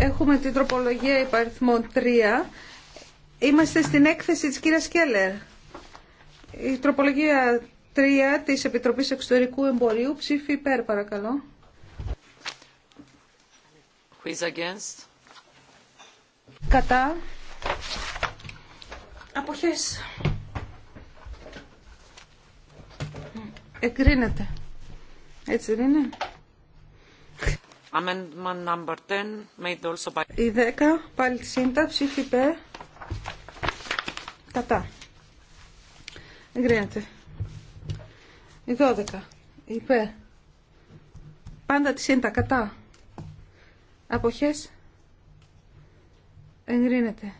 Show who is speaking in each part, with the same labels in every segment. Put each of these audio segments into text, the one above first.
Speaker 1: Έχουμε την τροπολογία υπαριθμό 3. Είμαστε στην έκθεση της κυρίας Κέλλερ. Η τροπολογία 3 της Επιτροπής Εξωτερικού Εμπορίου. Ψήφι υπέρ παρακαλώ. Κατά. Αποχές. Εγκρίνεται. Έτσι δεν είναι.
Speaker 2: Amendment number 10, made also by...
Speaker 1: Η 10, πάλι τη σύνταξη, υπέρ. Κατά. Εγκρίνεται. Η 12, υπέρ. Πάντα τη σύντα, κατά. Αποχές. Εγκρίνεται.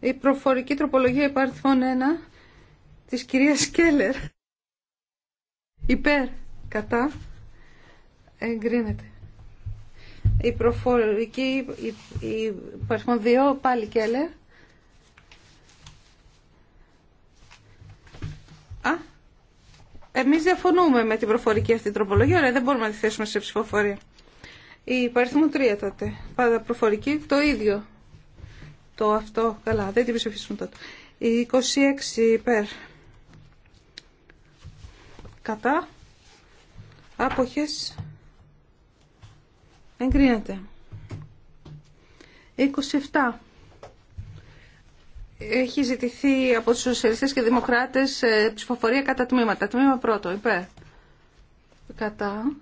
Speaker 1: Η προφορική τροπολογία υπαριθμών 1 της κυρίας Κέλλερ. Υπέρ, κατά, εγκρίνεται. Η προφορική η δύο, πάλι Κέλλερ. Α, εμείς διαφωνούμε με την προφορική αυτή τροπολογία, αλλά δεν μπορούμε να τη θέσουμε σε ψηφοφορία. Η παριθμό 3 τότε, πάντα προφορική, το ίδιο. Το αυτό, καλά, δεν την ψηφίσουμε τότε. Η 26 υπέρ. Κατά. Άποχες. Εγκρίνεται. 27. Έχει ζητηθεί από τους σοσιαλιστές και δημοκράτες ε, ψηφοφορία κατά τμήματα. Τμήμα πρώτο, υπέρ. Κατά.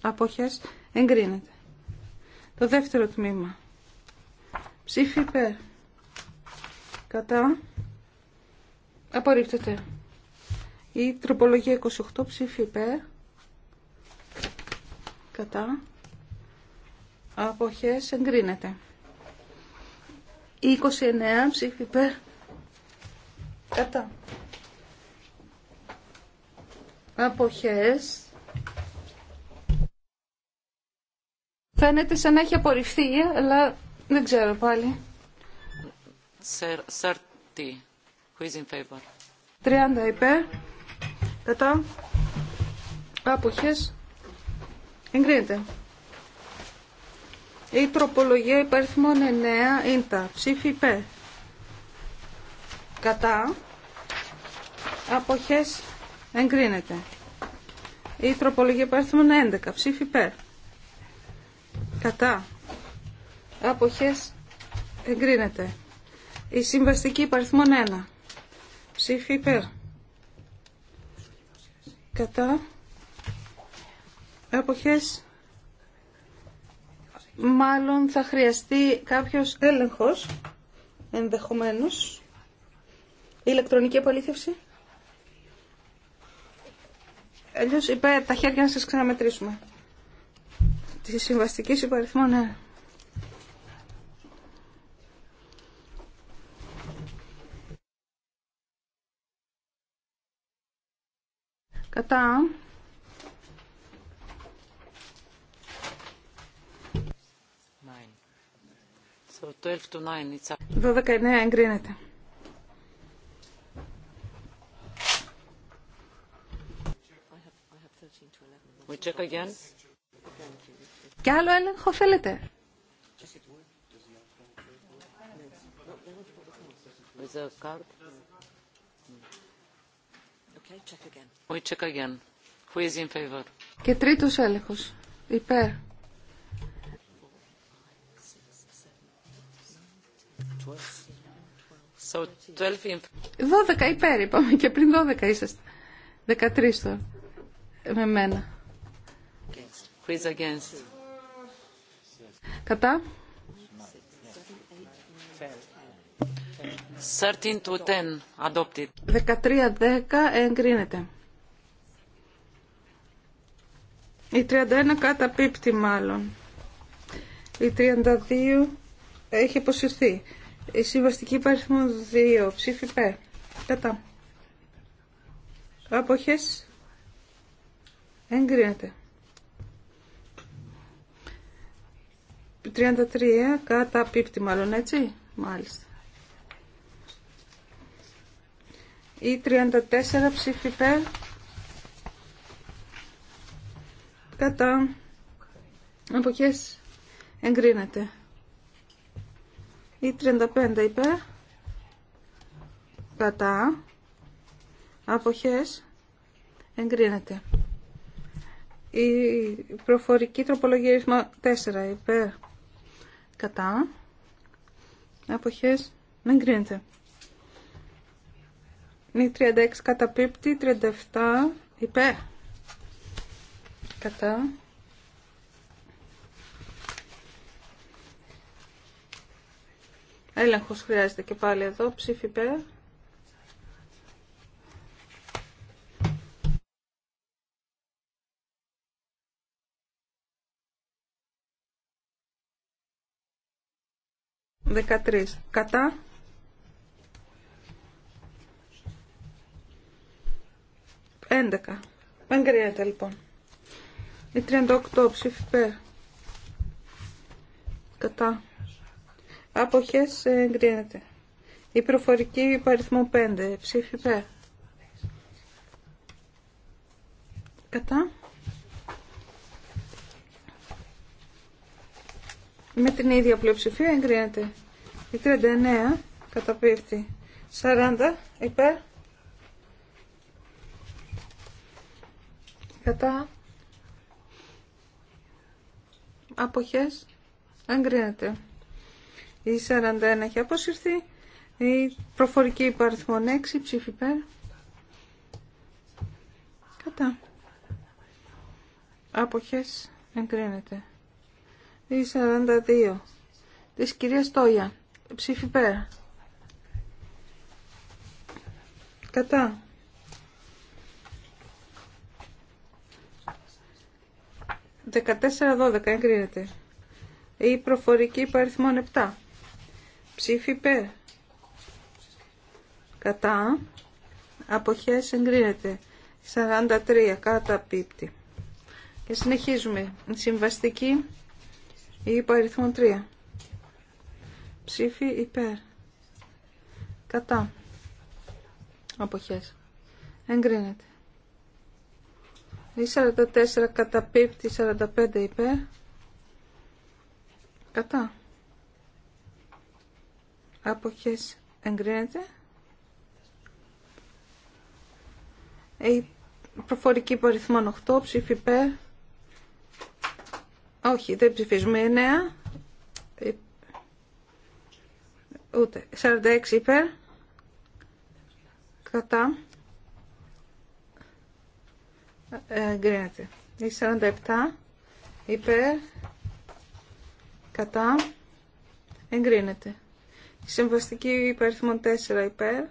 Speaker 1: Απόχες. Εγκρίνεται. Το δεύτερο τμήμα. Ψήφι υπέρ. Κατά. Απορρίπτεται. Η τροπολογία 28 ψήφι υπέρ. Κατά αποχές εγκρίνεται. 29 ψήφι υπέρ κατά αποχές Φαίνεται σαν να έχει απορριφθεί, αλλά δεν ξέρω πάλι.
Speaker 2: 30. Who is in favor?
Speaker 1: 30 υπέρ. Κατά. Άποχες. Εγκρίνεται. Η τροπολογία υπαριθμών 9 ίντα. Ψήφι υπέρ. Κατά. Αποχές εγκρίνεται. Η τροπολογία υπαριθμών 11. Ψήφι υπέρ. Κατά. Αποχές εγκρίνεται. Η συμβαστική υπαριθμών 1. Ψήφι υπέρ. Κατά. Αποχές μάλλον θα χρειαστεί κάποιος έλεγχος, ενδεχομένως. Η ηλεκτρονική απολύθευση Αλλιώς είπε τα χέρια να σας ξαναμετρήσουμε. Τη συμβαστική υπαριθμό, ναι. Κατά.
Speaker 2: So 12 to 9, εγκρίνεται. We
Speaker 1: άλλο έλεγχο θέλετε. Who is in Και τρίτος έλεγχος. Υπέρ.
Speaker 2: 12...
Speaker 1: υπέρ, είπαμε και πριν 12 είσαστε. 13 τώρα. Με μένα.
Speaker 2: against? Κατά. 13 10 adopted.
Speaker 1: 13-10 εγκρίνεται. Η 31 καταπίπτει μάλλον. Η 32 έχει αποσυρθεί. Η συμβαστική μόνο 2. Ψήφι πέ. Κατά. Αποχές. Εγκρίνεται. 33 κατά πίπτη μάλλον έτσι. Μάλιστα. Ή 34 ψήφι πέ. Κατά. Αποχές. Εγκρίνεται. Ή 35 υπέρ. Κατά. Αποχές. Εγκρίνεται. Η προφορική τροπολογία 4 υπέρ. Κατά. Αποχές. Εγκρίνεται. Η 36 καταπίπτει. 37 υπέρ. Κατά. Έλεγχος χρειάζεται και πάλι εδώ. Ψήφι πέρα.
Speaker 3: Δεκατρεις. Κατά.
Speaker 1: Έντεκα. Εγκρίνεται λοιπόν. Η 38 ψήφι πέρα. Κατά. Αποχές ε, εγκρίνεται. Η προφορική υπαριθμό 5. Ψήφι Κατά. Με την ίδια πλειοψηφία εγκρίνεται. Η 39 καταπίπτει. 40 υπέρ. Κατά. Αποχές εγκρίνεται. Η 41 έχει αποσυρθεί. Η προφορική υπαριθμό 6 ψήφι πέρα. Κατά. Άποχες εγκρίνεται. Η 42 της κυρίας Τόια. Ψήφι πέρα. Κατά. Δεκατέσσερα δώδεκα εγκρίνεται. Η προφορική υπαριθμό 7. Ψήφι υπέρ. Κατά. Αποχές εγκρίνεται. 43 κατά πίπτη. Και συνεχίζουμε. Συμβαστική ή υπαριθμό 3. Ψήφι υπέρ. Κατά. Αποχές. Εγκρίνεται. 44 κατά πίπτη 45 υπέρ. Κατά αποχές εγκρίνεται. Ε, η προφορική υπαριθμών 8 ψήφι υπέρ. Όχι, δεν ψηφίζουμε 9. Ε, ούτε. 46 ε, υπέρ. Κατά. Εγκρίνεται. Η 47 υπέρ. Κατά. Εγκρίνεται. Συμβαστική αριθμών 4 υπέρ.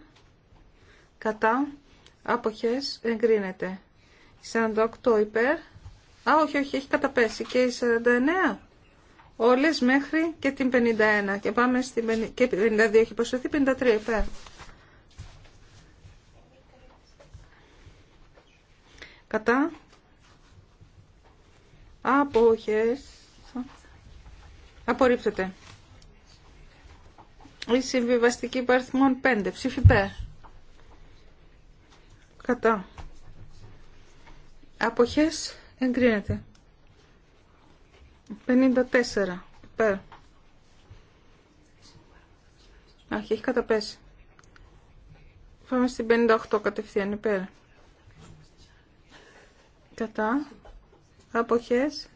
Speaker 1: Κατά. Αποχές εγκρίνεται. 48 υπέρ. Α, όχι, όχι, έχει καταπέσει. Και η 49. Όλες μέχρι και την 51. Και πάμε στην και 52 έχει προσθεθεί 53 υπέρ. Κατά. Αποχές. Απορρίπτεται. Η συμβιβαστική υπαριθμών 5. Ψήφι Κατά. Αποχές εγκρίνεται. 54. Υπέρ. Αχ, έχει καταπέσει. Πάμε στην 58 κατευθείαν υπέρ. Κατά. Αποχές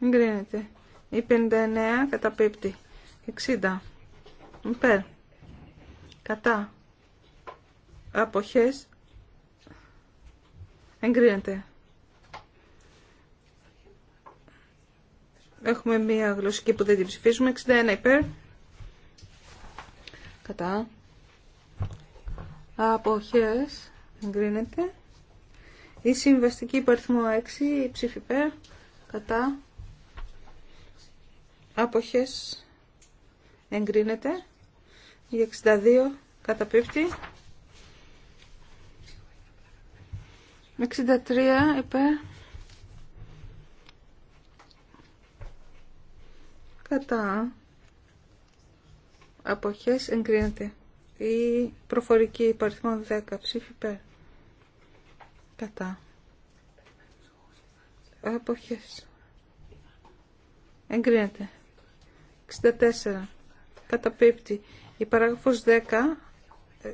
Speaker 1: εγκρίνεται. Η 59 καταπίπτει. 60 υπέρ κατά αποχές εγκρίνεται. Έχουμε μία γλωσσική που δεν την ψηφίζουμε. 61 υπέρ. Κατά. Αποχές. Εγκρίνεται. Η συμβαστική υπαριθμό 6. Η υπέρ. Κατά. Αποχές. Εγκρίνεται. 62 καταπίπτει. 63 είπε. Κατά αποχές εγκρίνεται. Η προφορική υπαριθμό 10 ψήφι υπέρ. Κατά. Αποχές. Εγκρίνεται. 64. Καταπίπτει. Η παράγραφος 10 ε,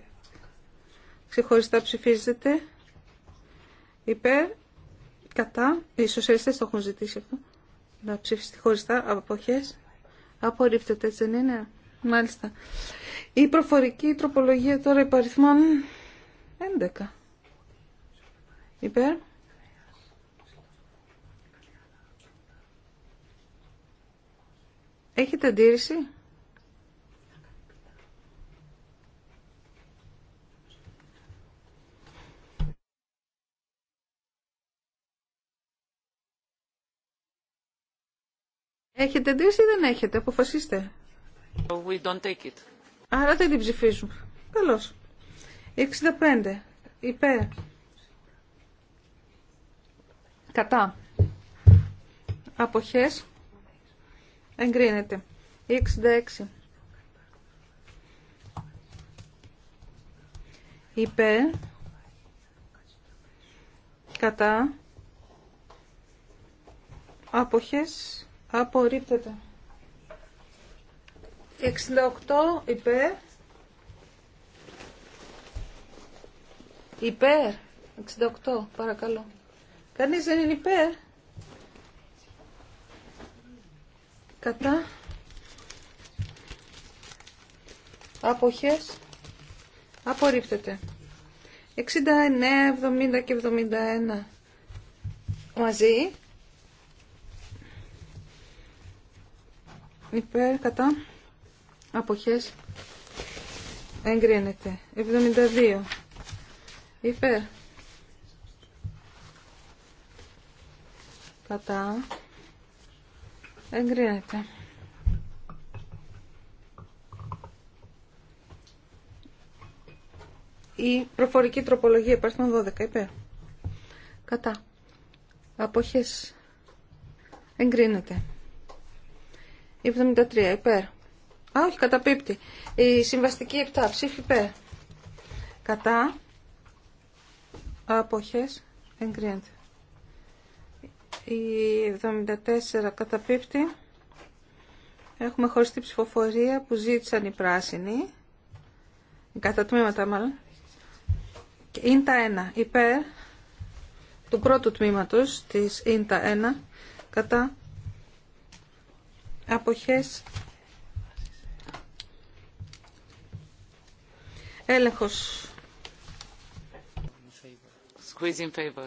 Speaker 1: ξεχωριστά ψηφίζεται υπέρ, κατά, οι σοσιαλιστές το έχουν ζητήσει αυτό, να ψηφιστεί χωριστά από αποχές. Απορρίπτεται, έτσι δεν είναι. Μάλιστα. Η προφορική τροπολογία τώρα υπαριθμών 11. Υπέρ. Έχετε αντίρρηση. Έχετε εντύπωση ή δεν έχετε, αποφασίστε.
Speaker 2: We don't take it.
Speaker 1: Άρα δεν την ψηφίζουμε. Καλώς. 65. Υπέρ. Κατά. Αποχέ. Εγκρίνεται. 66. Υπέρ. Κατά. Αποχές. Απορρίπτεται. 68 υπέρ. Υπέρ. 68 παρακαλώ. Κανείς δεν είναι υπέρ. Κατά. Αποχές. Απορρίπτεται. 69, 70 και 71 μαζί υπέρ κατά αποχές εγκρίνεται 72 υπέρ κατά εγκρίνεται η προφορική τροπολογία υπάρχει 12 υπέρ κατά αποχές εγκρίνεται 73 υπέρ. Α, όχι, καταπίπτει. Η συμβαστική 7 ψήφι υπέρ. Κατά. Αποχές. Εγκρίνεται. Η 74 καταπίπτει. Έχουμε χωριστή ψηφοφορία που ζήτησαν οι πράσινοι. Κατά τμήματα μάλλον. Και ίντα 1 υπέρ του πρώτου τμήματος της ίντα 1 κατά αποχές έλεγχος
Speaker 2: Squeeze in favor.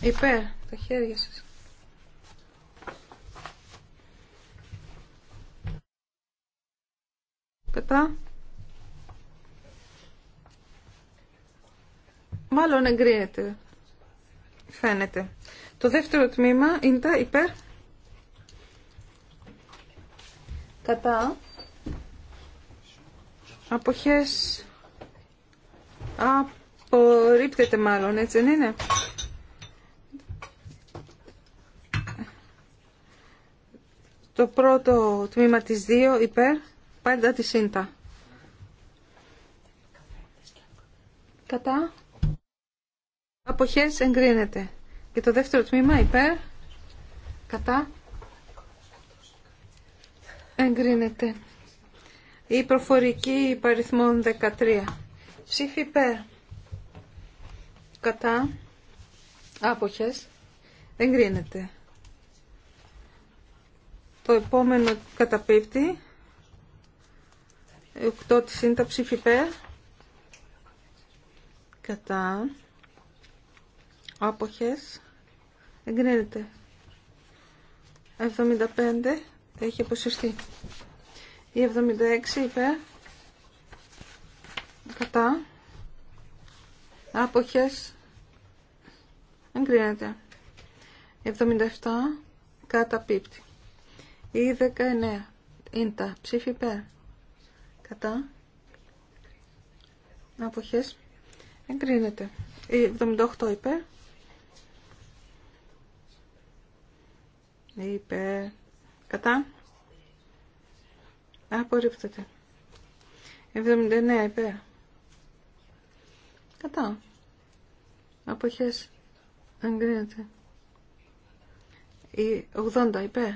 Speaker 1: Υπέρ, τα χέρια σας. Κατά. Μάλλον εγκρίνεται. Φαίνεται. Το δεύτερο τμήμα είναι τα υπέρ κατά αποχές απορρίπτεται μάλλον έτσι δεν είναι το πρώτο τμήμα της 2 υπέρ πάντα τη σύντα κατά αποχές εγκρίνεται και το δεύτερο τμήμα υπέρ κατά Εγκρίνεται. Η προφορική υπαριθμών 13. Ψήφι υπέρ. Κατά. Άποχες. Εγκρίνεται. Το επόμενο καταπίπτει. 8 της είναι τα ψήφι υπέρ. Κατά. Άποχες. Εγκρίνεται. 75 έχει αποσυρθεί. Η 76 είπε Κατά. Άποχες. Εγκρίνεται. 77 κατά πίπτη. Η 19 ίντα. Ψήφι υπέρ. Κατά. Άποχες. Εγκρίνεται. Η 78 υπέρ. Υπέρ. Κατά. Απορρίπτεται. 79 υπέρ. Κατά. Αποχές. Εγκρίνεται. Η 80 υπέρ.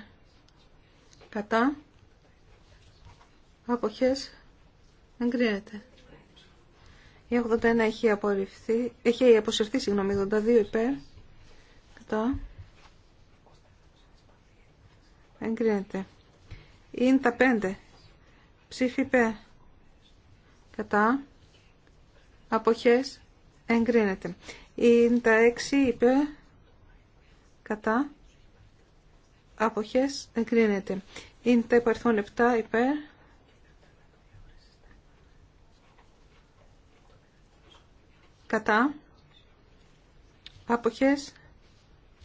Speaker 1: Κατά. Αποχές. Εγκρίνεται. Η 81 έχει, απορριφθεί, έχει αποσυρθεί, συγγνώμη, 82 υπέρ. Κατά εγκρίνεται. Είναι τα 5. Ψήφι υπέρ. Κατά. Αποχές. Εγκρίνεται. Είναι τα 6 υπέρ. Κατά. Αποχές. Εγκρίνεται. Είναι τα υπαρθών 7 υπέρ. Κατά. Αποχές.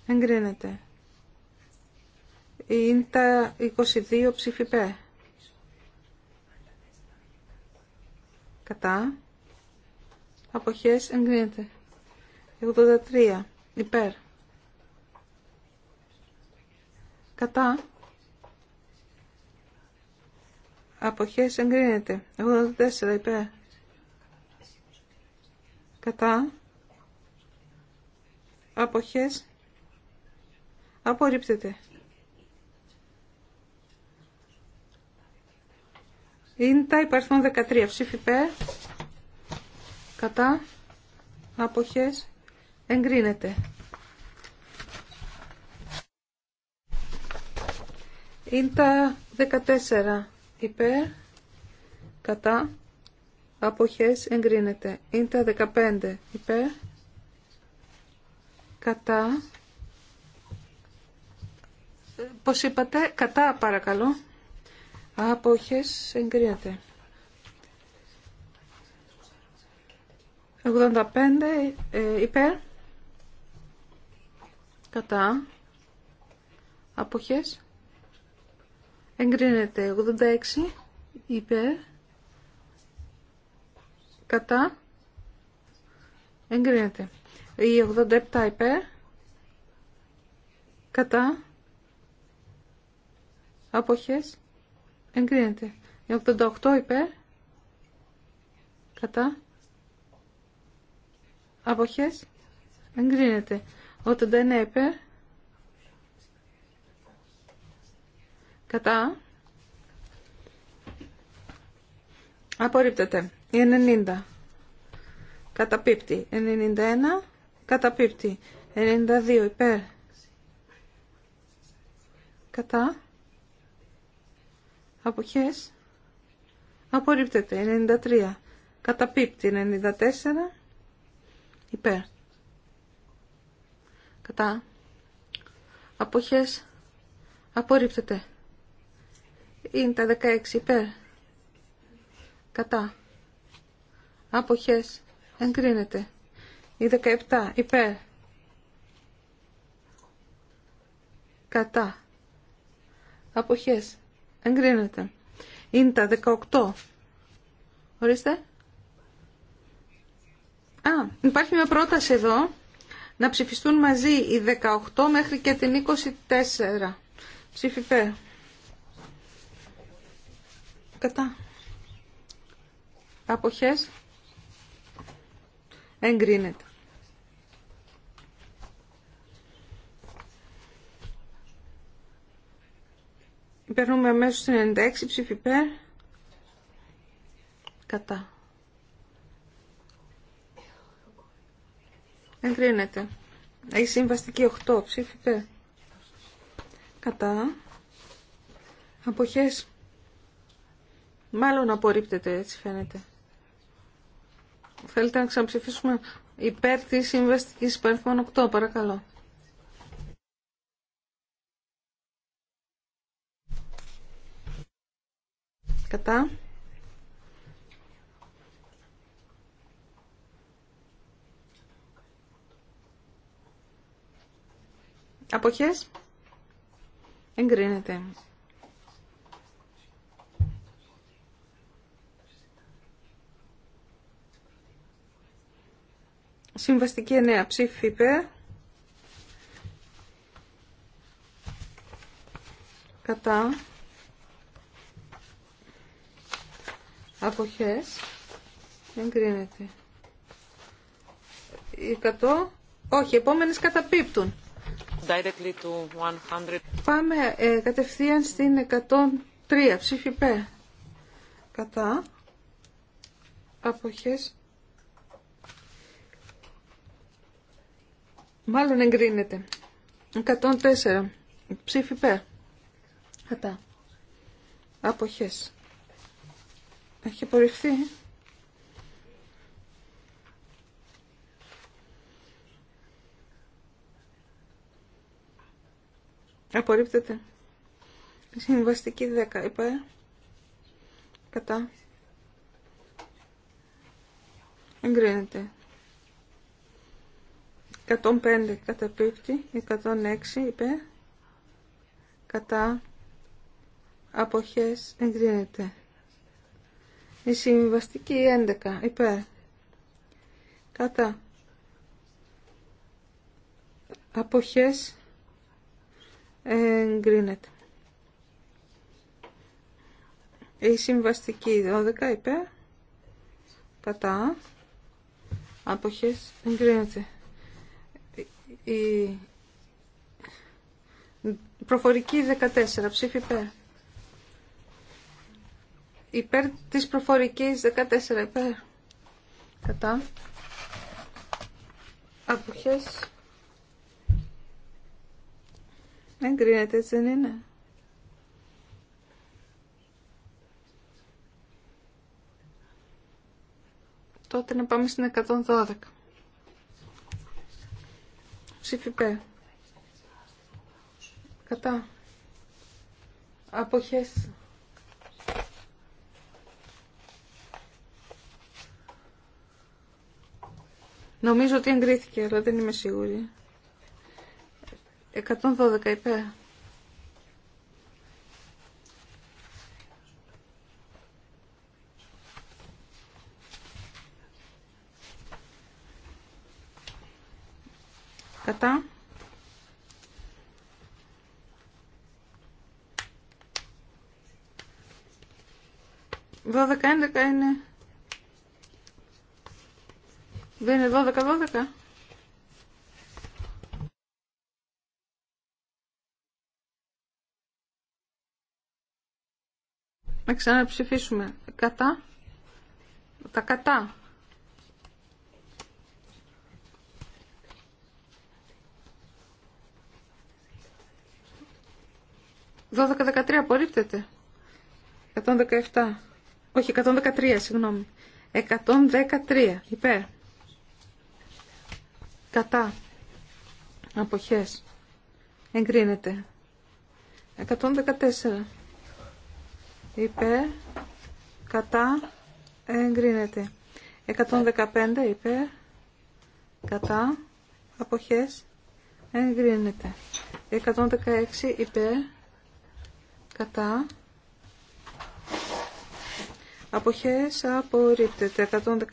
Speaker 1: Εγκρίνεται είναι τα 22 ψηφιπέ. Κατά. Αποχές εγκρίνεται. 83 υπέρ. Κατά. Αποχές εγκρίνεται. 84 υπέρ. Κατά. Αποχές απορρίπτεται. Ίντα υπάρχουν 13. Ψήφι Κατά. Αποχές. Εγκρίνεται. Ίντα 14. Υπέρ. Κατά. Αποχές. Εγκρίνεται. Ίντα 15. Υπέρ. Κατά. Πώς είπατε. Κατά παρακαλώ. Αποχές εγκρίνεται. 85 ε, υπέρ. Κατά. Αποχές. Εγκρίνεται. 86 υπέρ. Κατά. Εγκρίνεται. Η 87 υπέρ. Κατά. Αποχές. Εγκρίνεται. Η 88 υπέρ. Κατά. Αποχές. Εγκρίνεται. 89 υπέρ. Κατά. Απορρίπτεται. Η 90. Καταπίπτει. 91. Καταπίπτει. 92 υπέρ. Κατά. Αποχές. Απορρίπτεται. 93. Καταπίπτει. 94. Υπέρ. Κατά. Αποχές. Απορρίπτεται. Είναι τα 16. Υπέρ. Κατά. Αποχές. Εγκρίνεται. Η 17. Υπέρ. Κατά. Αποχές. Εγκρίνεται. Είναι τα 18. Ορίστε. Α, υπάρχει μια πρόταση εδώ να ψηφιστούν μαζί οι 18 μέχρι και την 24. Ψηφιπέ. Κατά. Αποχές. Εγκρίνεται. Παίρνουμε αμέσως στην 96 ψήφι Κατά. Εγκρίνεται. Η συμβαστική 8 ψήφι υπέρ. Κατά. Αποχές. Μάλλον απορρίπτεται έτσι φαίνεται. Θέλετε να ξαναψηφίσουμε υπέρ της συμβαστικής παρελθόν 8 παρακαλώ. κατά. Αποχές. Εγκρίνεται. Συμβαστική εννέα ψήφι Κατά. αποχές εγκρίνεται. 100, όχι, επόμενες καταπίπτουν.
Speaker 2: Directly to 100.
Speaker 1: Πάμε ε, κατευθείαν στην 103, ψήφι πέ. Κατά, αποχές, μάλλον εγκρίνεται. 104, ψήφι πέ. Κατά, αποχές έχει απορριφθεί. Απορρίπτεται. Συμβαστική 10 είπε. Κατά. Εγκρίνεται. 105 καταπίπτει. 106 είπε. Κατά. Αποχές εγκρίνεται. Η συμβιβαστική 11 υπέρ. Κατά. Αποχές εγκρίνεται. Η συμβαστική 12 υπέρ. Κατά. Αποχές εγκρίνεται. Η προφορική 14 ψήφι υπέρ. Υπέρ της προφορικής 14 υπέρ. Κατά. Αποχές. Δεν κρίνεται έτσι δεν είναι. Τότε να πάμε στην 112. Ψήφι Κατά. Αποχές. Νομίζω ότι εγκρίθηκε, αλλά δεν είμαι σίγουρη. 112 είπε. Κατά. Δώδεκα έντεκα είναι δεν είναι 12-12. Να ξαναψηφίσουμε. Κατά. Τα κατά. Δώδεκα δεκατρία απορρίπτεται. 117. Όχι, 113, συγγνώμη. 113, υπέρ κατά αποχές εγκρίνεται 114 Είπε κατά εγκρίνεται 115 Είπε κατά αποχές εγκρίνεται 116 Είπε κατά αποχές απορρίπτεται 117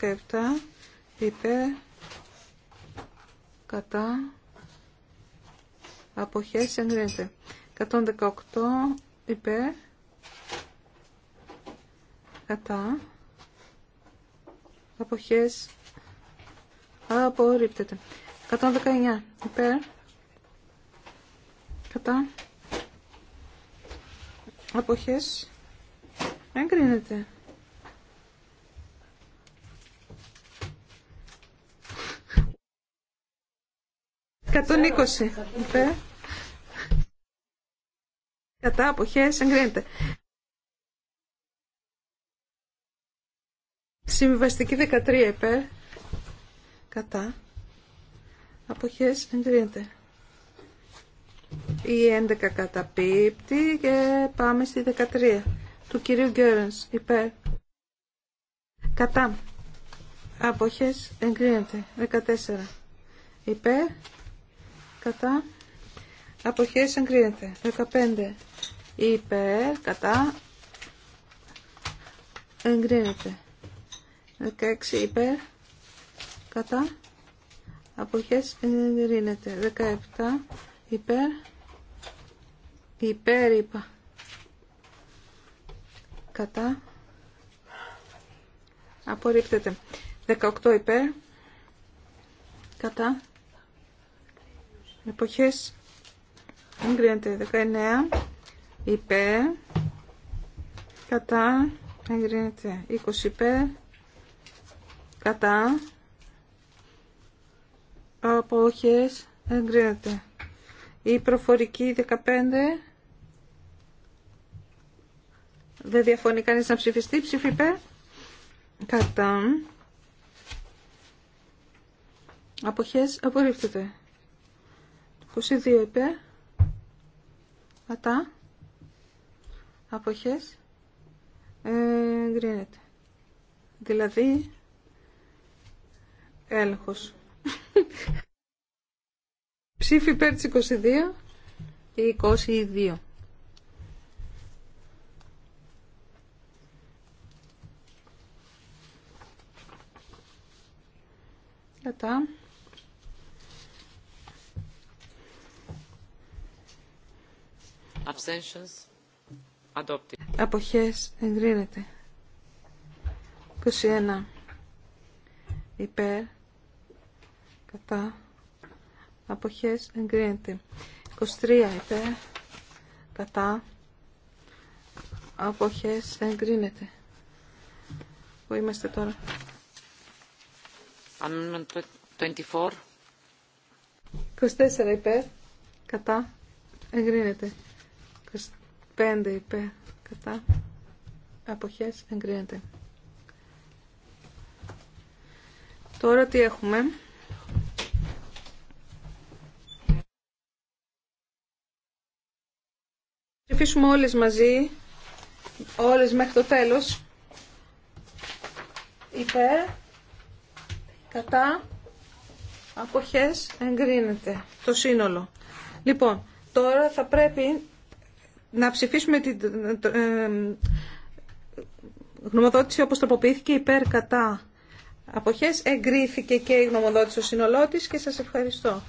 Speaker 1: είπε κατά αποχές εγκρίνεται 118 υπέρ κατά αποχές απορρίπτεται 119 υπέρ κατά αποχές εγκρίνεται 120 υπέρ. Κατά αποχές εγκρίνεται. Συμβιβαστική 13 υπέρ. Κατά. Αποχές εγκρίνεται. Η 11 καταπίπτει και πάμε στη 13 του κυρίου Γκέρνς, υπέρ. Κατά. Αποχές εγκρίνεται. 14 υπέρ κατά αποχές εγκρίνεται 15 υπέρ κατά εγκρίνεται 16 υπέρ κατά αποχές εγκρίνεται 17 υπέρ υπέρ είπα κατά απορρίπτεται 18 υπέρ κατά εποχές εγκρίνεται 19 υπέ, κατά εγκρίνεται 20 υπέ, κατά εποχές, εγκρίνεται η προφορική 15 δεν διαφωνεί κανείς να ψηφιστεί ψήφι υπέρ κατά αποχές απορρίφτεται 22 υπέρ. ΑΤΑ, Αποχές. γκρίνεται. Δηλαδή, έλεγχος. Ψήφι υπέρ της 22 ή 22. Κατά.
Speaker 2: Abstentions. Adopted.
Speaker 1: Αποχές εγκρίνεται. 21. Υπέρ. Κατά. Αποχές εγκρίνεται. 23. Υπέρ. Κατά. Αποχές εγκρίνεται. Πού είμαστε τώρα.
Speaker 2: 24.
Speaker 1: 24 υπέρ. Κατά. Εγκρίνεται. Πέντε υπέ κατά αποχές εγκρίνεται. Τώρα τι έχουμε. Ψηφίσουμε όλες μαζί, όλες μέχρι το τέλος. Υπέρ, κατά, αποχές, εγκρίνεται το σύνολο. Λοιπόν, τώρα θα πρέπει να ψηφίσουμε την ε, γνωμοδότηση όπως τροποποιήθηκε υπέρ κατά αποχές. Εγκρίθηκε και η γνωμοδότηση στο σύνολό της και σας ευχαριστώ.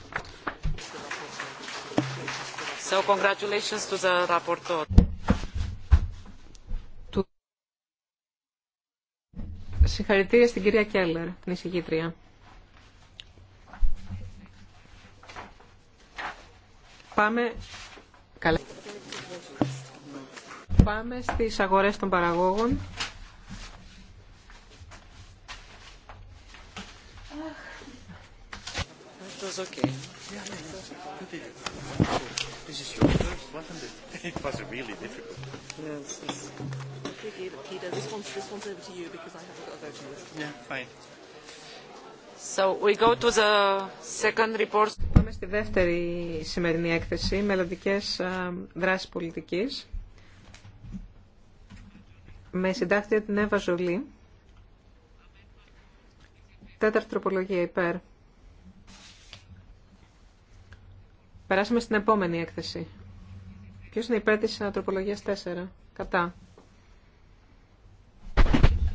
Speaker 2: So congratulations to the rapporteur.
Speaker 4: Συγχαρητήρια στην κυρία Κέλλερ, την εισηγήτρια. Πάμε καλά. Πάμε στις αγορές των παραγόγων. Πάμε στη δεύτερη σημερινή έκθεση, μελλοντικές ε, δράσεις πολιτικής με συντάκτια την Εύα Ζολή. Τέταρτη τροπολογία υπέρ. Περάσαμε στην επόμενη έκθεση. Ποιος είναι υπέρ της ανατροπολογίας 4. Κατά.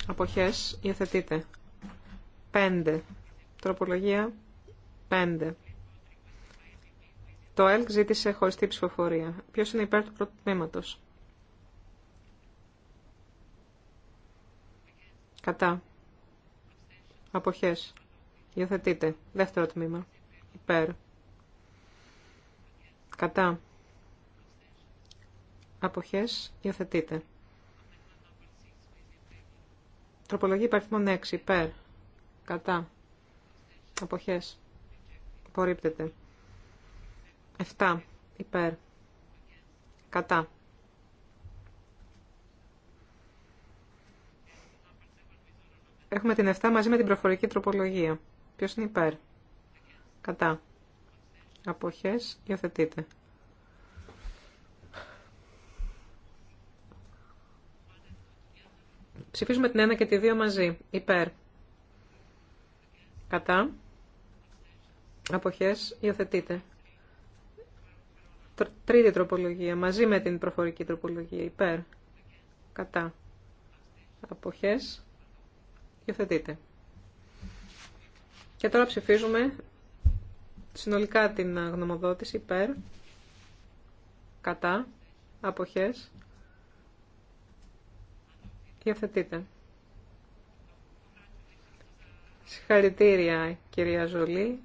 Speaker 4: Αποχές. Υιοθετείτε. 5. Τροπολογία 5. Το ΕΛΚ ζήτησε χωριστή ψηφοφορία. Ποιος είναι υπέρ του πρώτου τμήματος. Κατά. Αποχές. Υιοθετείτε. Δεύτερο τμήμα. Υπέρ. Κατά. Αποχές. Υιοθετείτε. Τροπολογή υπαριθμών 6. Υπέρ. Κατά. Αποχές. Απορρίπτεται. 7. Υπέρ. Κατά. Έχουμε την 7 μαζί με την προφορική τροπολογία. Ποιος είναι υπέρ. Κατά. Αποχές. Υιοθετείτε. Ψηφίζουμε την 1 και τη 2 μαζί. Υπέρ. Κατά. Αποχές. Υιοθετείτε. Τρίτη τροπολογία. Μαζί με την προφορική τροπολογία. Υπέρ. Κατά. Αποχές. Και τώρα ψηφίζουμε συνολικά την γνωμοδότηση υπέρ, κατά, αποχές. Υιοθετείτε. Συγχαρητήρια κυρία Ζολή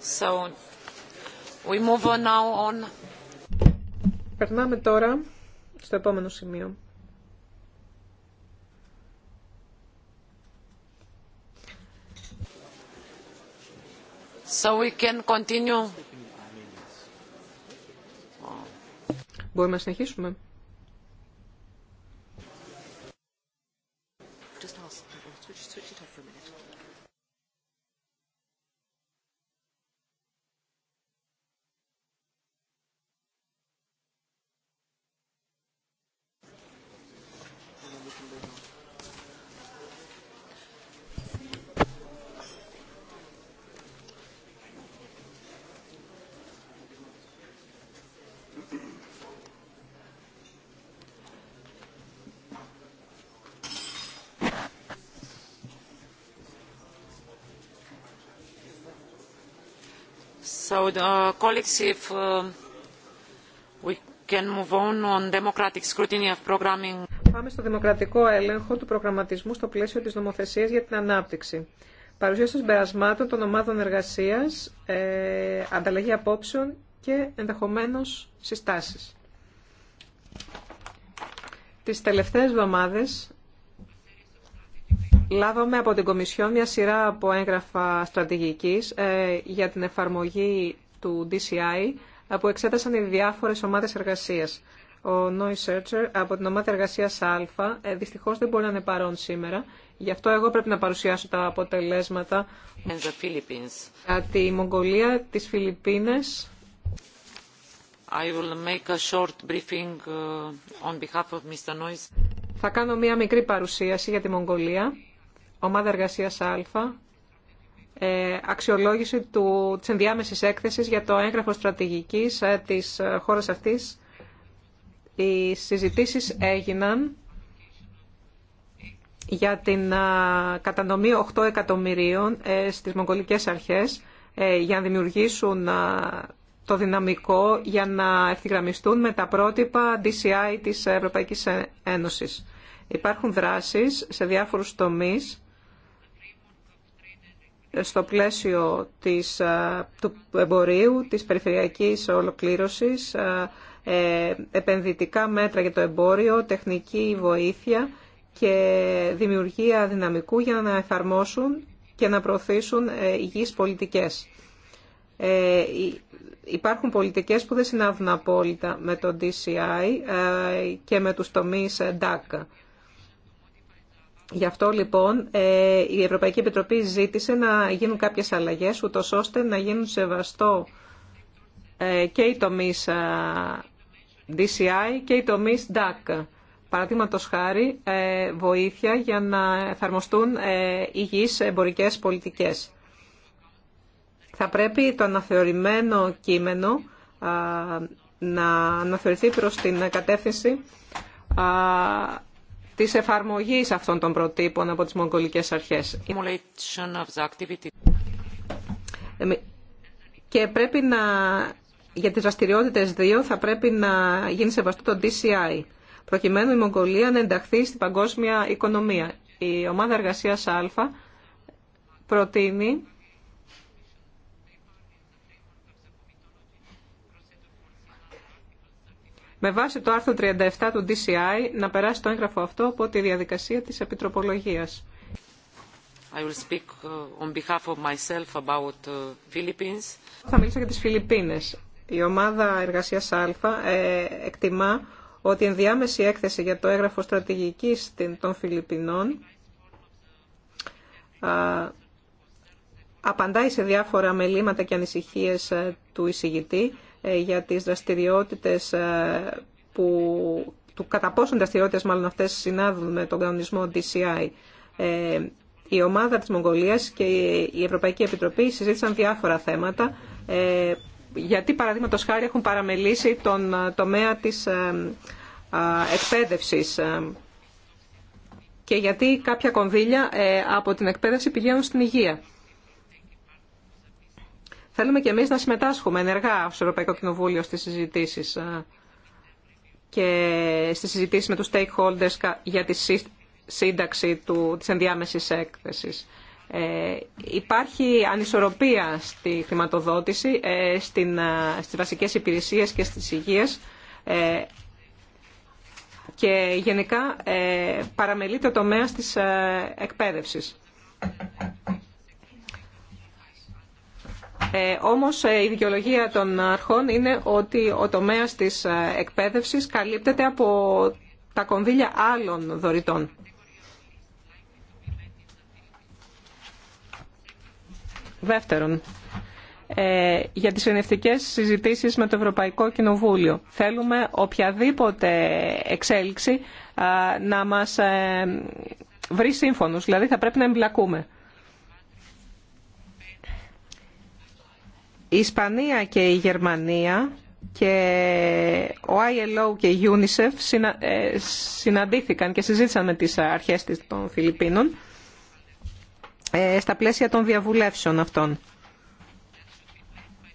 Speaker 2: So, we move now on. Περνάμε τώρα στο επόμενο σημείο. So we can continue. Μπορούμε να συνεχίσουμε. Uh, colleagues, uh, we can move on democratic scrutiny of programming.
Speaker 4: Πάμε στο δημοκρατικό έλεγχο του προγραμματισμού στο πλαίσιο της νομοθεσίας για την ανάπτυξη. Παρουσίαση των περασμάτων των ομάδων εργασίας, ε, ανταλλαγή απόψεων και ενδεχομένως συστάσεις. Τις τελευταίες εβδομάδες Λάβαμε από την Κομισιόν μια σειρά από έγγραφα στρατηγικής ε, για την εφαρμογή του DCI ε, που εξέτασαν οι διάφορες ομάδες εργασίας. Ο Noise Searcher από την ομάδα εργασίας Α ε, δυστυχώς δεν μπορεί να είναι παρόν σήμερα. Γι' αυτό εγώ πρέπει να παρουσιάσω τα αποτελέσματα
Speaker 2: για
Speaker 4: τη Μογγολία, τις Φιλιππίνες.
Speaker 2: I will make a short briefing uh, on behalf of Mr.
Speaker 4: Θα κάνω μία μικρή παρουσίαση για τη Μογγολία ομάδα εργασία Α, ε, αξιολόγηση του, της ενδιάμεσης έκθεσης για το έγγραφο στρατηγικής ε, της ε, χώρας αυτής. Οι συζητήσεις έγιναν για την κατανομή 8 εκατομμυρίων στις μογγολικές αρχές για να δημιουργήσουν το δυναμικό για να ευθυγραμμιστούν με τα πρότυπα DCI της Ευρωπαϊκής Ένωσης. Υπάρχουν δράσεις σε διάφορους τομείς στο πλαίσιο της, του εμπορίου, της περιφερειακής ολοκλήρωσης, ε, επενδυτικά μέτρα για το εμπόριο, τεχνική βοήθεια και δημιουργία δυναμικού για να εφαρμόσουν και να προωθήσουν ε, υγιείς πολιτικές. Ε, υπάρχουν πολιτικές που δεν συνάδουν απόλυτα με το DCI ε, και με τους τομείς DAC. Γι' αυτό λοιπόν ε, η Ευρωπαϊκή Επιτροπή ζήτησε να γίνουν κάποιες αλλαγές ούτως ώστε να γίνουν σεβαστό ε, και οι τομείς DCI ε, και οι τομείς DAC. Παραδείγματο χάρη βοήθεια για να εφαρμοστούν υγιείς εμπορικές πολιτικές. Θα πρέπει το αναθεωρημένο κείμενο να αναθεωρηθεί προς την κατεύθυνση της εφαρμογής αυτών των προτύπων από τις μογγολικές αρχές. Και πρέπει να, για τις δραστηριότητες δύο θα πρέπει να γίνει σεβαστό το DCI, προκειμένου η Μογγολία να ενταχθεί στην παγκόσμια οικονομία. Η ομάδα εργασίας Α προτείνει με βάση το άρθρο 37 του DCI να περάσει το έγγραφο αυτό από τη διαδικασία της επιτροπολογίας. Θα μιλήσω για τις Φιλιππίνες. Η ομάδα εργασίας Α ε, εκτιμά ότι η ενδιάμεση έκθεση για το έγγραφο στρατηγικής των Φιλιππινών απαντάει σε διάφορα μελήματα και ανησυχίες ε, του εισηγητή ε, για τις δραστηριότητες ε, που, του κατά πόσον δραστηριότητες μάλλον αυτές συνάδουν με τον κανονισμό DCI. Ε, η ομάδα της Μογγολίας και η Ευρωπαϊκή Επιτροπή συζήτησαν διάφορα θέματα γιατί παραδείγματο χάρη έχουν παραμελήσει τον τομέα της εκπαίδευσης και γιατί κάποια κονδύλια από την εκπαίδευση πηγαίνουν στην υγεία. Θέλουμε και εμείς να συμμετάσχουμε ενεργά στο Ευρωπαϊκό Κοινοβούλιο στις συζητήσεις ε, και στις συζητήσεις με τους stakeholders για τη σύνταξη του, της ενδιάμεσης έκθεσης. Ε, υπάρχει ανισορροπία στη χρηματοδότηση, ε, στην, ε, στις βασικές υπηρεσίες και στις υγείες ε, και γενικά ε, παραμελείται ο τομέας της εκπαίδευσης. Ε, όμως ε, η δικαιολογία των αρχών είναι ότι ο τομέας της ε, εκπαίδευσης καλύπτεται από τα κονδύλια άλλων δωρητών. Δεύτερον, ε, για τις ενευτικές συζητήσεις με το Ευρωπαϊκό Κοινοβούλιο. Θέλουμε οποιαδήποτε εξέλιξη να μας βρει σύμφωνος, δηλαδή θα πρέπει να εμπλακούμε. Η Ισπανία και η Γερμανία και ο ILO και η UNICEF ε, συναντήθηκαν και συζήτησαν με τις αρχές των Φιλιππίνων ε, στα πλαίσια των διαβουλεύσεων αυτών.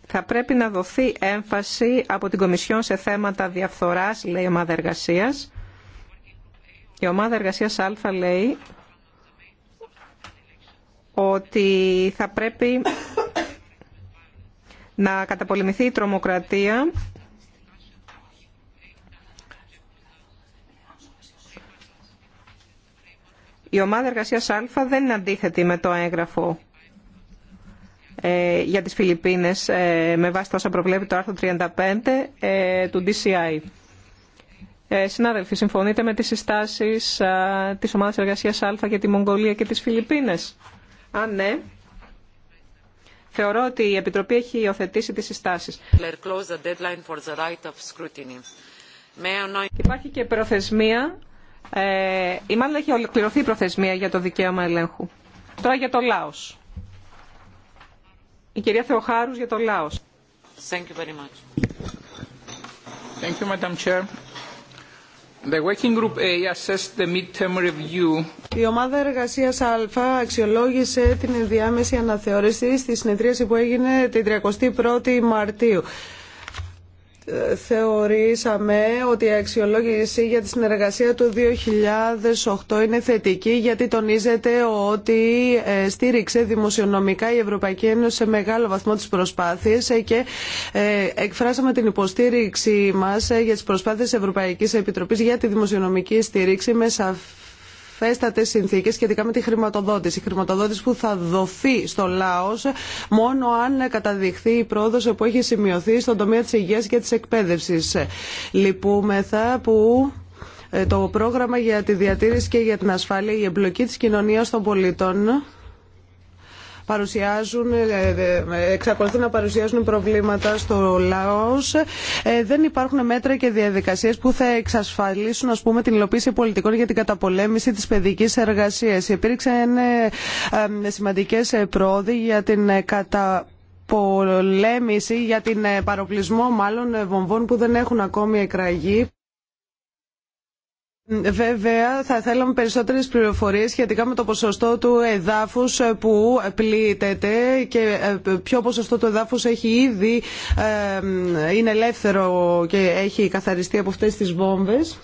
Speaker 4: Θα πρέπει να δοθεί έμφαση από την Κομισιόν σε θέματα διαφθοράς, λέει η ομάδα εργασίας. Η ομάδα εργασίας Α λέει ότι θα πρέπει να καταπολεμηθεί η τρομοκρατία Η ομάδα εργασίας Α δεν είναι αντίθετη με το έγγραφο ε, για τις Φιλιππίνες ε, με βάση τα όσα προβλέπει το άρθρο 35 ε, του DCI. Συνάδελφοι, συμφωνείτε με τις συστάσεις της ομάδας εργασίας Α για τη Μογγολία και τις Φιλιππίνες. Αν ναι, Θεωρώ ότι η Επιτροπή έχει υιοθετήσει τις
Speaker 2: συστάσεις. Υπάρχει και
Speaker 4: προθεσμία, ε, ή μάλλον έχει ολοκληρωθεί η προθεσμία για το δικαίωμα ελέγχου. Τώρα για το Λάος. Η κυρία Θεοχάρους για το Λάος.
Speaker 2: Thank you very much. Thank you, Madam Chair.
Speaker 3: Η ομάδα εργασία Α αξιολόγησε την ενδιάμεση αναθεώρηση στη συνεδρίαση που έγινε την 31η Μαρτίου θεωρήσαμε ότι η αξιολόγηση για τη συνεργασία του 2008 είναι θετική γιατί τονίζεται ότι ε, στήριξε δημοσιονομικά η Ευρωπαϊκή Ένωση σε μεγάλο βαθμό τις προσπάθειες ε, και ε, εκφράσαμε την υποστήριξη μας για τις προσπάθειες Ευρωπαϊκής Επιτροπής για τη δημοσιονομική στήριξη με σαφή σαφέστατε συνθήκε σχετικά με τη χρηματοδότηση. Η χρηματοδότηση που θα δοθεί στο λαός μόνο αν καταδειχθεί η πρόοδο που έχει σημειωθεί στον τομέα της υγείας και τη εκπαίδευση. Λυπούμεθα που ε, το πρόγραμμα για τη διατήρηση και για την ασφάλεια, η εμπλοκή της κοινωνίας των πολιτών παρουσιάζουν, ε, ε, ε, εξακολουθούν να παρουσιάζουν προβλήματα στο λαός. Δεν υπάρχουν μέτρα και διαδικασίες που θα εξασφαλίσουν ας πούμε, την υλοποίηση πολιτικών για την καταπολέμηση της παιδικής εργασίας. Υπήρξαν σημαντικές πρόοδοι για την καταπολέμηση για την παροπλισμό μάλλον βομβών που δεν έχουν ακόμη εκραγεί. Βέβαια, θα θέλαμε περισσότερε πληροφορίε σχετικά με το ποσοστό του εδάφους που πλήττεται και ε, ποιο ποσοστό του εδάφους έχει ήδη, ε, είναι ελεύθερο και έχει καθαριστεί από αυτέ τι βόμβες.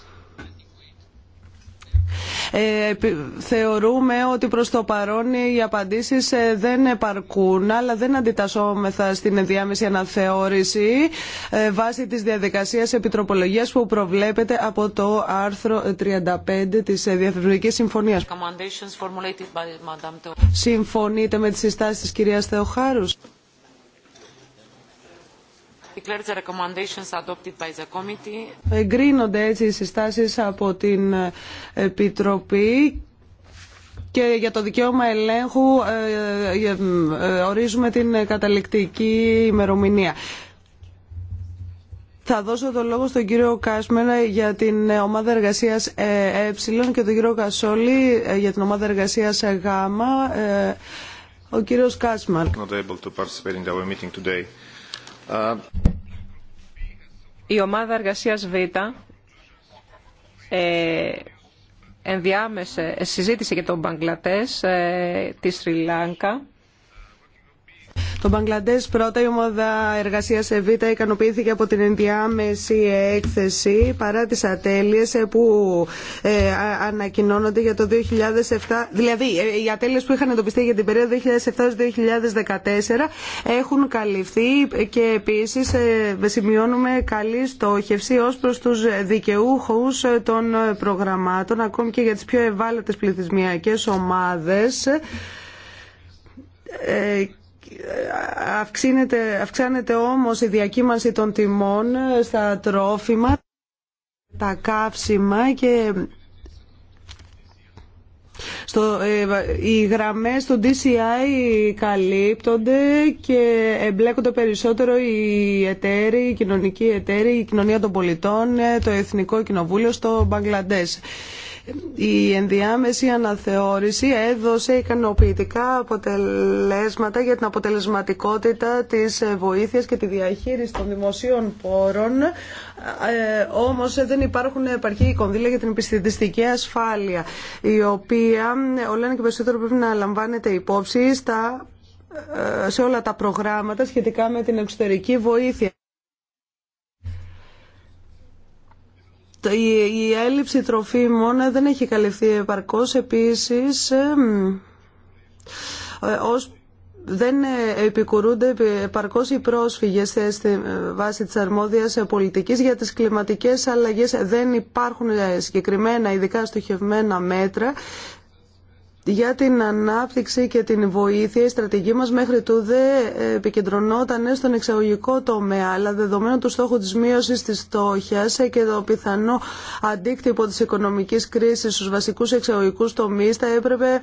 Speaker 3: Ε, θεωρούμε ότι προς το παρόν οι απαντήσεις ε, δεν επαρκούν, αλλά δεν αντιτασσόμεθα στην ενδιάμεση αναθεώρηση ε, βάσει της διαδικασίας επιτροπολογίας που προβλέπεται από το άρθρο 35 της Διαθεσμικής Συμφωνίας. Συμφωνείτε με τις συστάσεις της κυρίας Θεοχάρους. Εγκρίνονται έτσι οι συστάσεις από την Επιτροπή και για το δικαίωμα ελέγχου ε, ε, ε, ορίζουμε την καταληκτική ημερομηνία. Θα δώσω το λόγο στον κύριο Κάσμερα για την ομάδα εργασίας ε και τον κύριο Κασόλη για την ομάδα εργασίας γ. Ο κύριος Κάσμαρ.
Speaker 4: Η ομάδα εργασίας Β ε, ενδιάμεσα ε, συζήτησε για τον Μπαγκλατές, ε, τη Σρι Λάνκα,
Speaker 3: το Μπαγκλαντέ, πρώτα η ομάδα εργασίας ΕΒΙΤΑ ικανοποιήθηκε από την ενδιάμεση έκθεση παρά τι ατέλειες ε, που ε, ανακοινώνονται για το 2007, δηλαδή ε, οι ατέλειε που είχαν εντοπιστεί για την περίοδο 2007-2014 έχουν καλυφθεί και επίσης σημειώνουμε καλή στόχευση ω προς τους Δικαιούχου των προγραμμάτων ακόμη και για τι πιο ευάλωτες πληθυσμιακέ ομάδες αυξάνεται, αυξάνεται όμως η διακύμανση των τιμών στα τρόφιμα, τα καύσιμα και στο, ε, οι γραμμές του DCI καλύπτονται και εμπλέκονται περισσότερο οι εταίροι, οι κοινωνικοί εταίροι, η κοινωνία των πολιτών, το Εθνικό Κοινοβούλιο στο Μπαγκλαντές. Η ενδιάμεση αναθεώρηση έδωσε ικανοποιητικά αποτελέσματα για την αποτελεσματικότητα της βοήθειας και τη διαχείριση των δημοσίων πόρων, ε, όμως δεν υπάρχουν επαρκή κονδύλια για την επιστημιστική ασφάλεια, η οποία όλα και περισσότερο πρέπει να λαμβάνεται υπόψη στα, ε, σε όλα τα προγράμματα σχετικά με την εξωτερική βοήθεια. Η έλλειψη τροφίμων ε, δεν έχει καλυφθεί επαρκώς. Επίσης, ε, ε, ως δεν επικουρούνται επαρκώς οι πρόσφυγες στη βάση της αρμόδιας πολιτικής για τις κλιματικές αλλαγές. Δεν υπάρχουν συγκεκριμένα ειδικά στοχευμένα μέτρα για την ανάπτυξη και την βοήθεια. Η στρατηγική μας μέχρι τούδε επικεντρωνόταν στον εξαγωγικό τομέα, αλλά δεδομένου του στόχου της μείωσης της στόχια, και το πιθανό αντίκτυπο της οικονομικής κρίσης στους βασικούς εξαγωγικούς τομείς, θα έπρεπε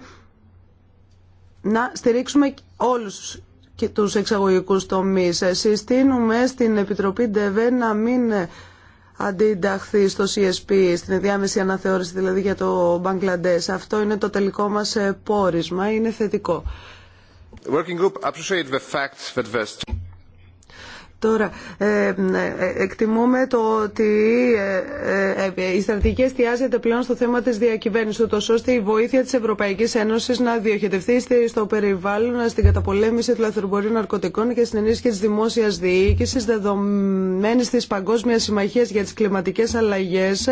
Speaker 3: να στηρίξουμε όλους τους εξαγωγικούς τομείς. Συστήνουμε στην Επιτροπή ΝΤΕΒΕ να μην ενταχθεί στο CSP, στην ενδιάμεση αναθεώρηση δηλαδή για το Μπαγκλαντές. Αυτό είναι το τελικό μας ε, πόρισμα, είναι θετικό. Τώρα, ε, ε, εκτιμούμε το ότι ε, η στρατηγική εστιάζεται πλέον στο θέμα της διακυβέρνησης, ούτως ώστε η βοήθεια της Ευρωπαϊκής Ένωσης να διοχετευτεί στο περιβάλλον, στην καταπολέμηση του λαθρομπορίου ναρκωτικών και στην ενίσχυση της δημόσιας διοίκησης, δεδομένη της Παγκόσμιας Συμμαχίας για τις κλιματικές αλλαγές.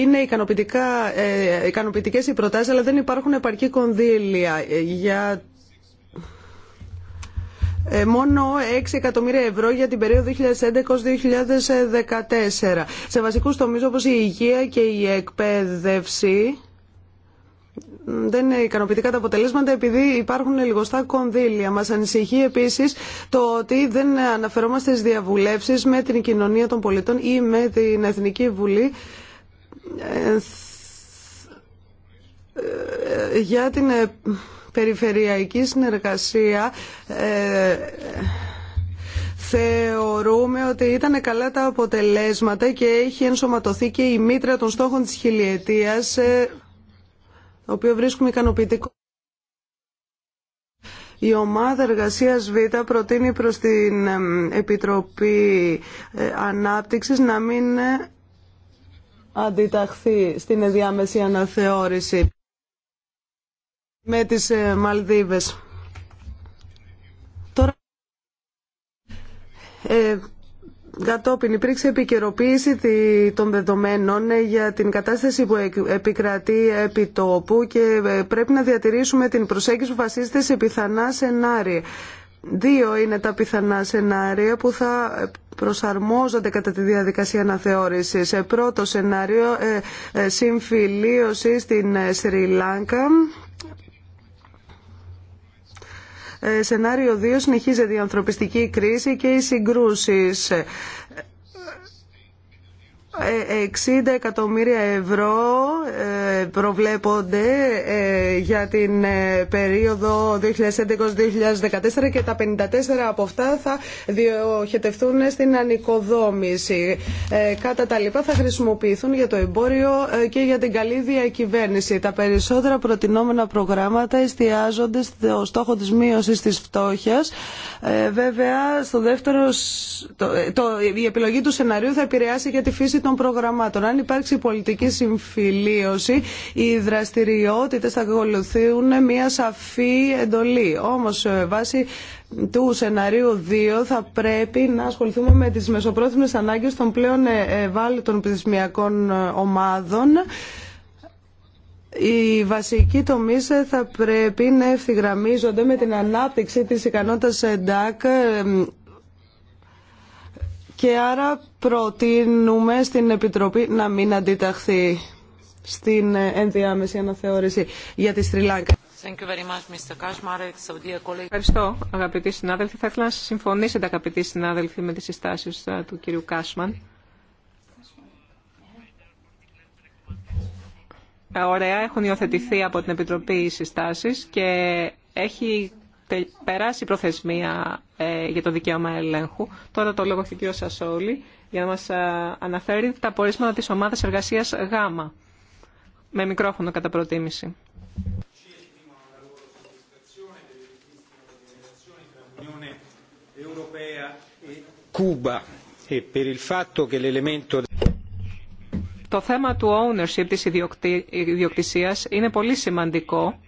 Speaker 3: Είναι ικανοποιητικά, ικανοποιητικές οι προτάσεις, αλλά δεν υπάρχουν επαρκή κονδύλια για ε, μόνο 6 εκατομμύρια ευρώ για την περίοδο 2011-2014. Σε βασικούς τομείς όπως η υγεία και η εκπαίδευση δεν είναι ικανοποιητικά τα αποτελέσματα επειδή υπάρχουν λιγοστά κονδύλια. Μας ανησυχεί επίσης το ότι δεν αναφερόμαστε στις διαβουλεύσεις με την κοινωνία των πολιτών ή με την Εθνική Βουλή ε, ε, για την περιφερειακή συνεργασία ε, θεωρούμε ότι ήταν καλά τα αποτελέσματα και έχει ενσωματωθεί και η μήτρα των στόχων της χιλιετίας, ε, το οποίο βρίσκουμε ικανοποιητικό. Η ομάδα εργασίας Β προτείνει προς την ε, Επιτροπή Ανάπτυξης να μην αντιταχθεί στην διάμεση αναθεώρηση με τις ε, Μαλδίβες. Τώρα, ε, κατόπιν υπήρξε επικαιροποίηση των δεδομένων ε, για την κατάσταση που επικρατεί επί τόπου και ε, πρέπει να διατηρήσουμε την προσέγγιση που βασίζεται σε πιθανά σενάρια. Δύο είναι τα πιθανά σενάρια που θα προσαρμόζονται κατά τη διαδικασία αναθεώρησης. Σε πρώτο σενάριο, συμφιλίωση στην Σρι Λάγκα ε, σενάριο 2 συνεχίζεται η ανθρωπιστική κρίση και οι συγκρούσεις. 60 εκατομμύρια ευρώ ε, προβλέπονται ε, για την ε, περίοδο 2011-2014 και τα 54 από αυτά θα διοχετευτούν στην ανοικοδόμηση. Κατά τα λοιπά θα χρησιμοποιηθούν για το εμπόριο και για την καλή διακυβέρνηση. Τα περισσότερα προτινόμενα προγράμματα εστιάζονται στο στόχο της μείωσης της φτώχειας. Βέβαια, στο δεύτερο, το, η επιλογή του σενάριου θα επηρεάσει και τη φύση των προγραμμάτων. Αν υπάρξει πολιτική συμφιλίωση, οι δραστηριότητε θα ακολουθούν μια σαφή εντολή. Όμω, ε, βάσει του σενάριου 2 θα πρέπει να ασχοληθούμε με τις μεσοπρόθεσμες ανάγκες των πλέον ε, ευάλωτων πληθυσμιακών ε, ομάδων. Οι βασικοί τομεί θα πρέπει να ευθυγραμμίζονται με την ανάπτυξη της ικανότητας ΕΝΤΑΚ και άρα προτείνουμε στην Επιτροπή να μην αντιταχθεί στην ενδιάμεση αναθεώρηση για τη Στριλάνκα.
Speaker 2: Ευχαριστώ
Speaker 4: αγαπητοί συνάδελφοι. Θα ήθελα να συμφωνήσετε αγαπητοί συνάδελφοι με τις συστάσεις ε, του κυρίου Κάσμαν. Ε, ωραία, έχουν υιοθετηθεί από την Επιτροπή οι συστάσεις και έχει περάσει η προθεσμία ε, για το δικαίωμα ελέγχου. Τώρα το λόγο έχει ο κύριο Σασόλη για να μας ε, αναφέρει τα πορίσματα της ομάδας εργασίας ΓΑΜΑ. Με μικρόφωνο κατά προτίμηση. E το θέμα του ownership της ιδιοκτησίας είναι πολύ σημαντικό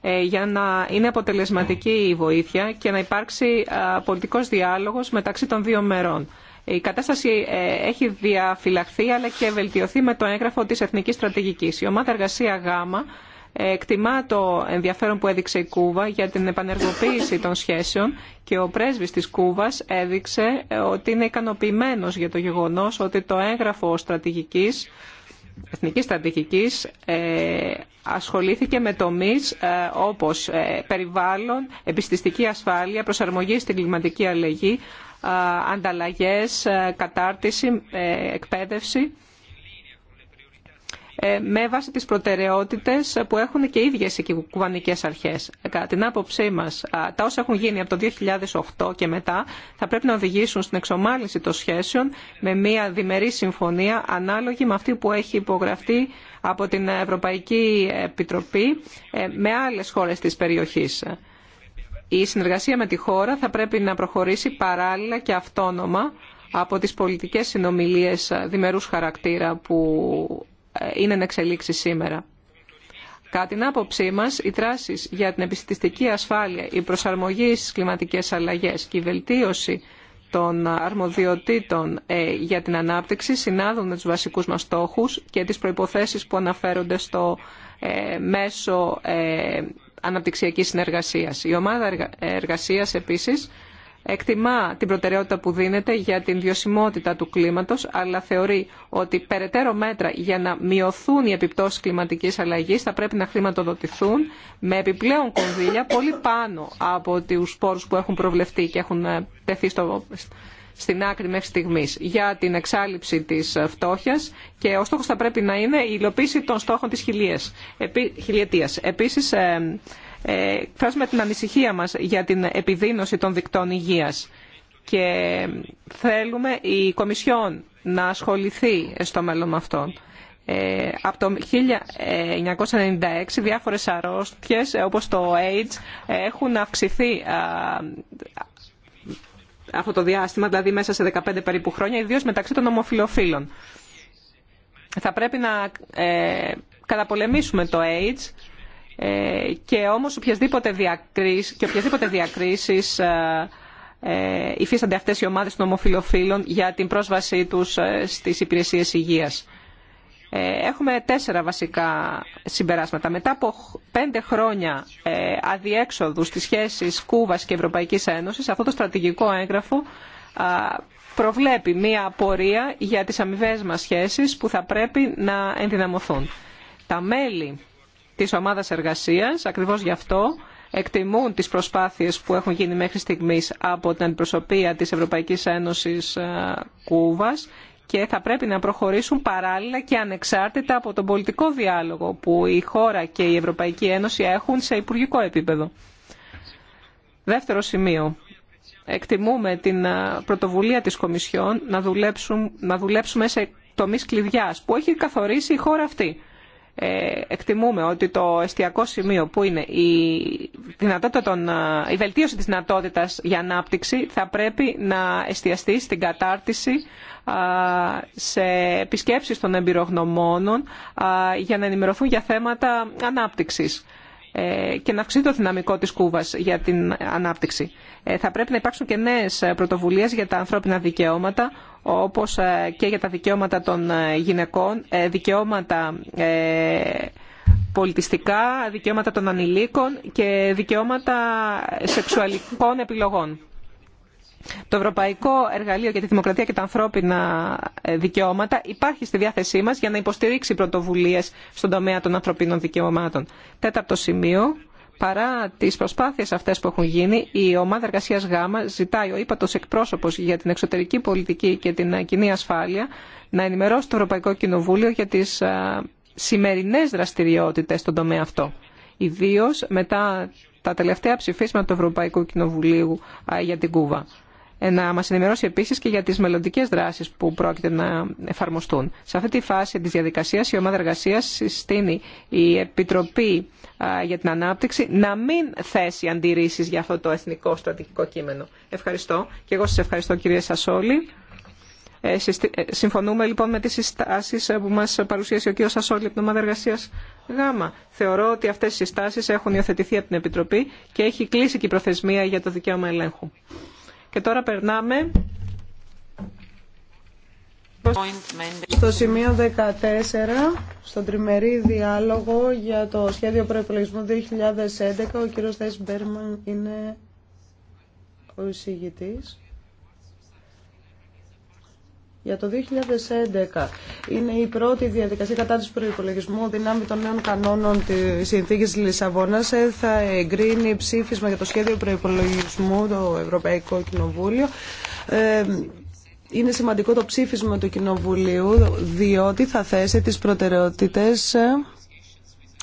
Speaker 4: ε, για να είναι αποτελεσματική η βοήθεια και να υπάρξει πολιτικός διάλογος μεταξύ των δύο μερών. Η κατάσταση ε, έχει διαφυλαχθεί αλλά και βελτιωθεί με το έγγραφο της Εθνικής Στρατηγικής. Η ομάδα εργασία ΓΑΜΑ ε, εκτιμά το ενδιαφέρον που έδειξε η Κούβα για την επανεργοποίηση των σχέσεων και ο πρέσβης της Κούβας έδειξε ότι είναι ικανοποιημένος για το γεγονός ότι το έγγραφο στρατηγικής εθνικής στρατηγικής ε, ασχολήθηκε με τομείς ε, όπως ε, περιβάλλον, επιστηστική ασφάλεια, προσαρμογή στην κλιματική αλλαγή, ανταλλαγές, κατάρτιση, εκπαίδευση ε, με βάση τις προτεραιότητες που έχουν και οι ίδιες οι κουβανικές αρχές. Ε, κατά την άποψή μας, τα όσα έχουν γίνει από το 2008 και μετά θα πρέπει να οδηγήσουν στην εξομάλυνση των σχέσεων με μια διμερή συμφωνία ανάλογη με αυτή που έχει υπογραφτεί από την Ευρωπαϊκή Επιτροπή ε, με άλλες χώρες της περιοχής. Η συνεργασία με τη χώρα θα πρέπει να προχωρήσει παράλληλα και αυτόνομα από τις πολιτικές συνομιλίες διμερούς χαρακτήρα που ε, είναι να εξελίξει σήμερα. Κατά την άποψή μα, οι τράσει για την επιστημιστική ασφάλεια, η προσαρμογή στι κλιματικέ αλλαγέ και η βελτίωση των αρμοδιοτήτων ε, για την ανάπτυξη συνάδουν με τους βασικούς μας στόχους και τις προϋποθέσεις που αναφέρονται στο ε, μέσο αναπτυξιακής συνεργασίας. Η ομάδα εργασίας επίσης εκτιμά την προτεραιότητα που δίνεται για την βιωσιμότητα του κλίματος, αλλά θεωρεί ότι περαιτέρω μέτρα για να μειωθούν οι επιπτώσεις κλιματικής αλλαγής θα πρέπει να χρηματοδοτηθούν με επιπλέον κονδύλια πολύ πάνω από τους πόρους που έχουν προβλεφτεί και έχουν ε, τεθεί στο, στην άκρη μέχρι στιγμής για την εξάλληψη τη ε, φτώχεια και ο στόχο θα πρέπει να είναι η υλοποίηση των στόχων τη χιλιετίας. Επίσης, ε, εκφράζουμε την ανησυχία μας για την επιδείνωση των δικτών υγείας και θέλουμε η Κομισιόν να ασχοληθεί στο μέλλον με αυτόν. Ε, από το 1996 διάφορες αρρώστιες όπως το AIDS έχουν αυξηθεί αυτό το διάστημα, δηλαδή μέσα σε 15 περίπου χρόνια, ιδίως μεταξύ των ομοφιλοφίλων. Θα πρέπει να ε, καταπολεμήσουμε το AIDS ε, και όμως οποιασδήποτε διακρίσεις, και διακρίσεις ε, ε, υφίστανται αυτές οι ομάδες των ομοφιλοφίλων για την πρόσβασή τους στις υπηρεσίες υγείας. Έχουμε τέσσερα βασικά συμπεράσματα. Μετά από πέντε χρόνια αδιέξοδου στις σχέσεις Κούβας και Ευρωπαϊκής Ένωσης, αυτό το στρατηγικό έγγραφο προβλέπει μία απορία για τις αμοιβέ μας σχέσεις που θα πρέπει να ενδυναμωθούν. Τα μέλη της ομάδας εργασίας. Ακριβώς γι' αυτό εκτιμούν τις προσπάθειες που έχουν γίνει μέχρι στιγμής από την αντιπροσωπεία της Ευρωπαϊκής Ένωσης ε, Κούβας και θα πρέπει να προχωρήσουν παράλληλα και ανεξάρτητα από τον πολιτικό διάλογο που η χώρα και η Ευρωπαϊκή Ένωση έχουν σε υπουργικό επίπεδο. Δεύτερο σημείο. Εκτιμούμε την ε, πρωτοβουλία της Κομισιόν να, δουλέψουμε σε τομείς κλειδιάς που έχει καθορίσει η χώρα αυτή. Ε, εκτιμούμε ότι το εστιακό σημείο που είναι η, δυνατότητα των, ε, η βελτίωση της δυνατότητα για ανάπτυξη θα πρέπει να εστιαστεί στην κατάρτιση σε επισκέψεις των εμπειρογνωμόνων για να ενημερωθούν για θέματα ανάπτυξης ε, και να αυξηθεί το δυναμικό της Κούβας για την ανάπτυξη. Θα πρέπει να υπάρξουν και νέες πρωτοβουλίες για τα ανθρώπινα δικαιώματα όπως ε, και για τα δικαιώματα των ε, γυναικών, ε, δικαιώματα πολιτιστικά, δικαιώματα των ανηλίκων και δικαιώματα σεξουαλικών επιλογών. Το Ευρωπαϊκό Εργαλείο για τη Δημοκρατία και τα Ανθρώπινα Δικαιώματα υπάρχει στη διάθεσή μας για να υποστηρίξει πρωτοβουλίες στον τομέα των ανθρωπίνων δικαιωμάτων. Τέταρτο σημείο, Παρά τις προσπάθειες αυτές που έχουν γίνει, η ομάδα εργασίας ΓΑΜΑ ζητάει ο ύπατος εκπρόσωπος για την εξωτερική πολιτική και την κοινή ασφάλεια να ενημερώσει το Ευρωπαϊκό Κοινοβούλιο για τις σημερινές δραστηριότητες στον τομέα αυτό. Ιδίως μετά τα τελευταία ψηφίσματα του Ευρωπαϊκού Κοινοβουλίου για την Κούβα να μα ενημερώσει επίση και για τι μελλοντικέ δράσει που πρόκειται να εφαρμοστούν. Σε αυτή τη φάση τη διαδικασία η ομάδα εργασία συστήνει η Επιτροπή για την Ανάπτυξη να μην θέσει αντιρρήσει για αυτό το εθνικό στρατηγικό κείμενο. Ευχαριστώ και εγώ σα ευχαριστώ κύριε Σασόλη. Ε, ε, συμφωνούμε λοιπόν με τις συστάσεις ε, που μας παρουσίασε ο κύριο Σασόλη από την ομάδα εργασίας Γ. Θεωρώ ότι αυτές οι συστάσεις έχουν υιοθετηθεί από την Επιτροπή και έχει κλείσει και προθεσμία για το δικαίωμα ελέγχου. Και τώρα περνάμε
Speaker 2: στο
Speaker 3: σημείο 14, στον τριμερή διάλογο για το σχέδιο προεπολογισμού 2011, ο κύριος Θέσμπερμαν είναι ο εισηγητής για το 2011. Είναι η πρώτη διαδικασία κατά του προπολογισμού δυνάμει των νέων κανόνων τη συνθήκη Λισαβόνα. Ε, θα εγκρίνει ψήφισμα για το σχέδιο προπολογισμού το Ευρωπαϊκό Κοινοβούλιο. Ε, είναι σημαντικό το ψήφισμα του Κοινοβουλίου διότι θα θέσει τις προτεραιότητες ε,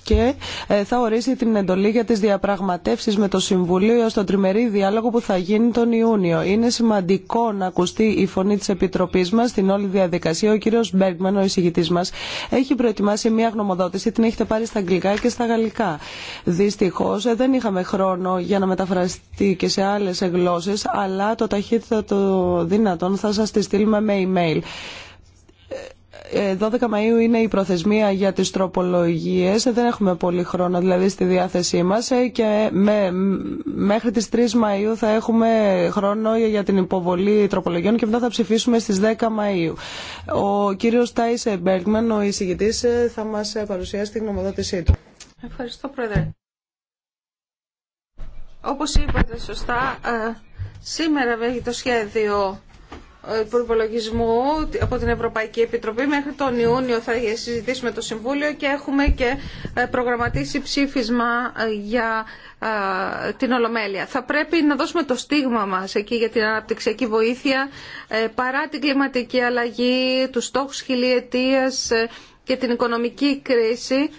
Speaker 3: και ε, θα ορίσει την εντολή για τις διαπραγματεύσεις με το Συμβουλίο στον τριμερή διάλογο που θα γίνει τον Ιούνιο. Είναι σημαντικό να ακουστεί η φωνή της Επιτροπής μας στην όλη διαδικασία. Ο κύριος Μπέργμαν, ο εισηγητής μας, έχει προετοιμάσει μια γνωμοδότηση, την έχετε πάρει στα αγγλικά και στα γαλλικά. Δυστυχώς ε, δεν είχαμε χρόνο για να μεταφραστεί και σε άλλες γλώσσες, αλλά το ταχύτητα το δυνατόν θα σας τη στείλουμε με email. 12 ε, Μαΐου είναι η προθεσμία για τις τροπολογίες, δεν έχουμε πολύ χρόνο δηλαδή στη διάθεσή μας ε, και μέχρι τις 3 Μαΐου θα έχουμε χρόνο για την υποβολή τροπολογιών και μετά θα ψηφίσουμε στις 10 Μαΐου. Ο κύριος Τάις Μπέρκμαν, ο εισηγητής, ε, θα μας παρουσιάσει την γνωμοδότησή του.
Speaker 1: Ευχαριστώ Πρόεδρε. Όπως είπατε σωστά, σήμερα βέβαια το σχέδιο ε, προπολογισμού από την Ευρωπαϊκή Επιτροπή. Μέχρι τον Ιούνιο θα συζητήσουμε το Συμβούλιο και έχουμε και ε, προγραμματίσει ψήφισμα ε, για την Ολομέλεια. Θα πρέπει να δώσουμε το στίγμα μας εκεί για την αναπτυξιακή βοήθεια παρά την κλιματική αλλαγή, τους στόχους χιλιετίας και την οικονομική κρίση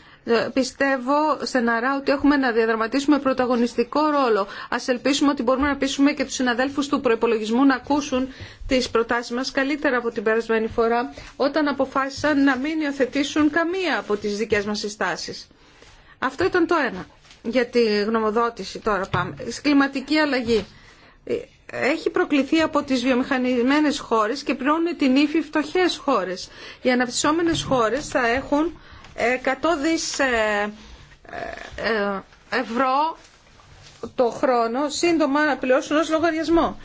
Speaker 1: Πιστεύω στεναρά ότι έχουμε να διαδραματίσουμε πρωταγωνιστικό ρόλο. Α ελπίσουμε ότι μπορούμε να πείσουμε και του συναδέλφου του προπολογισμού να ακούσουν τι προτάσει μα καλύτερα από την περασμένη φορά όταν αποφάσισαν να μην υιοθετήσουν καμία από τι δικέ μα συστάσει. Αυτό ήταν το ένα για τη γνωμοδότηση τώρα πάμε. Κλιματική αλλαγή. Έχει προκληθεί από τις βιομηχανισμένες χώρες και πληρώνουν την ύφη φτωχές χώρες. Οι αναπτυσσόμενες χώρες θα έχουν 100 δις ε, ε, ευρώ το χρόνο σύντομα να πληρώσουν ως λογαριασμό.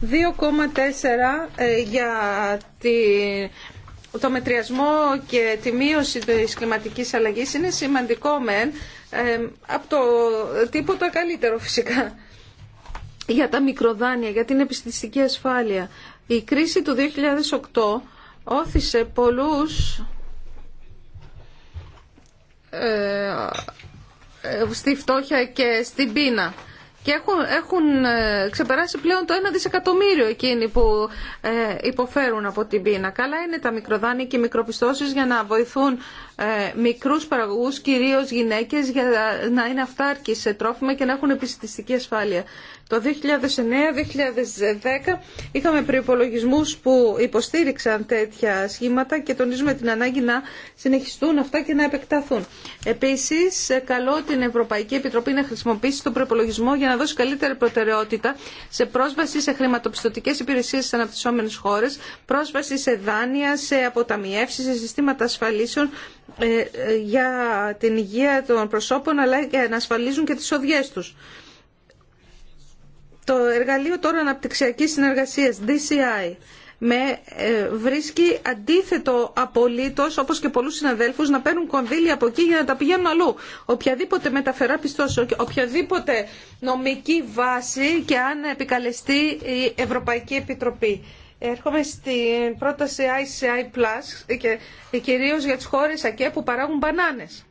Speaker 1: 2,4 ε, για τη... το μετριασμό και τη μείωση της κλιματικής αλλαγής είναι σημαντικό μεν, από το τίποτα καλύτερο φυσικά για τα μικροδάνεια, για την επιστηστική ασφάλεια. Η κρίση του 2008 όθησε πολλούς ε, ε, στη φτώχεια και στην πείνα. Και έχουν, έχουν ε, ξεπεράσει πλέον το 1 δισεκατομμύριο εκείνοι που υποφέρουν από την πείνα. Καλά είναι τα μικροδάνεια και οι μικροπιστώσεις για να βοηθούν μικρούς παραγωγούς, κυρίως γυναίκες, για να είναι αυτάρκοι σε τρόφιμα και να έχουν επιστηστική ασφάλεια. Το 2009-2010 είχαμε προϋπολογισμούς που υποστήριξαν τέτοια σχήματα και τονίζουμε την ανάγκη να συνεχιστούν αυτά και να επεκταθούν. Επίσης, καλώ την Ευρωπαϊκή Επιτροπή να χρησιμοποιήσει τον προϋπολογισμό για να δώσει καλύτερη προτεραιότητα σε πρόσβαση σε χρηματοπιστωτικές υπηρεσίες στι αναπτυσσόμενες χώρες, πρόσβαση σε δάνεια, σε αποταμιεύσεις, σε συστήματα ασφαλίσεων ε, ε, για την υγεία των προσώπων αλλά και να ασφαλίζουν και τις οδιές του. Το εργαλείο τώρα αναπτυξιακής συνεργασίας, DCI, με ε, βρίσκει αντίθετο απολύτω, όπως και πολλούς συναδέλφους, να παίρνουν κονδύλια από εκεί για να τα πηγαίνουν αλλού. Οποιαδήποτε μεταφερά πιστός, οποιαδήποτε νομική βάση και αν επικαλεστεί η Ευρωπαϊκή Επιτροπή. Έρχομαι στην πρόταση ICI Plus και ε, κυρίω για τις χώρες ΑΚΕ που παράγουν μπανάνες.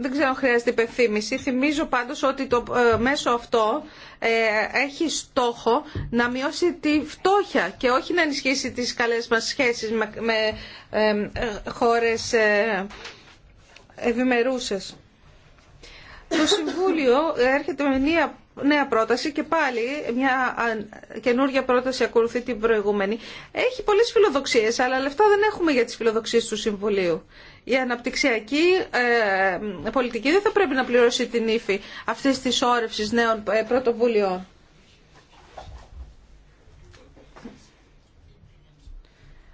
Speaker 1: Δεν ξέρω αν χρειάζεται υπενθύμηση. Θυμίζω πάντως ότι το ε, μέσο αυτό ε, έχει στόχο να μειώσει τη φτώχεια και όχι να ενισχύσει τις καλές μας σχέσεις με ε, χώρες ευημερούσες. Το Συμβούλιο έρχεται με μια νέα πρόταση και πάλι μια καινούργια πρόταση ακολουθεί την προηγούμενη. Έχει πολλές φιλοδοξίες, αλλά λεφτά δεν έχουμε για τις φιλοδοξίες του Συμβουλίου η αναπτυξιακή ε, πολιτική δεν θα πρέπει να πληρώσει την ύφη αυτής της όρευσης νέων ε, πρωτοβουλειών.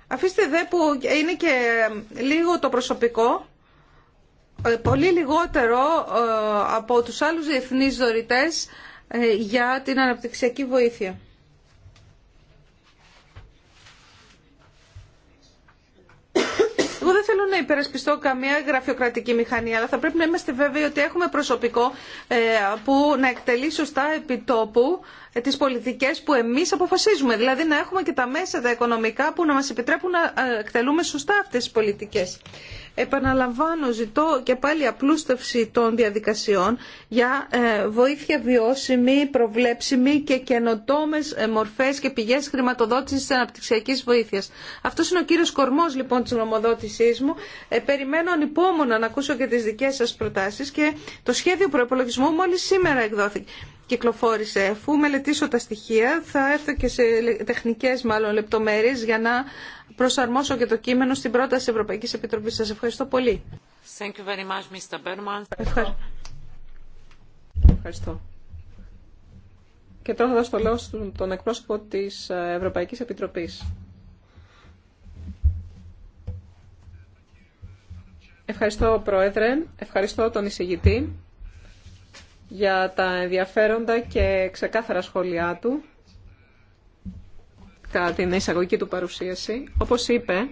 Speaker 1: Αφήστε δε που είναι και λίγο το προσωπικό, ε, πολύ λιγότερο από τους άλλους διεθνείς δωρητές για την αναπτυξιακή βοήθεια. Εγώ δεν θέλω να υπερασπιστώ καμία γραφειοκρατική μηχανή, αλλά θα πρέπει να είμαστε βέβαιοι ότι έχουμε προσωπικό ε, που να εκτελεί σωστά επιτόπου ε, τις πολιτικές που εμείς αποφασίζουμε. Δηλαδή να έχουμε και τα μέσα τα οικονομικά που να μας επιτρέπουν να ε, εκτελούμε σωστά αυτές τις πολιτικές. Επαναλαμβάνω, ζητώ και πάλι απλούστευση των διαδικασιών για ε, βοήθεια βιώσιμη, προβλέψιμη και καινοτόμε ε, μορφές και πηγές χρηματοδότησης τη αναπτυξιακή βοήθειας. Αυτός είναι ο κύριο κορμός λοιπόν της νομοδότησή μου. Ε, περιμένω ανυπόμονα να ακούσω και τις δικές σας προτάσεις και το σχέδιο προπολογισμού μόλι σήμερα εκδόθηκε κυκλοφόρησε. Αφού μελετήσω τα στοιχεία θα έρθω και σε τεχνικές μάλλον λεπτομέρειες για να προσαρμόσω και το κείμενο στην πρόταση ευρωπαϊκή Επιτροπή. Σας ευχαριστώ πολύ.
Speaker 2: Thank you very much, Mr.
Speaker 1: Ευχαριστώ. ευχαριστώ.
Speaker 4: Και τώρα θα δώσω το λόγο στον εκπρόσωπο της ε, Ευρωπαϊκής Επιτροπή. Ευχαριστώ, Πρόεδρε. Ευχαριστώ τον εισηγητή για τα ενδιαφέροντα και ξεκάθαρα σχόλιά του κατά την εισαγωγική του παρουσίαση. Όπως είπε,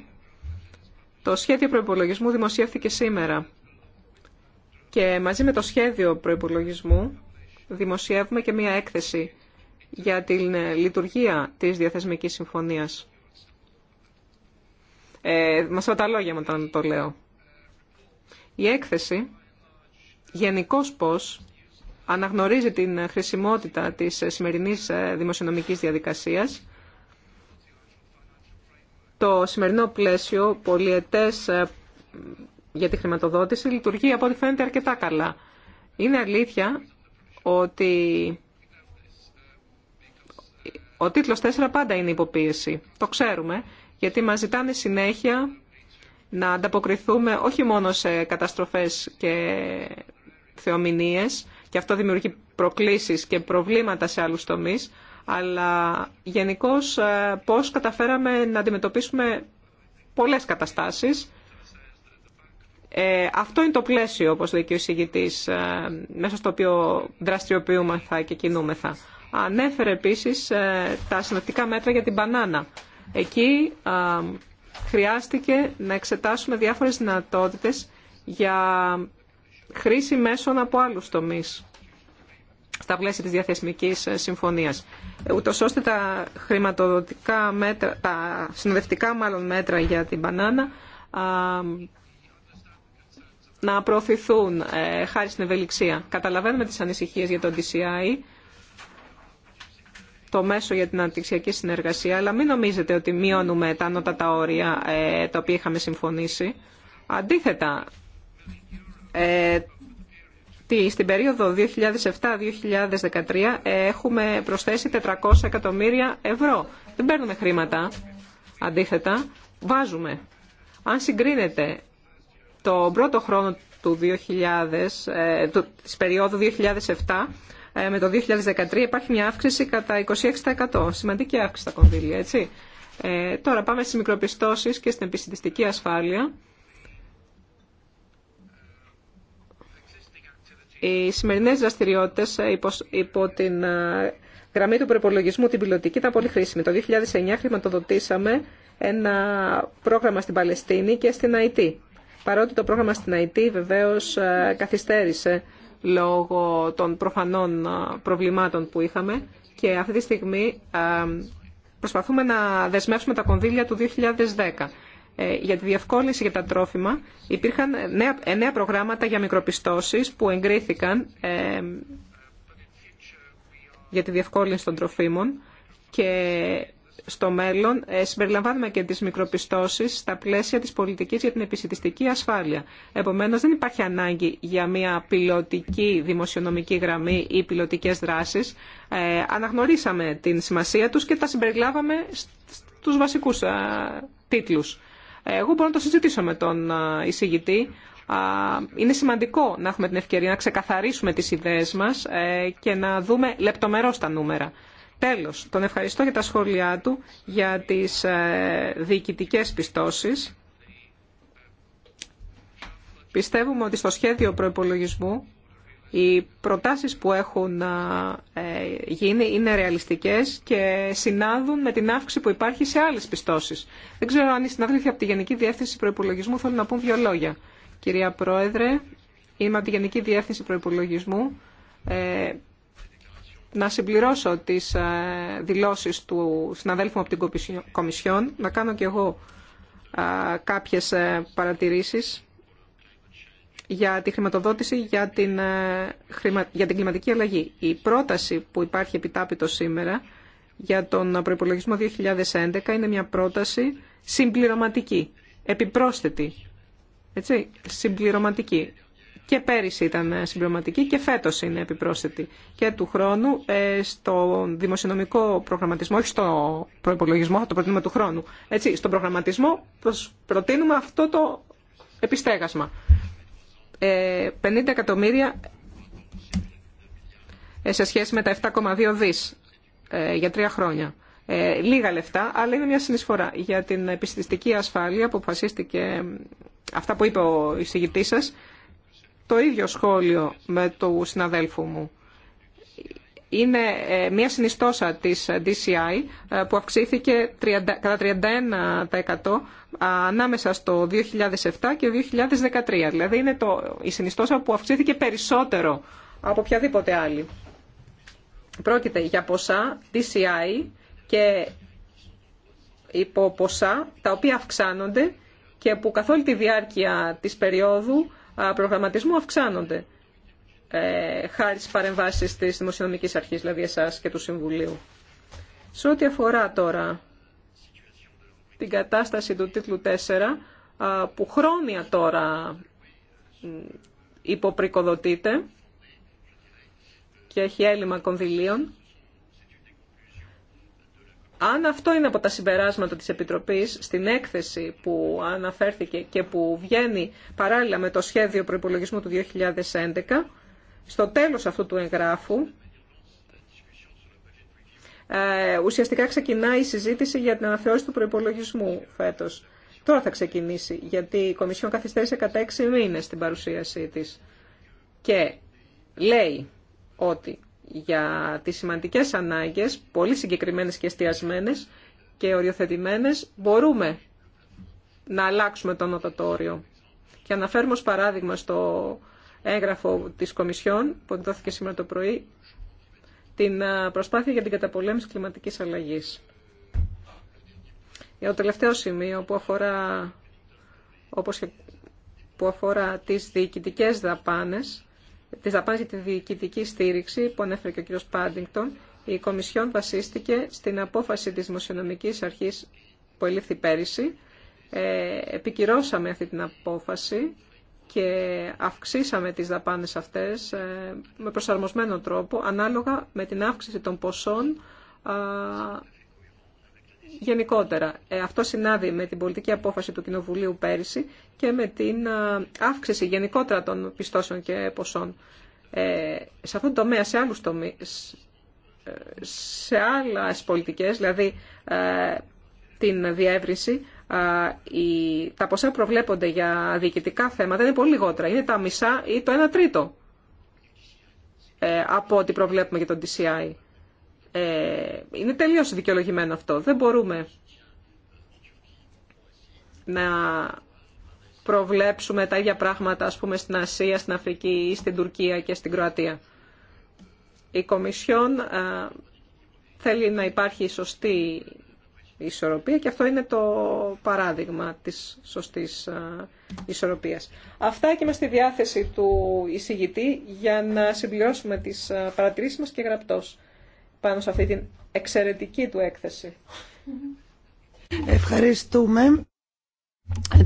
Speaker 4: το σχέδιο προϋπολογισμού δημοσιεύθηκε σήμερα και μαζί με το σχέδιο προϋπολογισμού δημοσιεύουμε και μία έκθεση για την λειτουργία της Διαθεσμικής Συμφωνίας. Ε, μας τα λόγια όταν το λέω. Η έκθεση, γενικώς πώς, αναγνωρίζει την χρησιμότητα της σημερινής ε, δημοσιονομικής διαδικασίας. Το σημερινό πλαίσιο πολιετές ε, για τη χρηματοδότηση λειτουργεί από ό,τι φαίνεται αρκετά καλά. Είναι αλήθεια ότι ο τίτλος 4 πάντα είναι υποπίεση. Το ξέρουμε, γιατί μας ζητάνε συνέχεια να ανταποκριθούμε όχι μόνο σε καταστροφές και θεομηνίες, και αυτό δημιουργεί προκλήσεις και προβλήματα σε άλλους τομείς, αλλά γενικώ ε, πώς καταφέραμε να αντιμετωπίσουμε πολλές καταστάσεις. Ε, αυτό είναι το πλαίσιο, όπως λέει και ο εισηγητής, ε, μέσα στο οποίο δραστηριοποιούμεθα και κινούμεθα. Ανέφερε επίσης τα συνοπτικά μέτρα για την μπανάνα. Εκεί χρειάστηκε να εξετάσουμε διάφορες δυνατότητες για χρήση μέσων από άλλους τομείς στα πλαίσια της διαθεσμικής ε, συμφωνίας. Ούτως ώστε τα χρηματοδοτικά μέτρα, τα συνοδευτικά μάλλον μέτρα για την μπανάνα να προωθηθούν ε, χάρη στην ευελιξία. Καταλαβαίνουμε τις ανησυχίες για το DCI, το μέσο για την αναπτυξιακή συνεργασία, αλλά μην νομίζετε ότι μειώνουμε τα ανώτατα όρια ε, τα οποία είχαμε συμφωνήσει. Αντίθετα, ε, στην περίοδο 2007-2013 έχουμε προσθέσει 400 εκατομμύρια ευρώ. Δεν παίρνουμε χρήματα, αντίθετα, βάζουμε. Αν συγκρίνεται το πρώτο χρόνο του 2000, ε, της περίοδου 2007 ε, με το 2013 υπάρχει μια αύξηση κατά 26%. Σημαντική αύξηση στα κονδύλια, έτσι. Ε, τώρα πάμε στις μικροπιστώσεις και στην επιστημιστική ασφάλεια. Οι σημερινές δραστηριότητες ε, υπό την ε, γραμμή του προπολογισμού την πιλωτική ήταν πολύ χρήσιμη. Το 2009 χρηματοδοτήσαμε ένα πρόγραμμα στην Παλαιστίνη και στην Αϊτή. Παρότι το πρόγραμμα στην Αϊτή βεβαίως ε, καθυστέρησε λόγω των προφανών προβλημάτων που είχαμε και αυτή τη στιγμή προσπαθούμε να δεσμεύσουμε τα κονδύλια του 2010. Ε, για τη διευκόλυνση για τα τρόφιμα υπήρχαν νέα, προγράμματα για μικροπιστώσεις που εγκρίθηκαν ε, για τη διευκόλυνση των τροφίμων και στο μέλλον ε, συμπεριλαμβάνουμε και τις μικροπιστώσεις στα πλαίσια της πολιτικής για την επισητιστική ασφάλεια. Επομένως δεν υπάρχει ανάγκη για μια πιλωτική δημοσιονομική γραμμή ή πιλωτικές δράσεις. Ε, αναγνωρίσαμε την σημασία τους και τα συμπεριλάβαμε στους βασικούς α, τίτλους. Εγώ μπορώ να το συζητήσω με τον εισηγητή. Είναι σημαντικό να έχουμε την ευκαιρία να ξεκαθαρίσουμε τις ιδέες μας ε, και να δούμε λεπτομερώς τα νούμερα. Τέλος, τον ευχαριστώ για τα σχόλιά του, για τις ε, διοικητικές πιστώσεις. Πιστεύουμε ότι στο σχέδιο προϋπολογισμού οι προτάσεις που έχουν ε, γίνει είναι ρεαλιστικές και συνάδουν με την αύξηση που υπάρχει σε άλλες πιστώσεις. Δεν ξέρω αν οι συνάδελφοι από τη Γενική Διεύθυνση Προϋπολογισμού θέλουν να πούν δύο λόγια. Κυρία Πρόεδρε, είμαι από τη Γενική Διεύθυνση Προϋπολογισμού. Ε, να συμπληρώσω τις ε, δηλώσεις του συναδέλφου από την Κομισιόν, να κάνω κι εγώ κάποιες ε, παρατηρήσεις για τη χρηματοδότηση για την, ε, για την κλιματική αλλαγή. Η πρόταση που υπάρχει επιτάπητο σήμερα για τον προϋπολογισμό 2011 είναι μια πρόταση συμπληρωματική, επιπρόσθετη. Έτσι, συμπληρωματική. Και πέρυσι ήταν ε, συμπληρωματική και φέτος είναι επιπρόσθετη. Και του χρόνου ε, στο δημοσιονομικό προγραμματισμό, όχι στο προϋπολογισμό, το προτείνουμε του χρόνου. Έτσι, στον προγραμματισμό προτείνουμε αυτό το επιστέγασμα. 50 ε, εκατομμύρια ε, σε σχέση με τα 7,2 δις ε, για τρία χρόνια. λίγα λεφτά, αλλά είναι μια συνεισφορά για την επιστηστική ασφάλεια που αποφασίστηκε, αυτά που είπε ο εισηγητής σας, το ίδιο σχόλιο με του συναδέλφου μου είναι ε, μια συνιστόσα της DCI ε, που αυξήθηκε κατά 31% ανάμεσα στο 2007 και το 2013. Δηλαδή είναι το, η συνιστόσα που αυξήθηκε περισσότερο από οποιαδήποτε άλλη. Πρόκειται για ποσά DCI και υπό ποσά τα οποία αυξάνονται και που καθ' όλη τη διάρκεια της περίοδου προγραμματισμού αυξάνονται. Ε, χάρη στις παρεμβάσεις της Δημοσιονομικής Αρχής, δηλαδή εσάς και του Συμβουλίου. Σε ό,τι αφορά τώρα την κατάσταση του τίτλου 4, που χρόνια τώρα υποπρικοδοτείται και έχει έλλειμμα κονδυλίων, αν αυτό είναι από τα συμπεράσματα της Επιτροπής στην έκθεση που αναφέρθηκε και που βγαίνει παράλληλα με το σχέδιο προϋπολογισμού του 2011, στο τέλος αυτού του εγγράφου ε, ουσιαστικά ξεκινάει η συζήτηση για την αναθεώρηση του προϋπολογισμού φέτος. Τώρα θα ξεκινήσει, γιατί η Κομισιόν καθυστέρησε κατά 6 μήνες την παρουσίασή της. Και λέει ότι για τις σημαντικές ανάγκες, πολύ συγκεκριμένες και εστιασμένες και οριοθετημένες, μπορούμε να αλλάξουμε το νοτοτόριο. Και αναφέρουμε ως παράδειγμα στο έγγραφο της Κομισιόν που δόθηκε σήμερα το πρωί την προσπάθεια για την καταπολέμηση κλιματικής αλλαγής. Για ε, το τελευταίο σημείο που αφορά, όπως που αφορά τις διοικητικές δαπάνες, τις δαπάνες για τη διοικητική στήριξη που ανέφερε και ο κ. Πάντιγκτον, η Κομισιόν βασίστηκε στην απόφαση της Δημοσιονομικής Αρχής που ελήφθη πέρυσι. Ε, επικυρώσαμε αυτή την απόφαση και αυξήσαμε τις δαπάνες αυτές ε, με προσαρμοσμένο τρόπο ανάλογα με την αύξηση των ποσών γενικότερα. Ε, αυτό συνάδει με την πολιτική απόφαση του Κοινοβουλίου πέρυσι και με την αύξηση γενικότερα των πιστώσεων και ποσών. Ε, σε αυτόν τον τομέα, σε άλλους τομείς, σε άλλες πολιτικές, δηλαδή την διεύρυνση, τα ποσά που προβλέπονται για διοικητικά θέματα είναι πολύ λιγότερα. Είναι τα μισά ή το 1 τρίτο ε, από ό,τι προβλέπουμε για τον DCI. Ε, είναι τελείως δικαιολογημένο αυτό. Δεν μπορούμε να προβλέψουμε τα ίδια πράγματα, ας πούμε, στην Ασία, στην Αφρική ή στην Τουρκία και στην Κροατία. Η Κομισιόν θέλει να υπάρχει σωστή ισορροπία και αυτό είναι το παράδειγμα της σωστής ισορροπίας. Αυτά και είμαστε στη διάθεση του εισηγητή για να συμπληρώσουμε τις παρατηρήσεις μας και γραπτός πάνω σε αυτή την εξαιρετική του έκθεση.
Speaker 3: Ευχαριστούμε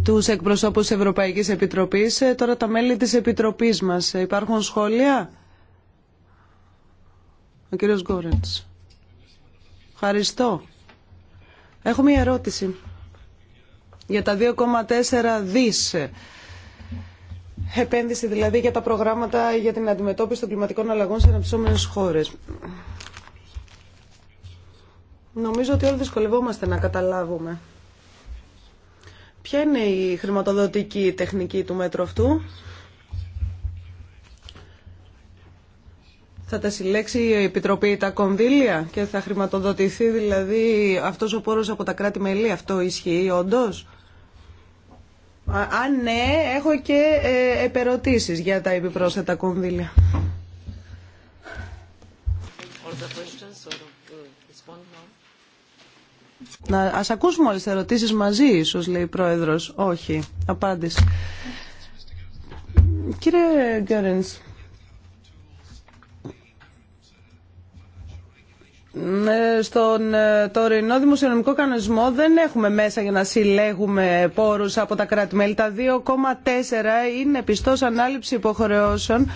Speaker 3: τους εκπροσώπους της Ευρωπαϊκής Επιτροπής. Ε, τώρα τα μέλη της Επιτροπής μας. Ε, υπάρχουν σχόλια? Ο κύριος Γκόρεντς. Ευχαριστώ. Έχω μία ερώτηση για τα 2,4 δις. Επένδυση δηλαδή για τα προγράμματα για την αντιμετώπιση των κλιματικών αλλαγών σε αναπτυσσόμενες χώρες. Νομίζω ότι όλοι δυσκολευόμαστε να καταλάβουμε. Ποια είναι η χρηματοδοτική τεχνική του μέτρου αυτού. θα τα συλλέξει η Επιτροπή τα κονδύλια και θα χρηματοδοτηθεί δηλαδή αυτός ο πόρος από τα κράτη-μελή. Αυτό ισχύει όντω. Αν ναι, έχω και ε, επερωτήσεις για τα επιπρόσθετα κονδύλια. Να, ας ακούσουμε όλες τις ερωτήσεις μαζί ίσως, λέει η Πρόεδρος. Όχι. Απάντηση. Κύριε Γκέρενς, Ναι, στον ε, τωρινό δημοσιονομικό κανονισμό δεν έχουμε μέσα για να συλλέγουμε πόρους από τα κράτη-μέλη. Τα 2,4 είναι πιστός ανάληψη υποχρεώσεων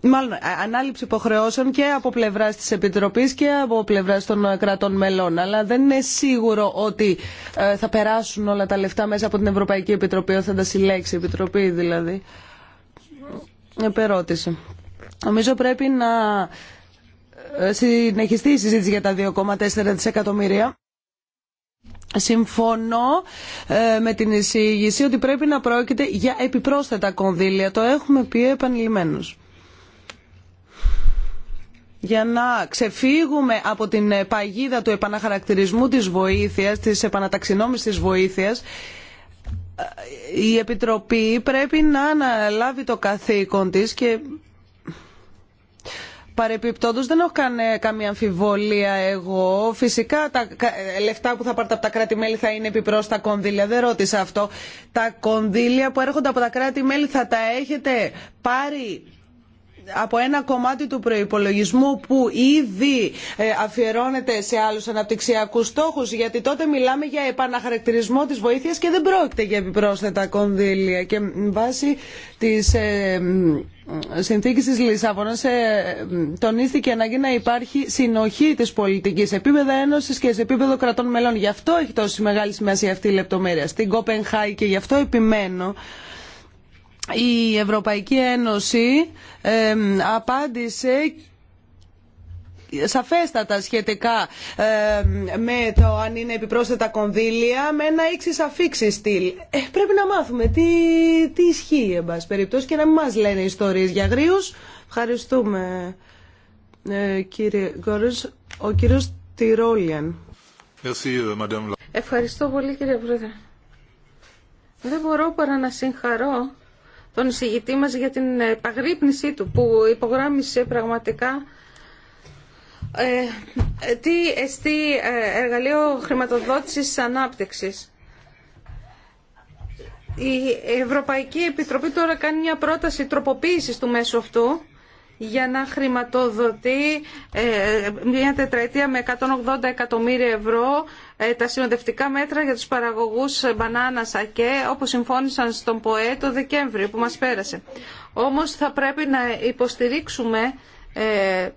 Speaker 3: μάλλον ε, ανάληψη υποχρεώσεων και από πλευρά τη Επιτροπή και από πλευρά των ε, κρατών μελών. Αλλά δεν είναι σίγουρο ότι θα περάσουν όλα τα λεφτά μέσα από την Ευρωπαϊκή Επιτροπή, όταν θα τα συλλέξει η Επιτροπή δηλαδή. Επερώτηση. Νομίζω πρέπει να συνεχιστεί η συζήτηση για τα 2,4 δισεκατομμύρια. Συμφωνώ ε, με την εισήγηση ότι πρέπει να πρόκειται για επιπρόσθετα κονδύλια. Το έχουμε πει επανειλημμένως. Για να ξεφύγουμε από την παγίδα του επαναχαρακτηρισμού της βοήθειας, της επαναταξινόμησης της βοήθειας, ε, η Επιτροπή πρέπει να αναλάβει το καθήκον της και Παρεπιπτόντως δεν έχω κάνει καμία αμφιβολία εγώ. Φυσικά τα ε, λεφτά που θα πάρετε από τα κράτη-μέλη θα είναι τα κονδύλια. Δεν ρώτησα αυτό. Τα κονδύλια που έρχονται από τα κράτη-μέλη θα τα έχετε πάρει από ένα κομμάτι του προϋπολογισμού που ήδη ε, αφιερώνεται σε άλλους αναπτυξιακούς στόχους γιατί τότε μιλάμε για επαναχαρακτηρισμό της βοήθειας και δεν πρόκειται για επιπρόσθετα κονδύλια και βάσει της ε, συνθήκης της Λισαβόνας ε, τονίστηκε ανάγκη να υπάρχει συνοχή της πολιτικής σε επίπεδο ένωσης και σε επίπεδο κρατών μελών. Γι' αυτό έχει τόση μεγάλη σημασία αυτή η λεπτομέρεια. Στην Κοπενχάη και γι' αυτό επιμένω η Ευρωπαϊκή Ένωση απάντησε σαφέστατα σχετικά με το αν είναι επιπρόσθετα κονδύλια με ένα ίξις αφήξη στυλ. Ε, πρέπει να μάθουμε τι, τι ισχύει εν πάση περιπτώσει και να μην μας λένε ιστορίες για γρίους. Ευχαριστούμε ε, κύριε Γκόρες. Ο κύριος Τυρόλιαν.
Speaker 2: Euh,
Speaker 3: Ευχαριστώ πολύ κύριε Πρόεδρε.
Speaker 1: Δεν μπορώ παρά να συγχαρώ τον εισηγητή μας για την παγρύπνησή του που υπογράμμισε πραγματικά ε, τι εστί ε, εργαλείο χρηματοδότησης ανάπτυξης. Η Ευρωπαϊκή Επιτροπή τώρα κάνει μια πρόταση τροποποίησης του μέσου αυτού για να χρηματοδοτεί ε, μια τετραετία με 180 εκατομμύρια ευρώ ε, τα συνοδευτικά μέτρα για τους παραγωγούς μπανάνα ΑΚΕ όπως συμφώνησαν στον ΠΟΕ το Δεκέμβριο που μας πέρασε. Όμως θα πρέπει να υποστηρίξουμε ε,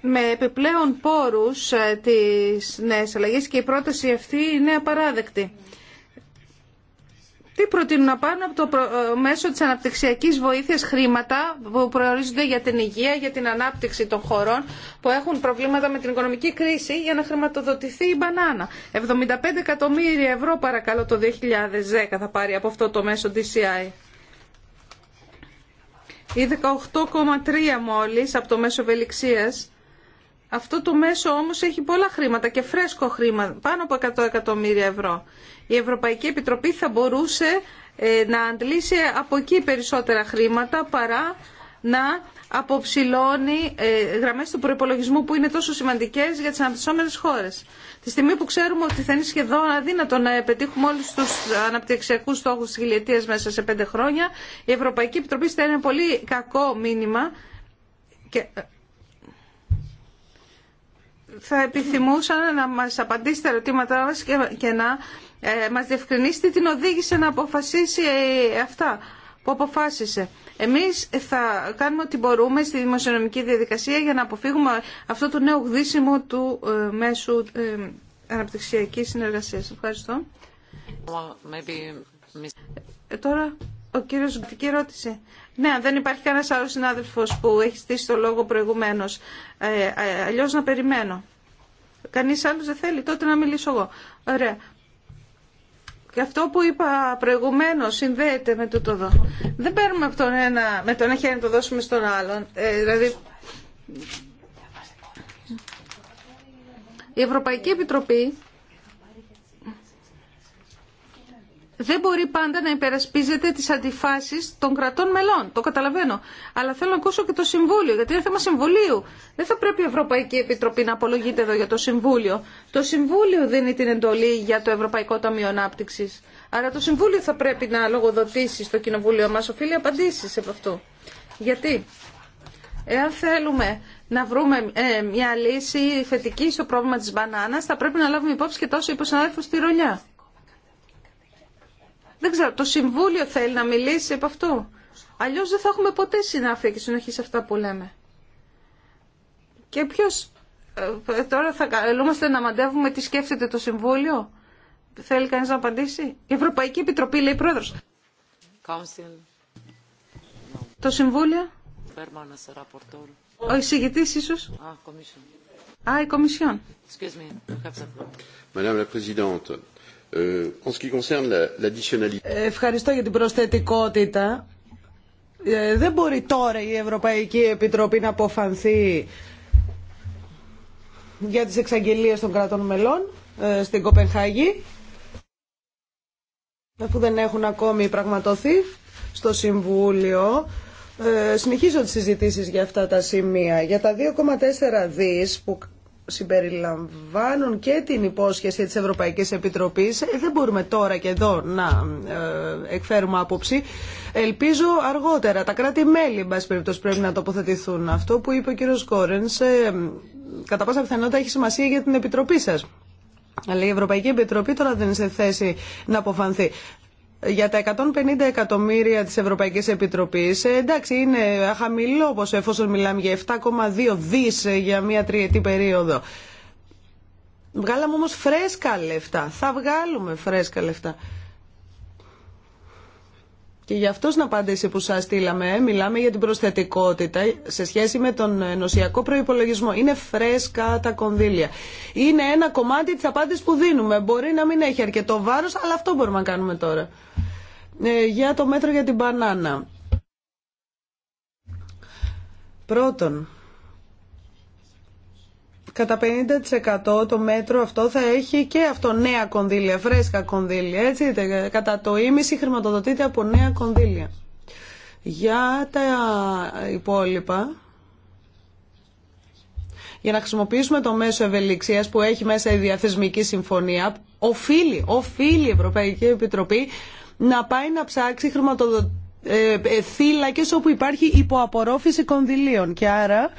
Speaker 1: με επιπλέον πόρους τις νέες αλλαγές και η πρόταση αυτή είναι απαράδεκτη. Αυτοί προτείνουν να πάρουν από το ε, μέσο της αναπτυξιακής βοήθειας χρήματα που προορίζονται για την υγεία, για την ανάπτυξη των χωρών που έχουν προβλήματα με την οικονομική κρίση για να χρηματοδοτηθεί η μπανάνα. 75 εκατομμύρια ευρώ παρακαλώ το 2010 θα πάρει από αυτό το μέσο DCI. Ε. Ή 18,3 μόλις από το μέσο ευελιξίας αυτό το μέσο όμως έχει πολλά χρήματα και φρέσκο χρήμα, πάνω από 100 εκατομμύρια ευρώ. Η Ευρωπαϊκή Επιτροπή θα μπορούσε ε, να αντλήσει από εκεί περισσότερα χρήματα παρά να αποψηλώνει ε, γραμμές του προϋπολογισμού που είναι τόσο σημαντικές για τις αναπτυσσόμενες χώρες. Τη στιγμή που ξέρουμε ότι θα είναι σχεδόν αδύνατο να πετύχουμε όλους τους αναπτυξιακούς στόχους της χιλιετίας μέσα σε πέντε χρόνια, η Ευρωπαϊκή Επιτροπή στέλνει ένα πολύ κακό μήνυμα και θα επιθυμούσαν να μας απαντήσει τα ερωτήματά μας και να ε, μας διευκρινίσετε την οδήγησε να αποφασίσει ε, αυτά που αποφάσισε. Εμείς θα κάνουμε ό,τι μπορούμε στη δημοσιονομική διαδικασία για να αποφύγουμε αυτό το νέο γδίσιμο του ε, μέσου αναπτυξιακής συνεργασίας. Ευχαριστώ. Well, Τώρα ο κύριος Γκουτική ρώτησε ναι, δεν υπάρχει κανένα άλλο συνάδελφο που έχει στήσει το λόγο προηγουμένω. Ε, ε Αλλιώ να περιμένω. Κανεί άλλο δεν θέλει, τότε να μιλήσω εγώ. Ωραία. Και αυτό που είπα προηγουμένω συνδέεται με τούτο εδώ. Δεν παίρνουμε από τον ένα, με τον ένα χέρι να το δώσουμε στον άλλον. Ε, δηλαδή, η Ευρωπαϊκή Επιτροπή δεν μπορεί πάντα να υπερασπίζεται τις αντιφάσεις των κρατών μελών. Το καταλαβαίνω. Αλλά θέλω να ακούσω και το Συμβούλιο, γιατί είναι θέμα Συμβουλίου. Δεν θα πρέπει η Ευρωπαϊκή Επιτροπή να απολογείται εδώ για το Συμβούλιο. Το Συμβούλιο δίνει την εντολή για το Ευρωπαϊκό Ταμείο Ανάπτυξη. Άρα το Συμβούλιο θα πρέπει να λογοδοτήσει στο Κοινοβούλιο μα Οφείλει απαντήσει από αυτό. Γιατί εάν θέλουμε να βρούμε ε, μια λύση θετική στο πρόβλημα της μπανάνας, θα πρέπει να λάβουμε υπόψη και τόσο στη δεν ξέρω, το Συμβούλιο θέλει να μιλήσει από αυτό. Αλλιώς δεν θα έχουμε ποτέ συνάφεια και συνοχή σε αυτά που λέμε. Και ποιος ε, ε, τώρα θα καλούμαστε να μαντεύουμε τι σκέφτεται το Συμβούλιο. Θέλει κανείς να απαντήσει. Η Ευρωπαϊκή Επιτροπή λέει πρόεδρος. Council. Το
Speaker 2: Συμβούλιο. Ο εισηγητής ίσως. Ah,
Speaker 1: Α,
Speaker 3: η Κομισιόν. Excuse me. Euh, Ευχαριστώ για την προσθετικότητα. Ε, δεν μπορεί τώρα η Ευρωπαϊκή Επιτροπή να αποφανθεί για τις εξαγγελίες των κρατών μελών ε, στην Κοπενχάγη αφού δεν έχουν ακόμη πραγματοθεί στο Συμβούλιο. Ε, συνεχίζω τις συζητήσεις για αυτά τα σημεία. Για τα 2,4 δις που συμπεριλαμβάνουν και την υπόσχεση της Ευρωπαϊκής Επιτροπής. Ε, δεν μπορούμε τώρα και εδώ να ε, εκφέρουμε άποψη. Ελπίζω αργότερα. Τα κράτη-μέλη, εν πάση περιπτώσει, πρέπει να τοποθετηθούν. Αυτό που είπε ο κύριος Κόρενς, ε, κατά πάσα πιθανότητα έχει σημασία για την Επιτροπή σας. Αλλά η Ευρωπαϊκή Επιτροπή τώρα δεν είναι σε θέση να αποφανθεί για τα 150 εκατομμύρια της Ευρωπαϊκής Επιτροπής, ε, εντάξει είναι χαμηλό όπως εφόσον μιλάμε για 7,2 δις για μια τριετή περίοδο. Βγάλαμε όμως φρέσκα λεφτά, θα βγάλουμε φρέσκα λεφτά. Και γι' αυτό στην απάντηση που σα στείλαμε, μιλάμε για την προσθετικότητα σε σχέση με τον νοσιακό προπολογισμό. Είναι φρέσκα τα κονδύλια. Είναι ένα κομμάτι τη απάντηση που δίνουμε. Μπορεί να μην έχει αρκετό βάρος, αλλά αυτό μπορούμε να κάνουμε τώρα. Ε, για το μέτρο για την μπανάνα. Πρώτον, κατά 50% το μέτρο αυτό θα έχει και αυτό νέα κονδύλια, φρέσκα κονδύλια, έτσι, κατά το ίμιση χρηματοδοτείται από νέα κονδύλια. Για τα υπόλοιπα, για να χρησιμοποιήσουμε το μέσο ευελιξίας που έχει μέσα η διαθεσμική συμφωνία, οφείλει, οφείλει η Ευρωπαϊκή Επιτροπή να πάει να ψάξει χρηματοδο... Ε, ε, θύλακες όπου υπάρχει υποαπορρόφηση κονδυλίων. Και άρα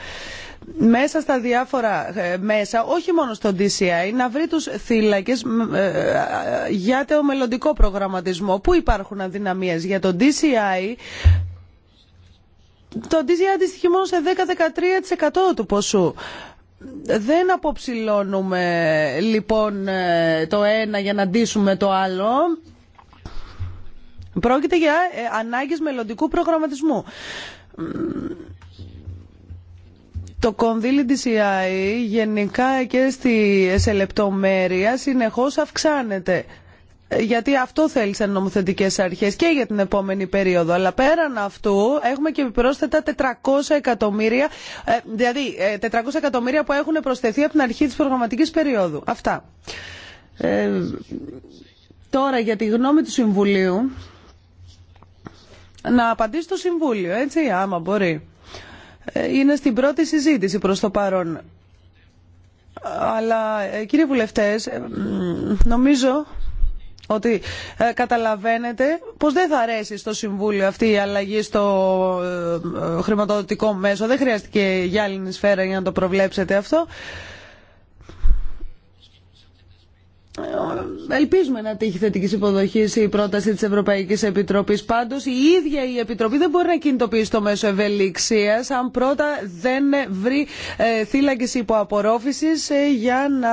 Speaker 3: μέσα στα διάφορα ε, μέσα, όχι μόνο στο DCI, να βρει τους θύλακες ε, για το μελλοντικό προγραμματισμό. Πού υπάρχουν αδυναμίες για το DCI, το DCI αντιστοιχεί μόνο σε 10-13% του ποσού. Δεν αποψηλώνουμε λοιπόν ε, το ένα για να ντύσουμε το άλλο. Πρόκειται για ανάγκες μελλοντικού προγραμματισμού. Το κονδύλι της ΙΑΗ γενικά και στη, σε λεπτομέρεια συνεχώς αυξάνεται. Γιατί αυτό θέλησαν νομοθετικές αρχές και για την επόμενη περίοδο. Αλλά πέραν αυτού έχουμε και επιπρόσθετα 400 εκατομμύρια, ε, δηλαδή 400 ε, εκατομμύρια που έχουν προσθεθεί από την αρχή της προγραμματικής περίοδου. Αυτά. Ε, τώρα για τη γνώμη του Συμβουλίου, να απαντήσει το Συμβούλιο, έτσι, άμα μπορεί είναι στην πρώτη συζήτηση προς το παρόν. Αλλά ε, κύριε βουλευτές, ε, νομίζω ότι ε, καταλαβαίνετε πως δεν θα αρέσει στο Συμβούλιο αυτή η αλλαγή στο χρηματοδοτικό μέσο. Δεν χρειάστηκε για γυάλινη σφαίρα για να το προβλέψετε αυτό. Ελπίζουμε να τύχει θετική υποδοχή η πρόταση τη Ευρωπαϊκή Επιτροπή. Πάντω, η ίδια η Επιτροπή δεν μπορεί να κινητοποιήσει το μέσο ευελιξία αν πρώτα δεν βρει ε, θύλακε υποαπορρόφηση ε, για να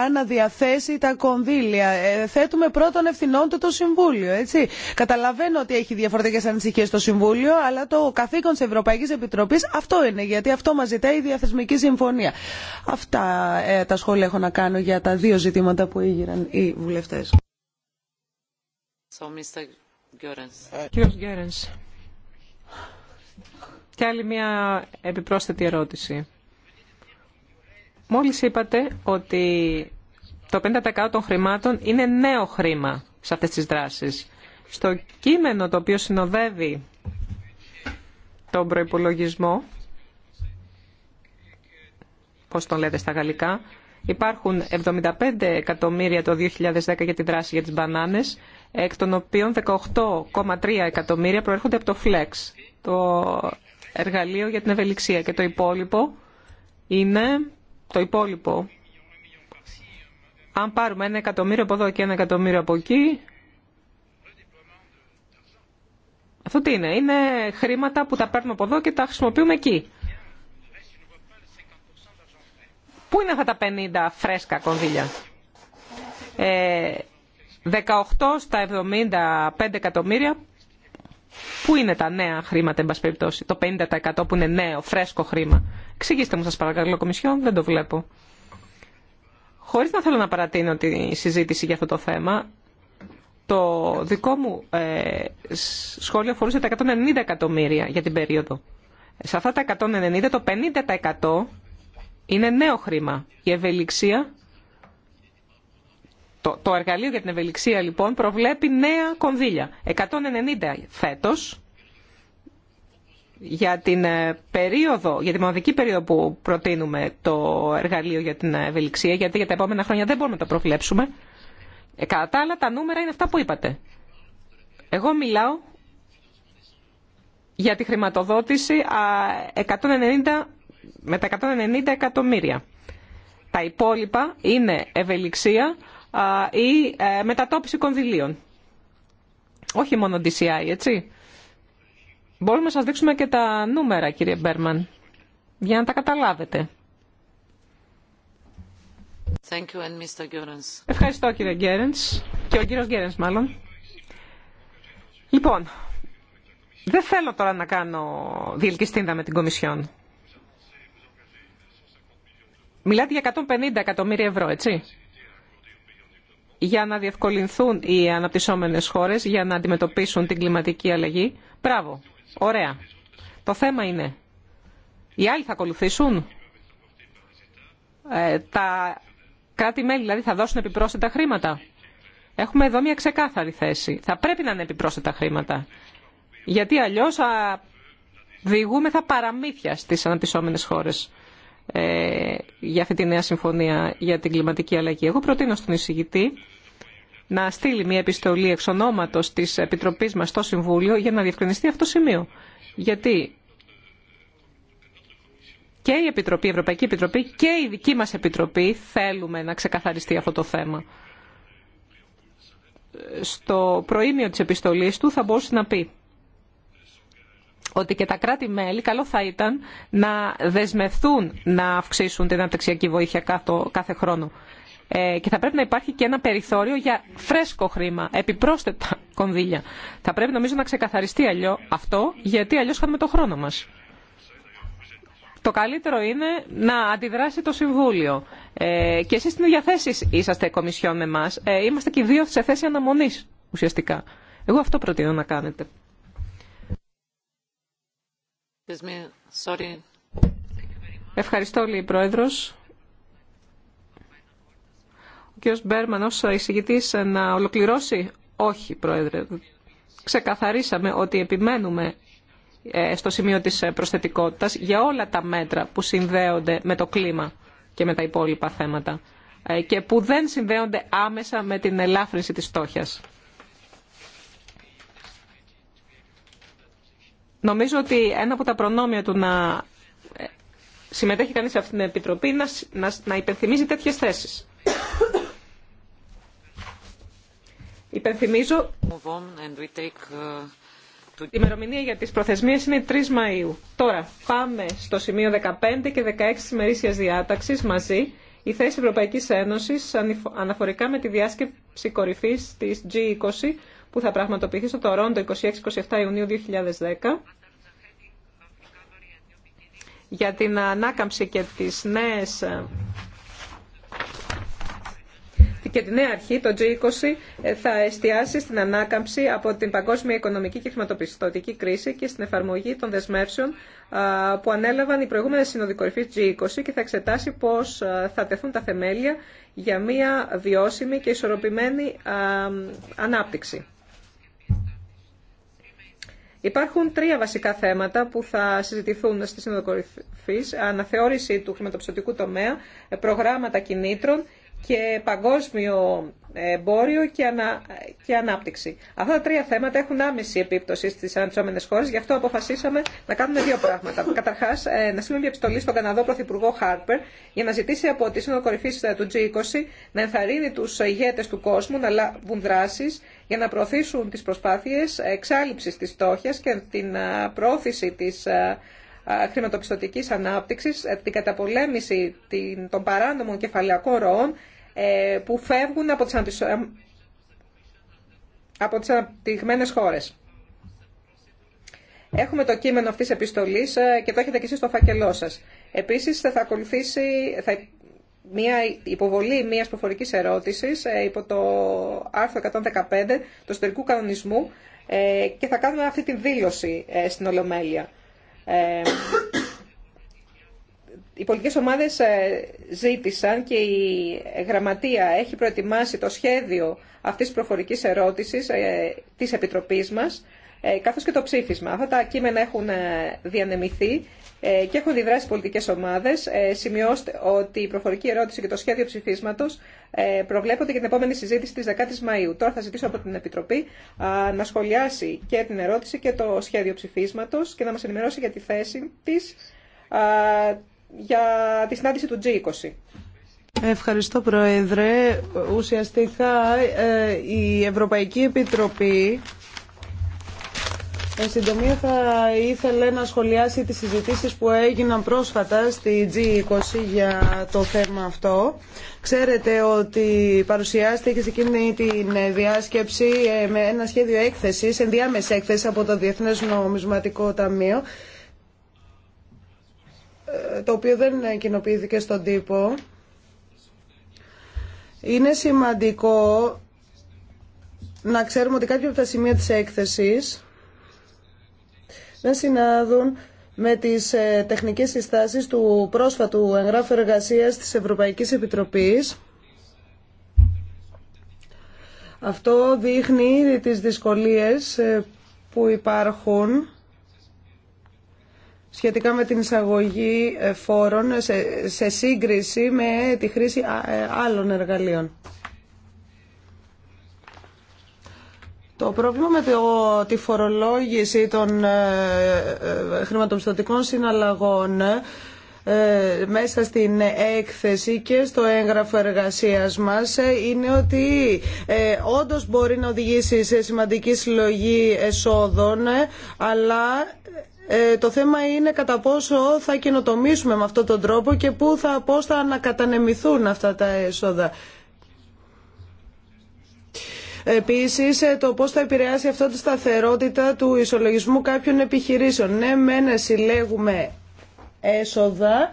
Speaker 3: ε, αναδιαθέσει τα κονδύλια. Θέτουμε πρώτον ευθυνότητα το Συμβούλιο. Έτσι. Καταλαβαίνω ότι έχει διαφορετικέ ανησυχίε το Συμβούλιο, αλλά το καθήκον τη Ευρωπαϊκή Επιτροπή αυτό είναι, γιατί αυτό μα ζητάει η διαθεσμική συμφωνία. Αυτά τα σχόλια έχω να κάνω για τα δύο ζητήματα που πήγαιναν οι βουλευτές.
Speaker 2: Γκέρεν.
Speaker 4: και άλλη μια επιπρόσθετη ερώτηση. Μόλις είπατε ότι το 50% των χρημάτων είναι νέο χρήμα σε αυτές τις δράσεις. Στο κείμενο το οποίο συνοδεύει τον προϋπολογισμό, πώς τον λέτε στα γαλλικά, Υπάρχουν 75 εκατομμύρια το 2010 για τη δράση για τις μπανάνες, εκ των οποίων 18,3 εκατομμύρια προέρχονται από το FLEX, το εργαλείο για την ευελιξία. Και το υπόλοιπο είναι το υπόλοιπο. Αν πάρουμε ένα εκατομμύριο από εδώ και ένα εκατομμύριο από εκεί, αυτό τι είναι, είναι χρήματα που τα παίρνουμε από εδώ και τα χρησιμοποιούμε εκεί. Πού είναι αυτά τα 50 φρέσκα κονδύλια. 18 ε, στα 75 εκατομμύρια. Πού είναι τα νέα χρήματα, εν περιπτώσει, το 50% που είναι νέο, φρέσκο χρήμα. Εξηγήστε μου σας παρακαλώ, Κομισιόν, δεν το βλέπω. Χωρίς να θέλω να παρατείνω τη συζήτηση για αυτό το θέμα, το δικό μου ε, σχόλιο αφορούσε τα 190 εκατομμύρια για την περίοδο. Σε αυτά τα 190, το 50% είναι νέο χρήμα. Η ευελιξία, το, το εργαλείο για την ευελιξία λοιπόν προβλέπει νέα κονδύλια. 190 φέτος για την ε, περίοδο, για τη μοναδική περίοδο που προτείνουμε το εργαλείο για την ευελιξία, γιατί για τα επόμενα χρόνια δεν μπορούμε να τα προβλέψουμε. Ε, κατά τα άλλα τα νούμερα είναι αυτά που είπατε. Εγώ μιλάω για τη χρηματοδότηση 190 με τα 190 εκατομμύρια. Τα υπόλοιπα είναι ευελιξία ή ε, μετατόπιση κονδυλίων. Όχι μόνο DCI, έτσι. Μπορούμε να σας δείξουμε και τα νούμερα, κύριε Μπέρμαν, για να τα καταλάβετε.
Speaker 2: Thank you and Mr.
Speaker 4: Ευχαριστώ, κύριε Γκέρενς. Και ο κύριος Γκέρενς, μάλλον. Λοιπόν, δεν θέλω τώρα να κάνω διελκυστίνδα με την Κομισιόν. Μιλάτε για 150 εκατομμύρια ευρώ, έτσι για να διευκολυνθούν οι αναπτυσσόμενες χώρες για να αντιμετωπίσουν την κλιματική αλλαγή. Μπράβο. Ωραία. Το θέμα είναι, οι άλλοι θα ακολουθήσουν. Ε, τα κράτη-μέλη δηλαδή θα δώσουν επιπρόσθετα χρήματα. Έχουμε εδώ μια ξεκάθαρη θέση. Θα πρέπει να είναι επιπρόσθετα χρήματα. Γιατί αλλιώς διηγούμεθα παραμύθια στις αναπτυσσόμενες χώρες. Ε, για αυτή τη νέα συμφωνία για την κλιματική αλλαγή. Εγώ προτείνω στον εισηγητή να στείλει μια επιστολή εξ ονόματο της Επιτροπής μας στο Συμβούλιο για να διευκρινιστεί αυτό το σημείο. Γιατί και η, Επιτροπή, η Ευρωπαϊκή Επιτροπή και η δική μας Επιτροπή θέλουμε να ξεκαθαριστεί αυτό το θέμα. Στο προήμιο της επιστολής του θα μπορούσε να πει ότι και τα κράτη-μέλη καλό θα ήταν να δεσμευθούν να αυξήσουν την αναπτυξιακή βοήθεια κάθε χρόνο. Ε, και θα πρέπει να υπάρχει και ένα περιθώριο για φρέσκο χρήμα, επιπρόσθετα κονδύλια. Θα πρέπει νομίζω να ξεκαθαριστεί αλλιώ αυτό, γιατί αλλιώ χάνουμε το χρόνο μα. Το καλύτερο είναι να αντιδράσει το Συμβούλιο. Ε, και εσεί στην ίδια θέση είσαστε κομισιόν με εμά. Ε, είμαστε και οι δύο σε θέση αναμονή ουσιαστικά. Εγώ αυτό προτείνω να κάνετε. Ευχαριστώ, λέει η Πρόεδρος. Ο κ. Μπέρμαν ω εισηγητή, να ολοκληρώσει. Όχι, Πρόεδρε. Ξεκαθαρίσαμε ότι επιμένουμε ε, στο σημείο της ε, προσθετικότητας για όλα τα μέτρα που συνδέονται με το κλίμα και με τα υπόλοιπα θέματα ε, και που δεν συνδέονται άμεσα με την ελάφρυνση της φτώχειας. Νομίζω ότι ένα από τα προνόμια του να ε, συμμετέχει κανείς σε αυτήν την επιτροπή να, να, να υπενθυμίζει τέτοιες θέσεις. Υπενθυμίζω
Speaker 2: uh,
Speaker 4: η ημερομηνία για τις προθεσμίες είναι 3 Μαΐου. Τώρα πάμε στο σημείο 15 και 16 της ημερήσιας διάταξης μαζί η θέση Ευρωπαϊκής Ένωσης αναφορικά με τη διάσκεψη κορυφής της G20 που θα πραγματοποιηθεί στο Τορόντο 26-27 Ιουνίου 2010 για την ανάκαμψη και τις νέες και τη νέα αρχή, το G20, θα εστιάσει στην ανάκαμψη από την παγκόσμια οικονομική και χρηματοπιστωτική κρίση και στην εφαρμογή των δεσμεύσεων που ανέλαβαν οι προηγούμενες συνοδικορυφείς G20 και θα εξετάσει πώς θα τεθούν τα θεμέλια για μια βιώσιμη και ισορροπημένη ανάπτυξη. Υπάρχουν τρία βασικά θέματα που θα συζητηθούν στη Σύνοδο Κορυφή. Αναθεώρηση του χρηματοπιστωτικού τομέα, προγράμματα κινήτρων και παγκόσμιο εμπόριο και, ανα, και ανάπτυξη. Αυτά τα τρία θέματα έχουν άμεση επίπτωση στι αναπτυσσόμενε χώρε, γι' αυτό αποφασίσαμε να κάνουμε δύο πράγματα. Καταρχά, ε, να στείλουμε μια επιστολή στον Καναδό Πρωθυπουργό Χάρπερ για να ζητήσει από τη Σύνοδο Κορυφή ε, του G20 να ενθαρρύνει του ηγέτε του κόσμου να λάβουν δράσει για να προωθήσουν τι προσπάθειε εξάλληψη τη φτώχεια και την ε, προώθηση τη χρηματοπιστωτική ανάπτυξη, την καταπολέμηση των παράνομων κεφαλαιακών ροών ε, που φεύγουν από τις, ε, από τις αναπτυγμένες χώρες. Έχουμε το κείμενο αυτής της επιστολής ε, και το έχετε και εσείς στο φάκελό σας. Επίσης θα ακολουθήσει θα μια υποβολή μιας προφορικής ερώτησης υπό το άρθρο 115 του Συντερικού κανονισμού και θα κάνουμε αυτή τη δήλωση στην Ολομέλεια οι πολιτικές ομάδες ε, ζήτησαν και η Γραμματεία έχει προετοιμάσει το σχέδιο αυτής της προφορικής ερώτησης ε, της Επιτροπής μας, ε, καθώς και το ψήφισμα. Αυτά τα κείμενα έχουν διανεμηθεί και έχουν διδράσει πολιτικές ομάδες. Σημειώστε ότι η προφορική ερώτηση και το σχέδιο ψηφίσματος προβλέπονται για την επόμενη συζήτηση της 10ης Μαΐου. Τώρα θα ζητήσω από την Επιτροπή να σχολιάσει και την ερώτηση και το σχέδιο ψηφίσματος και να μας ενημερώσει για τη θέση της για τη συνάντηση του G20.
Speaker 3: Ευχαριστώ Πρόεδρε. Ουσιαστικά ε, η Ευρωπαϊκή Επιτροπή Εν συντομία θα ήθελε να σχολιάσει τις συζητήσεις που έγιναν πρόσφατα στη G20 για το θέμα αυτό. Ξέρετε ότι παρουσιάστηκε σε εκείνη την διάσκεψη ε, με ένα σχέδιο έκθεσης, ενδιάμεση έκθεση από το Διεθνές Νομισματικό Ταμείο ε, το οποίο δεν κοινοποιήθηκε στον τύπο. Είναι σημαντικό να ξέρουμε ότι κάποια από τα σημεία της έκθεσης δεν συνάδουν με τις ε, τεχνικές συστάσεις του πρόσφατου εγγράφου εργασίας της Ευρωπαϊκής Επιτροπής. Αυτό δείχνει τις δυσκολίες ε, που υπάρχουν σχετικά με την εισαγωγή ε, φόρων σε, σύγκριση με τη χρήση ε, άλλων εργαλείων. Το πρόβλημα με το, τη φορολόγηση των ε, χρηματοπιστωτικών συναλλαγών μέσα στην έκθεση και στο έγγραφο εργασίας μας είναι ότι ε, όντως μπορεί να οδηγήσει σε σημαντική συλλογή εσόδων αλλά ε, το θέμα είναι κατά πόσο θα κοινοτομήσουμε με αυτόν τον τρόπο και πού θα, πώς θα ανακατανεμηθούν αυτά τα έσοδα. Επίσης, ε, το πώς θα επηρεάσει αυτό τη σταθερότητα του ισολογισμού κάποιων επιχειρήσεων. Ναι, μεν συλλέγουμε έσοδα,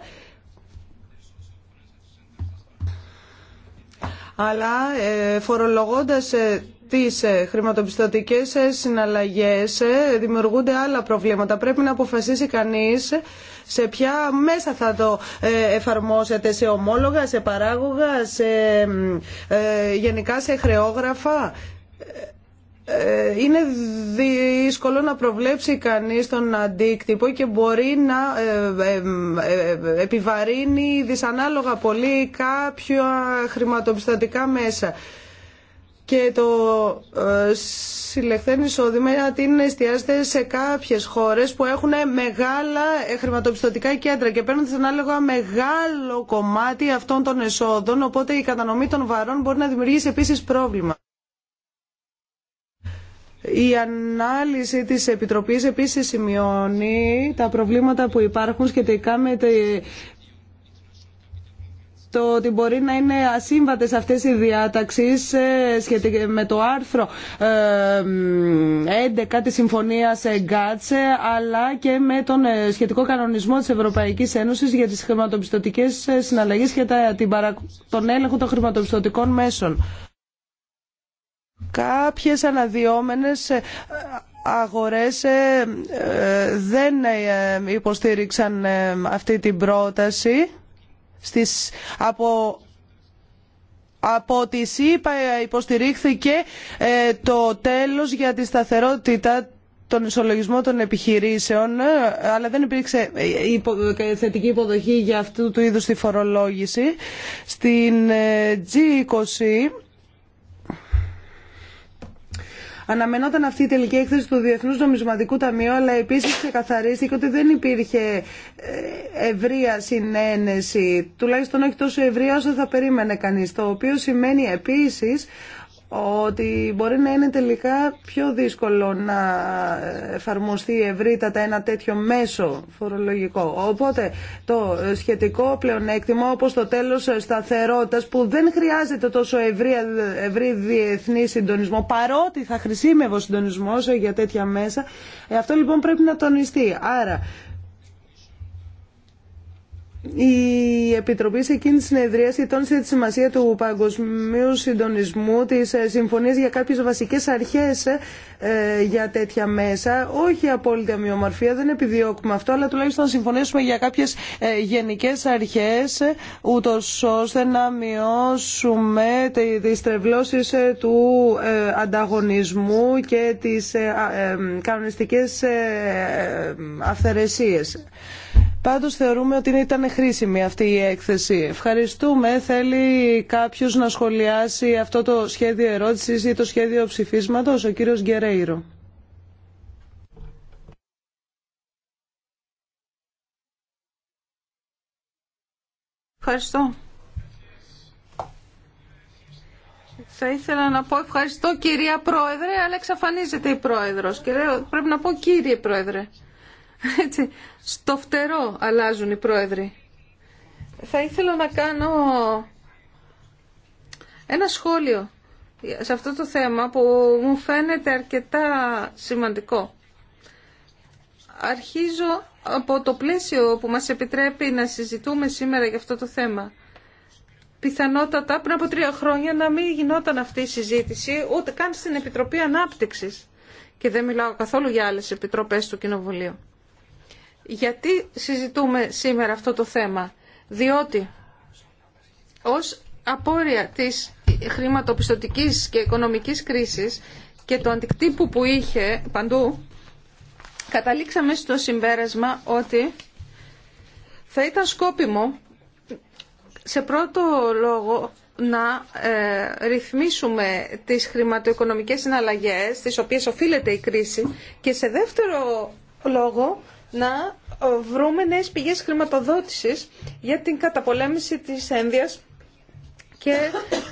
Speaker 3: αλλά ε, φορολογώντας τις ε, χρηματοπιστωτικές ε, συναλλαγές ε, δημιουργούνται άλλα προβλήματα. Πρέπει να αποφασίσει κανείς σε ποια μέσα θα το εφαρμόσετε, σε ομόλογα, σε παράγωγα, σε, γενικά σε χρεόγραφα είναι δύσκολο να προβλέψει κανείς τον αντίκτυπο και μπορεί να επιβαρύνει δυσανάλογα πολύ κάποια χρηματοπιστωτικά μέσα και το ε, συλλεχθέν εισόδημα την εστιάζεται σε κάποιες χώρες που έχουν μεγάλα ε, χρηματοπιστωτικά κέντρα και παίρνουν ανάλογα μεγάλο κομμάτι αυτών των εσόδων, οπότε η κατανομή των βαρών μπορεί να δημιουργήσει επίσης πρόβλημα. Η ανάλυση της Επιτροπής επίσης σημειώνει τα προβλήματα που υπάρχουν σχετικά με το ότι μπορεί να είναι ασύμβατες αυτές οι διάταξει ε, σχετικά με το άρθρο 11 ε, τη Συμφωνία ε, Γκάτσε αλλά και με τον σχετικό κανονισμό της Ευρωπαϊκής Ένωσης για τις χρηματοπιστωτικές συναλλαγές και τον έλεγχο των χρηματοπιστωτικών μέσων. Κάποιες αναδυόμενες αγορές δεν υποστήριξαν αυτή την πρόταση στις, από από τη ΣΥΠΑ υποστηρίχθηκε ε, το τέλος για τη σταθερότητα των ισολογισμών των επιχειρήσεων, ε, αλλά δεν υπήρξε ε, θετική υποδοχή για αυτού του είδους τη φορολόγηση. Στην G20 Αναμενόταν αυτή η τελική έκθεση του Διεθνούς Νομισματικού Ταμείου, αλλά επίση ξεκαθαρίστηκε ότι δεν υπήρχε ε, ευρεία συνένεση, τουλάχιστον όχι τόσο ευρεία όσο θα περίμενε κανεί, το οποίο σημαίνει επίση ότι μπορεί να είναι τελικά πιο δύσκολο να εφαρμοστεί ευρύτατα ένα τέτοιο μέσο φορολογικό. Οπότε το σχετικό πλεονέκτημα όπως το τέλος σταθερότητας που δεν χρειάζεται τόσο ευρύ, ευρύ διεθνή συντονισμό παρότι θα χρησιμεύω συντονισμός για τέτοια μέσα. Ε, αυτό λοιπόν πρέπει να τονιστεί. Άρα η Επιτροπή σε εκείνη τη συνεδρία τόνισε τη σημασία του παγκοσμίου συντονισμού, τη ε, συμφωνία για κάποιε βασικέ αρχέ ε, για τέτοια μέσα. Όχι απόλυτα μειομορφία, δεν επιδιώκουμε αυτό, αλλά τουλάχιστον να συμφωνήσουμε για κάποιε γενικέ αρχέ, ε, ούτω ώστε να μειώσουμε τι τρευλώσει του ανταγωνισμού και τι κανονιστικέ αυθαιρεσίε. Πάντως θεωρούμε ότι ήταν χρήσιμη αυτή η έκθεση. Ευχαριστούμε. Θέλει κάποιο να σχολιάσει αυτό το σχέδιο ερώτηση ή το σχέδιο ψηφίσματος, ο κύριος Γκερέιρο. Ευχαριστώ.
Speaker 1: Θα ήθελα να πω ευχαριστώ κυρία Πρόεδρε, αλλά εξαφανίζεται η Πρόεδρος. πρέπει να πω κύριε Πρόεδρε στο φτερό αλλάζουν οι πρόεδροι. Θα ήθελα να κάνω ένα σχόλιο σε αυτό το θέμα που μου φαίνεται αρκετά σημαντικό. Αρχίζω από το πλαίσιο που μας επιτρέπει να συζητούμε σήμερα για αυτό το θέμα. Πιθανότατα πριν από τρία χρόνια να μην γινόταν αυτή η συζήτηση ούτε καν στην Επιτροπή Ανάπτυξης. Και δεν μιλάω καθόλου για άλλες επιτροπές του Κοινοβουλίου. Γιατί συζητούμε σήμερα αυτό το θέμα. Διότι ως απόρρια της χρηματοπιστωτικής και οικονομικής κρίσης και του αντικτύπου που είχε παντού, καταλήξαμε στο συμπέρασμα ότι θα ήταν σκόπιμο σε πρώτο λόγο να ε, ρυθμίσουμε τις χρηματοοικονομικές συναλλαγές, τις οποίες οφείλεται η κρίση, και σε δεύτερο λόγο να βρούμε νέες πηγές χρηματοδότησης για την καταπολέμηση της ένδυας και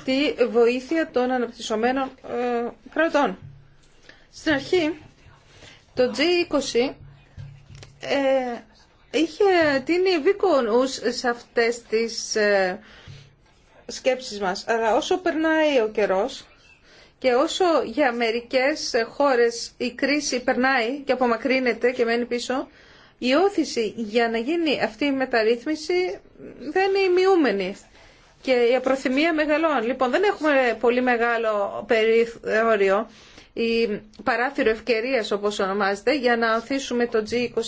Speaker 1: τη βοήθεια των αναπτυσσομένων ε, κρατών. Στην αρχή, το G20 ε, είχε την βίκονους σε αυτές τις ε, σκέψεις μας. Αλλά όσο περνάει ο καιρός και όσο για μερικές χώρες η κρίση περνάει και απομακρύνεται και μένει πίσω, η όθηση για να γίνει αυτή η μεταρρύθμιση δεν είναι ημιούμενη και η απροθυμία μεγαλών. Λοιπόν, δεν έχουμε πολύ μεγάλο περιθώριο ή παράθυρο ευκαιρίας όπως ονομάζεται για να οθήσουμε το G20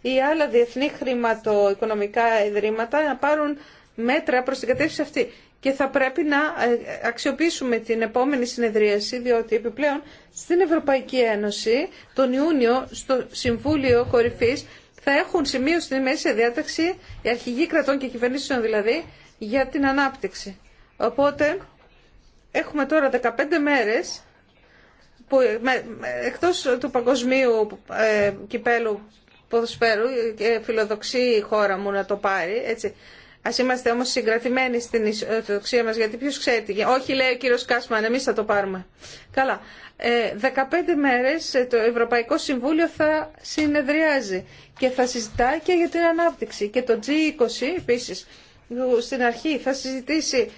Speaker 1: ή άλλα διεθνή χρηματοοικονομικά ιδρύματα να πάρουν μέτρα προς την κατεύθυνση αυτή. Και θα πρέπει να ε, αξιοποιήσουμε την επόμενη συνεδρίαση, διότι επιπλέον στην Ευρωπαϊκή Ένωση τον Ιούνιο στο Συμβούλιο Κορυφής θα έχουν σημείο στην ημερήσια διάταξη, οι αρχηγοί κρατών και κυβερνήσεων δηλαδή, για την ανάπτυξη. Οπότε έχουμε τώρα 15 μέρες που εκτός του παγκοσμίου ε, κυπέλου ποδοσφαίρου ε, φιλοδοξεί η χώρα μου να το πάρει, έτσι. Α είμαστε όμω συγκρατημένοι στην ισοδοξία ε, μα, γιατί ποιο ξέρει. Όχι, λέει ο κύριο Κάσμαν, εμεί θα το πάρουμε. Καλά. 15 ε, μέρες ε, το Ευρωπαϊκό Συμβούλιο θα συνεδριάζει και θα συζητάει και για την ανάπτυξη. Και το G20 επίσης στην αρχή θα συζητήσει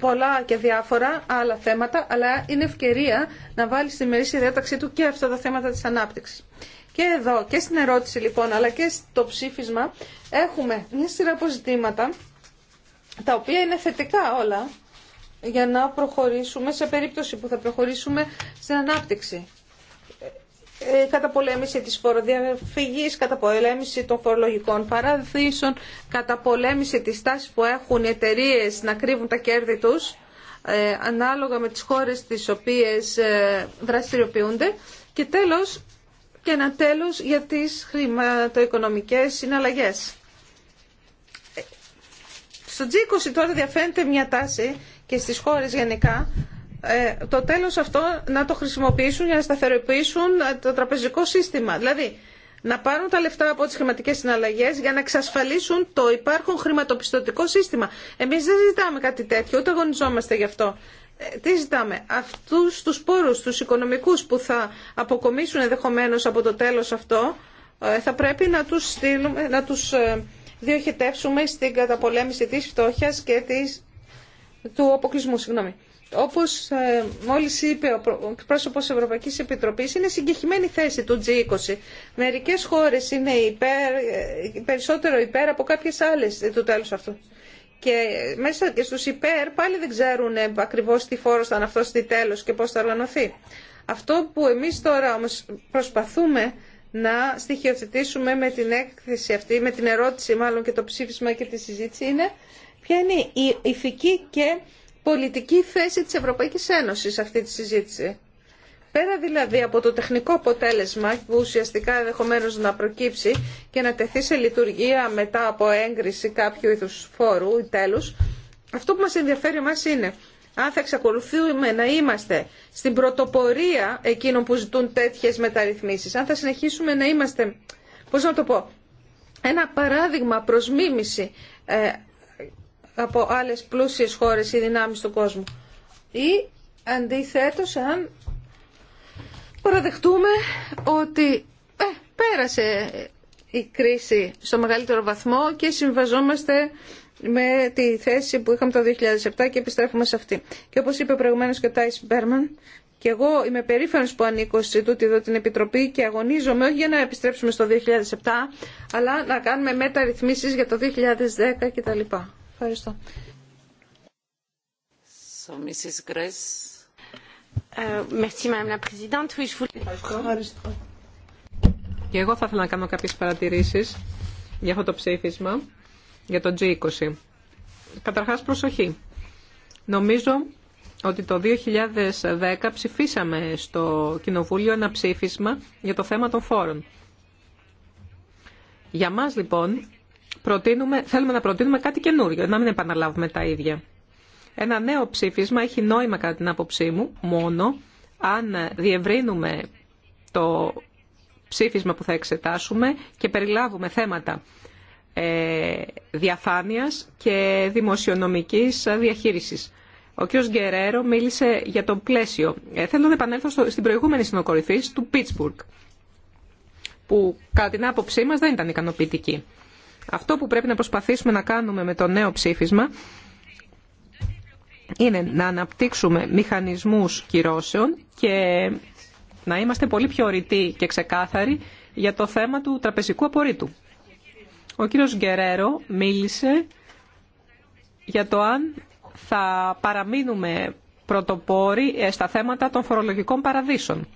Speaker 1: πολλά και διάφορα άλλα θέματα, αλλά είναι ευκαιρία να βάλει στη μερίσια διάταξή του και αυτά τα θέματα της ανάπτυξης. Και εδώ και στην ερώτηση λοιπόν, αλλά και στο ψήφισμα έχουμε μια σειρά αποζητήματα τα οποία είναι θετικά όλα για να προχωρήσουμε, σε περίπτωση που θα προχωρήσουμε στην ανάπτυξη. Ε, ε, κατά πολέμηση της φοροδιαφυγής, πολέμηση των φορολογικών παραδείσων, πολέμηση της τάσης που έχουν οι εταιρείε να κρύβουν τα κέρδη τους, ε, ανάλογα με τις χώρες τις οποίες δραστηριοποιούνται. Και τέλος, και ένα τέλος για τις χρηματοοικονομικές συναλλαγές. Στο G20 τώρα διαφαίνεται μια τάση και στις χώρες γενικά ε, το τέλος αυτό να το χρησιμοποιήσουν για να σταθεροποιήσουν ε, το τραπεζικό σύστημα. Δηλαδή να πάρουν τα λεφτά από τις χρηματικές συναλλαγές για να εξασφαλίσουν το υπάρχον χρηματοπιστωτικό σύστημα. Εμείς δεν ζητάμε κάτι τέτοιο, ούτε αγωνιζόμαστε γι' αυτό. Ε, τι ζητάμε, αυτούς τους πόρους, τους οικονομικούς που θα αποκομίσουν ενδεχομένω από το τέλος αυτό, θα πρέπει να τους, στείλουμε, να τους διοχετεύσουμε στην καταπολέμηση της φτώχειας και της του αποκλεισμού, συγγνώμη. Όπω, ε, μόλις είπε ο πρόσωπος Ευρωπαϊκή Επιτροπή είναι συγκεκριμένη θέση του G20. Μερικέ χώρες είναι ε, περισσότερο υπέρ από κάποιε άλλες ε, του τέλου αυτού. Και ε, μέσα και στους υπέρ πάλι δεν ξέρουν ακριβώ τι φόρος θα αυτό τι τέλος και πώ θα οργανωθεί. Αυτό που εμεί τώρα όμω προσπαθούμε να στοιχειοθετήσουμε με την έκθεση αυτή, με την ερώτηση μάλλον και το ψήφισμα και τη συζήτηση είναι Ποια είναι η ηθική και πολιτική θέση της Ευρωπαϊκής Ένωσης σε αυτή τη συζήτηση. Πέρα δηλαδή από το τεχνικό αποτέλεσμα που ουσιαστικά ενδεχομένω να προκύψει και να τεθεί σε λειτουργία μετά από έγκριση κάποιου είδους φόρου ή τέλους, αυτό που μας ενδιαφέρει μας είναι αν θα εξακολουθούμε να είμαστε στην πρωτοπορία εκείνων που ζητούν τέτοιες μεταρρυθμίσεις, αν θα συνεχίσουμε να είμαστε, πώς να το πω, ένα παράδειγμα προς μίμηση ε, από άλλες πλούσιες χώρες ή δυνάμεις του κόσμου. Ή αντιθέτως αν παραδεχτούμε ότι ε, πέρασε η κρίση στο μεγαλύτερο βαθμό και συμβαζόμαστε με τη θέση που είχαμε το 2007 και επιστρέφουμε σε αυτή. Και όπως είπε προηγουμένως και ο Τάις Μπέρμαν, και εγώ είμαι περήφανο που ανήκω σε τούτη εδώ την Επιτροπή και αγωνίζομαι όχι για να επιστρέψουμε στο 2007, αλλά να κάνουμε μεταρρυθμίσεις για το 2010 κτλ. Ευχαριστώ.
Speaker 2: So, Mrs. Ευχαριστώ.
Speaker 4: Και εγώ θα ήθελα να κάνω κάποιες παρατηρήσεις για αυτό το ψήφισμα, για το G20. Καταρχάς, προσοχή. Νομίζω ότι το 2010 ψηφίσαμε στο Κοινοβούλιο ένα ψήφισμα για το θέμα των φόρων. Για μας, λοιπόν, θέλουμε να προτείνουμε κάτι καινούριο, να μην επαναλάβουμε τα ίδια. Ένα νέο ψήφισμα έχει νόημα κατά την άποψή μου μόνο αν διευρύνουμε το ψήφισμα που θα εξετάσουμε και περιλάβουμε θέματα ε, διαφάνειας και δημοσιονομικής διαχείρισης. Ο κ. Γκερέρο μίλησε για το πλαίσιο. Ε, θέλω να επανέλθω στην προηγούμενη συνοκορυφή του Πίτσπουργκ που κατά την άποψή μας δεν ήταν ικανοποιητική. Αυτό που πρέπει να προσπαθήσουμε να κάνουμε με το νέο ψήφισμα είναι να αναπτύξουμε μηχανισμούς κυρώσεων και να είμαστε πολύ πιο ρητοί και ξεκάθαροι για το θέμα του τραπεζικού απορρίτου. Ο κύριος Γκερέρο μίλησε για το αν θα παραμείνουμε πρωτοπόροι ε, στα θέματα των φορολογικών παραδείσων.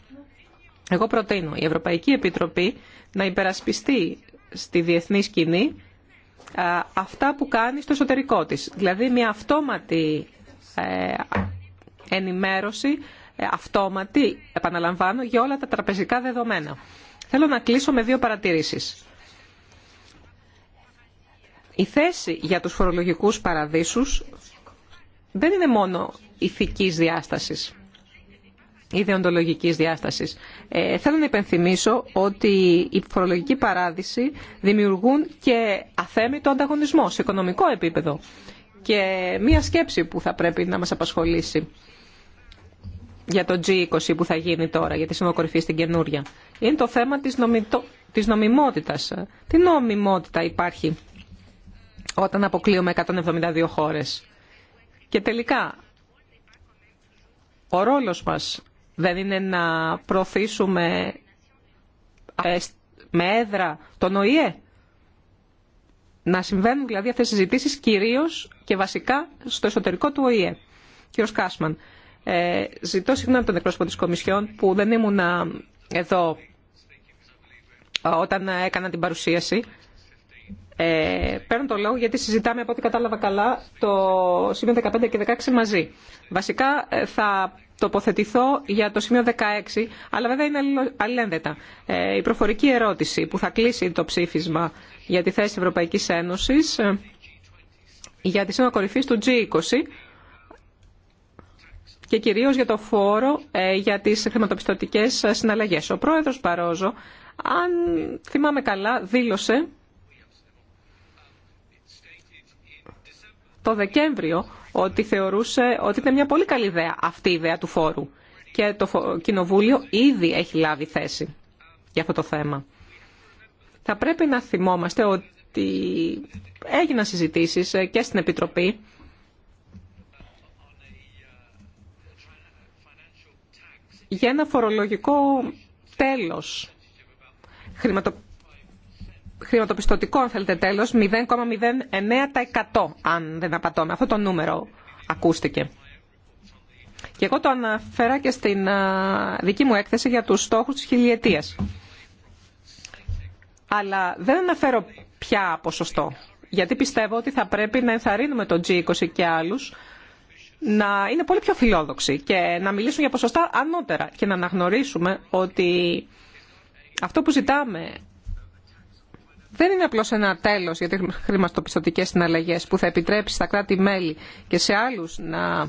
Speaker 4: Εγώ προτείνω η Ευρωπαϊκή Επιτροπή να υπερασπιστεί στη διεθνή σκηνή ε, αυτά που κάνει στο εσωτερικό της. Δηλαδή μια αυτόματη ε, ενημέρωση, ε, αυτόματη, επαναλαμβάνω, για όλα τα τραπεζικά δεδομένα. Θέλω να κλείσω με δύο παρατηρήσεις. Η θέση για τους φορολογικούς παραδείσους δεν είναι μόνο ηθικής διάστασης ιδεοντολογικής διάσταση, Ε, θέλω να υπενθυμίσω ότι η φορολογική παράδειση δημιουργούν και αθέμητο ανταγωνισμό σε οικονομικό επίπεδο και μία σκέψη που θα πρέπει να μας απασχολήσει για το G20 που θα γίνει τώρα, για τη συνοκορυφή στην καινούρια. Είναι το θέμα της, νομιτο... της νομιμότητας. Τι νομιμότητα υπάρχει όταν αποκλείουμε 172 χώρες. Και τελικά, ο ρόλος μας δεν είναι να προωθήσουμε ε, με έδρα τον ΟΗΕ. Να συμβαίνουν δηλαδή αυτές οι συζητήσεις κυρίως και βασικά στο εσωτερικό του ΟΗΕ. Κύριος Κάσμαν, ε, ζητώ συγγνώμη τον εκπρόσωπο της Κομισιόν που δεν ήμουν ε, εδώ ε, όταν έκανα την παρουσίαση. Ε, παίρνω το λόγο γιατί συζητάμε από ό,τι κατάλαβα καλά το σημείο 15 και 16 μαζί. Βασικά θα τοποθετηθώ για το σημείο 16, αλλά βέβαια είναι αλληλένδετα. Ε, η προφορική ερώτηση που θα κλείσει το ψήφισμα για τη θέση Ευρωπαϊκής Ένωσης ε, για τη σύνομα κορυφής του G20 και κυρίως για το φόρο ε, για τις χρηματοπιστωτικές συναλλαγές. Ο πρόεδρος Παρόζο, αν θυμάμαι καλά, δήλωσε το Δεκέμβριο ότι θεωρούσε ότι ήταν μια πολύ καλή ιδέα αυτή η ιδέα του φόρου. Και το Κοινοβούλιο ήδη έχει λάβει θέση για αυτό το θέμα. Θα πρέπει να θυμόμαστε ότι έγιναν συζητήσεις ε, και στην Επιτροπή για ένα φορολογικό τέλος χρηματο χρηματοπιστωτικό, αν θέλετε τέλος, 0,09% αν δεν απατώμε. Αυτό το νούμερο ακούστηκε. Και εγώ το αναφέρα και στην δική μου έκθεση για τους στόχους της χιλιετίας. Αλλά δεν αναφέρω πια ποσοστό, γιατί πιστεύω ότι θα πρέπει να ενθαρρύνουμε τον G20 και άλλους να είναι πολύ πιο φιλόδοξοι και να μιλήσουν για ποσοστά ανώτερα και να αναγνωρίσουμε ότι αυτό που ζητάμε δεν είναι απλώς ένα τέλος για τις χρηματοπιστωτικές συναλλαγές που θα επιτρέψει στα κράτη-μέλη και σε άλλους να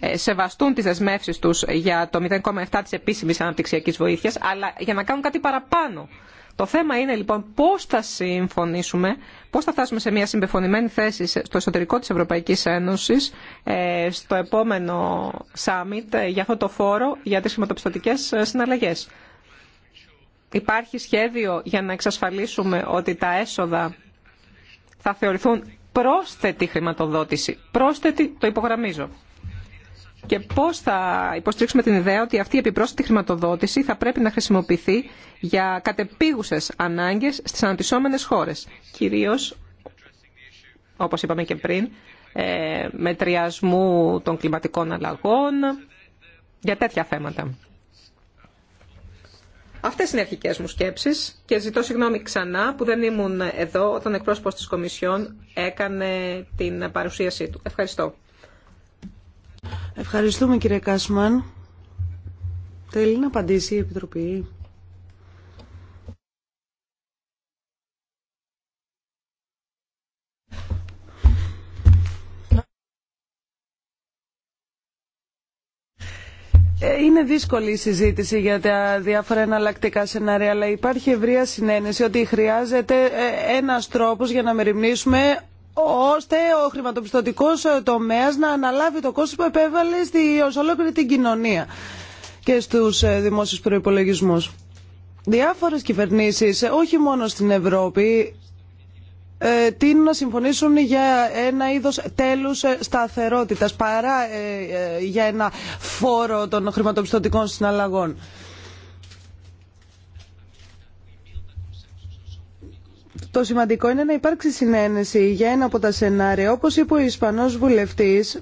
Speaker 4: ε, σεβαστούν τις δεσμεύσεις τους για το 0,7 της επίσημης αναπτυξιακής βοήθειας, αλλά για να κάνουν κάτι παραπάνω. Το θέμα είναι λοιπόν πώς θα συμφωνήσουμε, πώς θα φτάσουμε σε μια συμπεφωνημένη θέση στο εσωτερικό της Ευρωπαϊκής Ένωσης, ε, στο επόμενο summit ε, για αυτό το φόρο για τις χρηματοπιστωτικές συναλλαγές. Υπάρχει σχέδιο για να εξασφαλίσουμε ότι τα έσοδα θα θεωρηθούν πρόσθετη χρηματοδότηση. Πρόσθετη, το υπογραμμίζω. Και πώς θα υποστηρίξουμε την ιδέα ότι αυτή η επιπρόσθετη χρηματοδότηση θα πρέπει να χρησιμοποιηθεί για κατεπίγουσες ανάγκες στις αναπτυσσόμενες χώρες. Κυρίως, όπως είπαμε και πριν, ε, μετριασμού των κλιματικών αλλαγών, για τέτοια θέματα. Αυτέ είναι οι αρχικέ μου σκέψει και ζητώ συγγνώμη ξανά που δεν ήμουν εδώ όταν εκπρόσωπο τη Κομισιόν έκανε την παρουσίασή του.
Speaker 3: Ευχαριστώ. Ευχαριστούμε κύριε Κάσμαν. Θέλει να απαντήσει η Επιτροπή. Ε, είναι δύσκολη η συζήτηση για τα διάφορα εναλλακτικά σενάρια, αλλά υπάρχει ευρεία συνένεση ότι χρειάζεται ε, ένας τρόπος για να μεριμνήσουμε ώστε ο χρηματοπιστωτικός ε, τομέας να αναλάβει το κόστος που επέβαλε στη ολόκληρη την κοινωνία και στους δημόσιους προϋπολογισμούς. Διάφορες κυβερνήσεις, όχι μόνο στην Ευρώπη, ε, τείνουν να συμφωνήσουν για ένα είδος τέλους ε, σταθερότητας παρά ε, για ένα φόρο των χρηματοπιστωτικών συναλλαγών. Το σημαντικό είναι να υπάρξει συνένεση για ένα από τα σενάρια. Όπως είπε ο Ισπανός βουλευτής,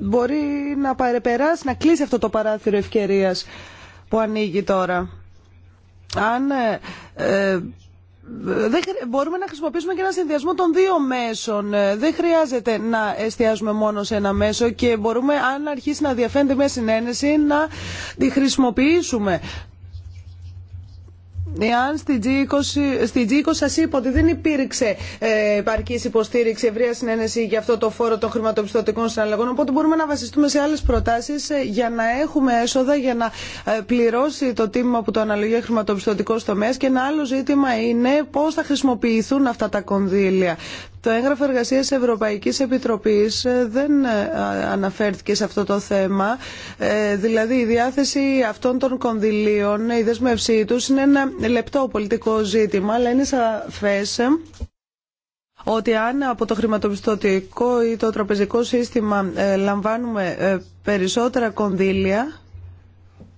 Speaker 3: μπορεί να παρεπεράσει, να κλείσει αυτό το παράθυρο ευκαιρίας που ανοίγει τώρα. Αν δεν, μπορούμε να χρησιμοποιήσουμε και ένα συνδυασμό των δύο μέσων. Ε, δεν χρειάζεται να εστιάζουμε μόνο σε ένα μέσο και μπορούμε, αν αρχίσει να διαφαίνεται μια συνένεση, να τη χρησιμοποιήσουμε. Εάν στη G20, 20 σας είπα ότι δεν υπήρξε ε, υποστήριξη, ευρεία συνένεση για αυτό το φόρο των χρηματοπιστωτικών συναλλαγών, οπότε μπορούμε να βασιστούμε σε άλλες προτάσεις ε, για να έχουμε έσοδα, για να ε, πληρώσει το τίμημα που το αναλογεί ο χρηματοπιστωτικό τομέα. Και ένα άλλο ζήτημα είναι πώ θα χρησιμοποιηθούν αυτά τα κονδύλια. Το έγγραφο εργασίας Ευρωπαϊκής Επιτροπής ε, δεν ε, αναφέρθηκε σε αυτό το θέμα. Ε, δηλαδή η διάθεση αυτών των κονδυλίων, η δεσμευσή τους είναι ένα λεπτό πολιτικό ζήτημα, αλλά είναι σαφές ότι αν από το χρηματοπιστωτικό ή το τραπεζικό σύστημα λαμβάνουμε περισσότερα κονδύλια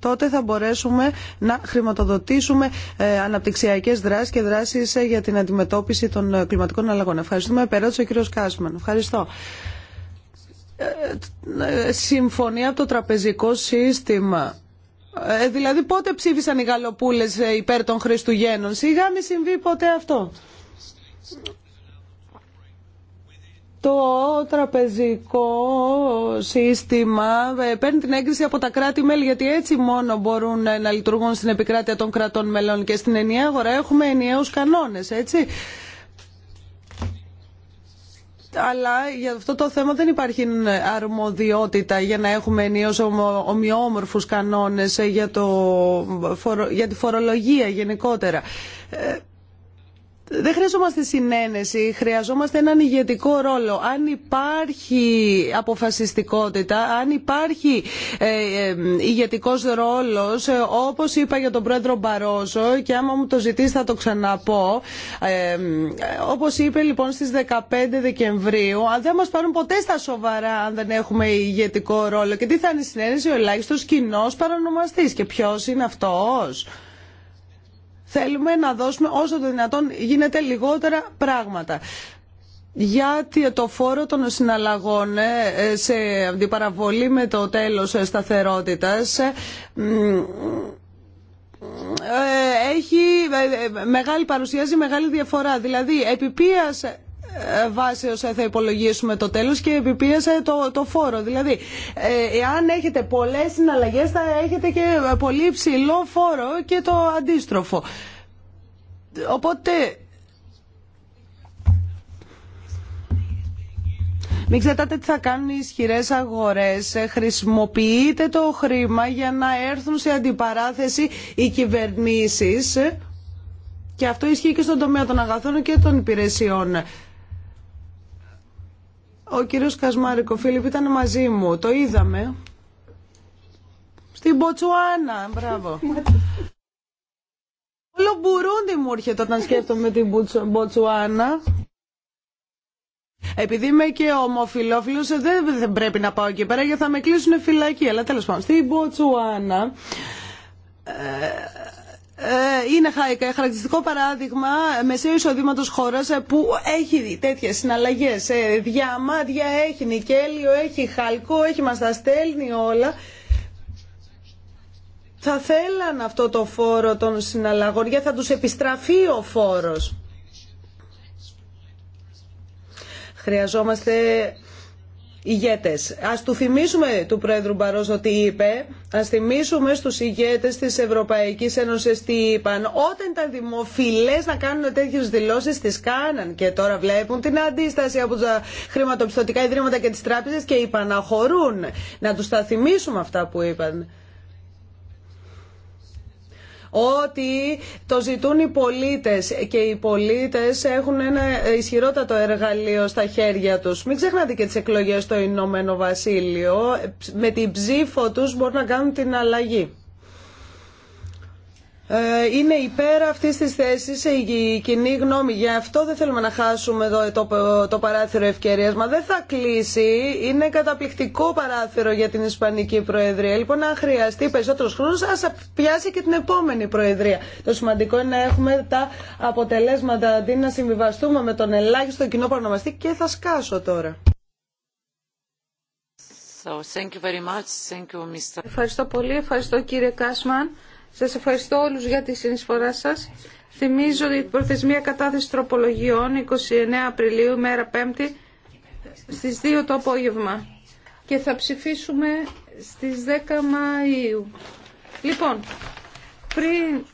Speaker 3: τότε θα μπορέσουμε να χρηματοδοτήσουμε ε, αναπτυξιακέ δράσεις και δράσεις ε, για την αντιμετώπιση των ε, κλιματικών αλλαγών. Ευχαριστούμε. Περάτησε ο κύριο Κάσμαν. Ευχαριστώ. Συμφωνία από το τραπεζικό σύστημα. δηλαδή πότε ψήφισαν οι γαλοπούλες υπέρ των Χριστουγέννων. Σιγά μη συμβεί ποτέ αυτό το τραπεζικό σύστημα ε, παίρνει την έγκριση από τα κράτη-μέλη γιατί έτσι μόνο μπορούν ε, να λειτουργούν στην επικράτεια των κρατών μελών και στην ενιαία αγορά έχουμε ενιαίους κανόνες, έτσι. Αλλά για αυτό το θέμα δεν υπάρχει ε, αρμοδιότητα για να έχουμε ενίως ομοιόμορφους κανόνες για, το, για τη φορολογία γενικότερα δεν χρειαζόμαστε συνένεση, χρειαζόμαστε έναν ηγετικό ρόλο. Αν υπάρχει αποφασιστικότητα, αν υπάρχει ε, ε, ηγετικός ρόλος, ε, όπως είπα για τον πρόεδρο Μπαρόζο και άμα μου το ζητήσει θα το ξαναπώ, ε, όπως είπε λοιπόν στις 15 Δεκεμβρίου, αν δεν μας πάρουν ποτέ στα σοβαρά αν δεν έχουμε ηγετικό ρόλο και τι θα είναι η συνένεση, ο ελάχιστος κοινό παρανομαστής και ποιο είναι αυτό, Θέλουμε να δώσουμε όσο το δυνατόν γίνεται λιγότερα πράγματα Γιατί το φόρο των συναλλαγών ε, σε αντιπαραβολή με το τέλος σταθερότητας ε, ε, έχει μεγάλη παρουσιάζει μεγάλη διαφορά. Δηλαδή, επιπίας Βάσει όσα θα υπολογίσουμε το τέλος και επιπίεσε το, το φόρο. Δηλαδή, ε, εάν έχετε πολλές συναλλαγές θα έχετε και πολύ ψηλό φόρο και το αντίστροφο. Οπότε, Μην ξέρετε τι θα κάνουν οι ισχυρέ αγορέ. Ε, χρησιμοποιείτε το χρήμα για να έρθουν σε αντιπαράθεση οι κυβερνήσει. Ε, και αυτό ισχύει και στον τομέα των αγαθών και των υπηρεσιών. Ο κύριος Κασμάρικο Φίλιπ ήταν μαζί μου. Το είδαμε. Στην Μποτσουάνα. Μπράβο. Όλο Μπουρούντι μου έρχεται όταν σκέφτομαι την Μποτσουάνα. Επειδή είμαι και ομοφιλόφιλος ε, δεν, πρέπει να πάω εκεί πέρα γιατί θα με κλείσουν φυλακή. Αλλά τέλος πάντων, στην Μποτσουάνα ε, ε, είναι χαρακτηριστικό παράδειγμα μεσαίου εισοδήματο χώρα ε, που έχει τέτοιε συναλλαγέ. Ε, Διαμάντια έχει, νικέλιο έχει, χαλκό έχει, μα τα στέλνει όλα. Θα θέλαν αυτό το φόρο των συναλλαγών γιατί θα τους επιστραφεί ο φόρος. Χρειαζόμαστε ηγέτε. Ας του θυμίσουμε του Πρόεδρου Μπαρόζο τι είπε, α θυμίσουμε στου ηγέτε τη Ευρωπαϊκή Ένωση τι είπαν. Όταν ήταν δημοφιλέ να κάνουν τέτοιε δηλώσει, τι κάναν και τώρα βλέπουν την αντίσταση από τα χρηματοπιστωτικά ιδρύματα και τι τράπεζε και υπαναχωρούν. Να του τα θυμίσουμε αυτά που είπαν ότι το ζητούν οι πολίτες και οι πολίτες έχουν ένα ισχυρότατο εργαλείο στα χέρια τους. Μην ξεχνάτε και τις εκλογές στο Ηνωμένο Βασίλειο. Με την ψήφο τους μπορούν να κάνουν την αλλαγή. Ε, είναι υπέρ αυτή τη θέση η κοινή γνώμη. Γι' αυτό δεν θέλουμε να χάσουμε εδώ το, το παράθυρο ευκαιρία. Μα δεν θα κλείσει. Είναι καταπληκτικό παράθυρο για την Ισπανική Προεδρία. Λοιπόν, αν χρειαστεί περισσότερο χρόνο, α πιάσει και την επόμενη Προεδρία. Το σημαντικό είναι να έχουμε τα αποτελέσματα αντί να συμβιβαστούμε με τον ελάχιστο κοινό παρονομαστή και θα σκάσω τώρα.
Speaker 2: So, thank you very much. Thank you, Mr. Ευχαριστώ πολύ.
Speaker 1: Ευχαριστώ κύριε Κάσμαν. Σας ευχαριστώ όλους για τη συνεισφορά σας. Θυμίζω ότι η προθεσμία κατάθεση τροπολογιών 29 Απριλίου, μέρα 5η, στις 2 το απόγευμα. Και θα ψηφίσουμε στις 10 Μαΐου. Λοιπόν, πριν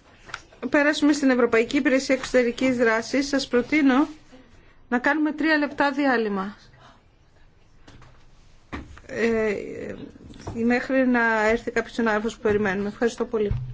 Speaker 1: περάσουμε στην Ευρωπαϊκή Υπηρεσία Εξωτερικής Δράσης, σας προτείνω να κάνουμε τρία λεπτά διάλειμμα. Ε, μέχρι να έρθει κάποιος συνάδελφος που περιμένουμε.
Speaker 3: Ευχαριστώ πολύ.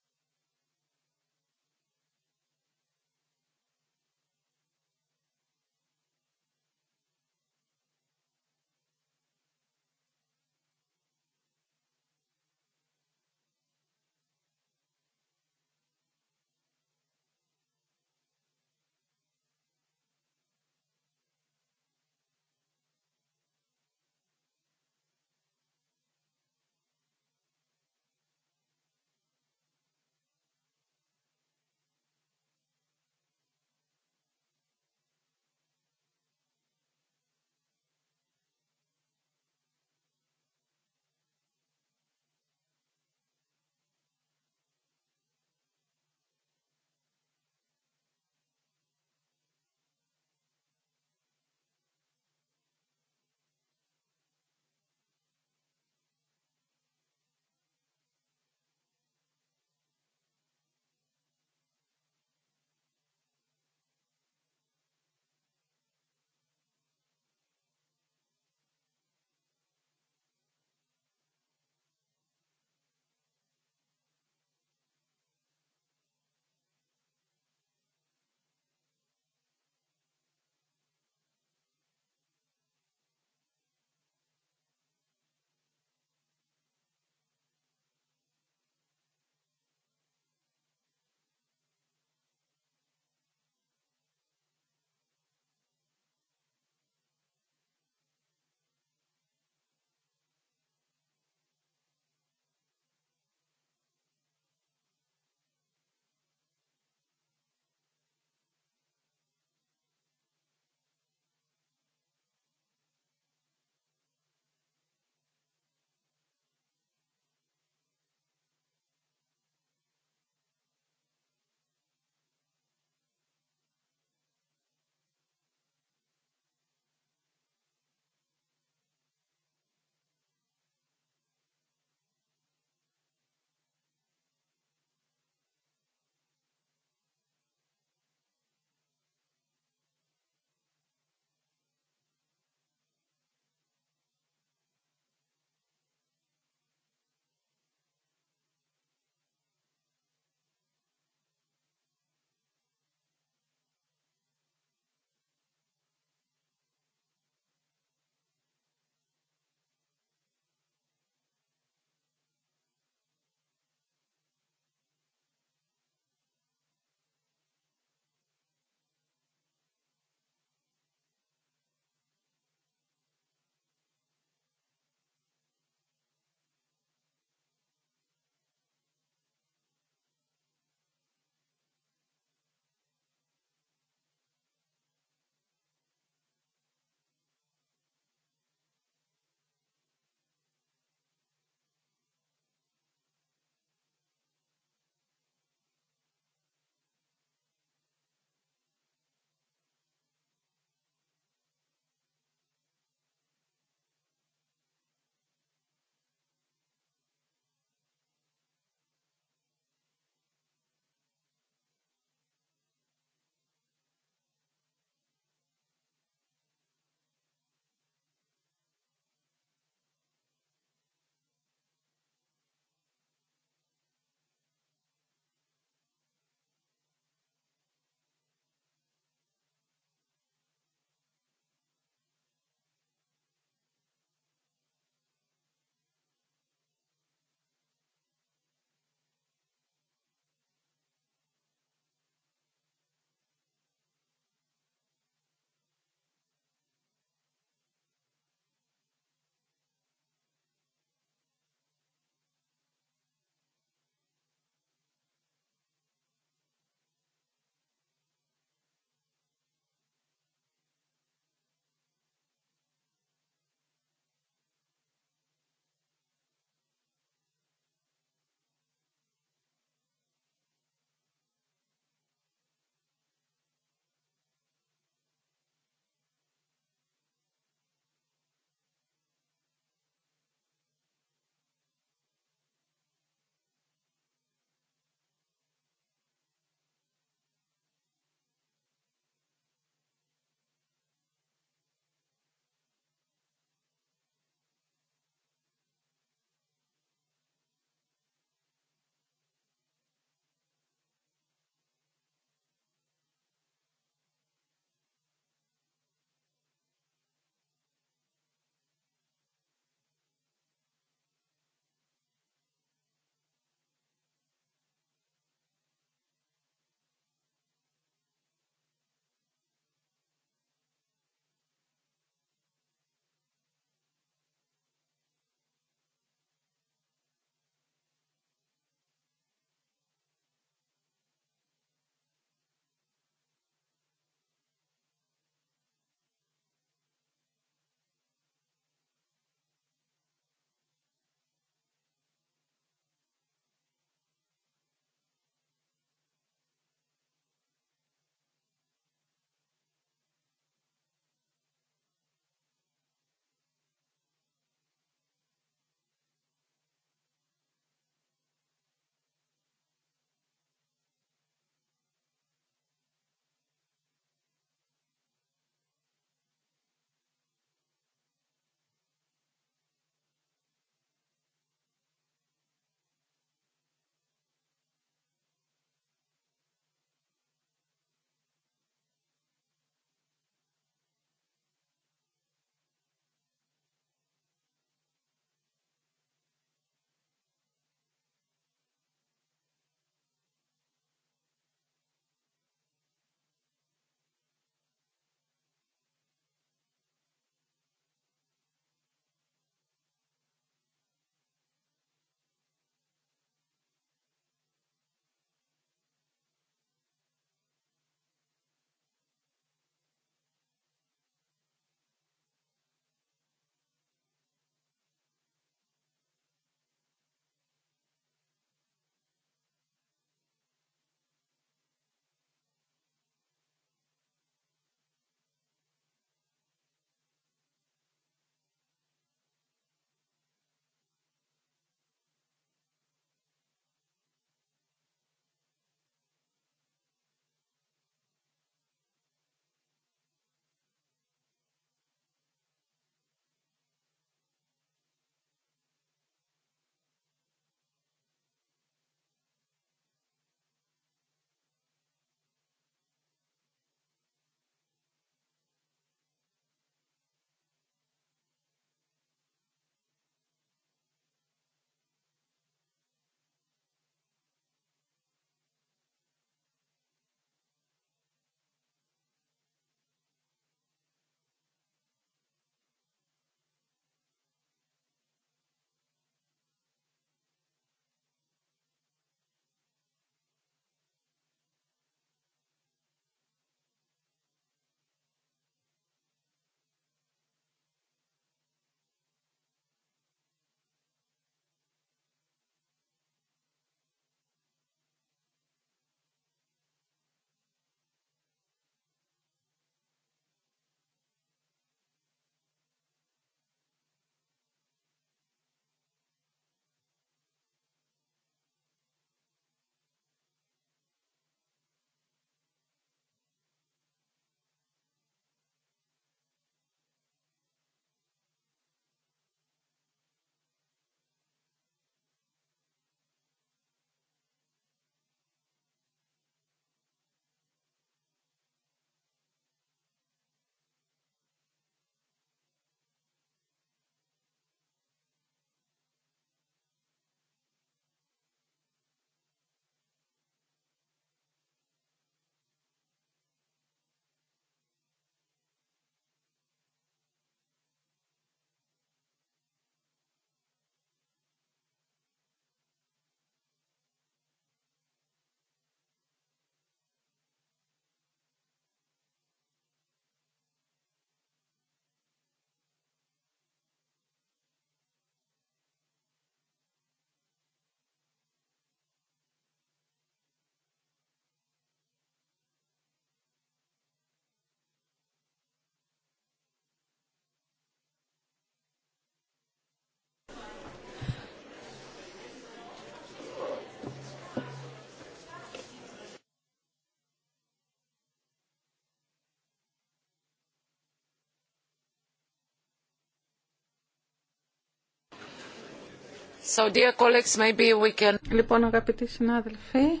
Speaker 2: dear colleagues, maybe we can... Λοιπόν, αγαπητοί συνάδελφοι,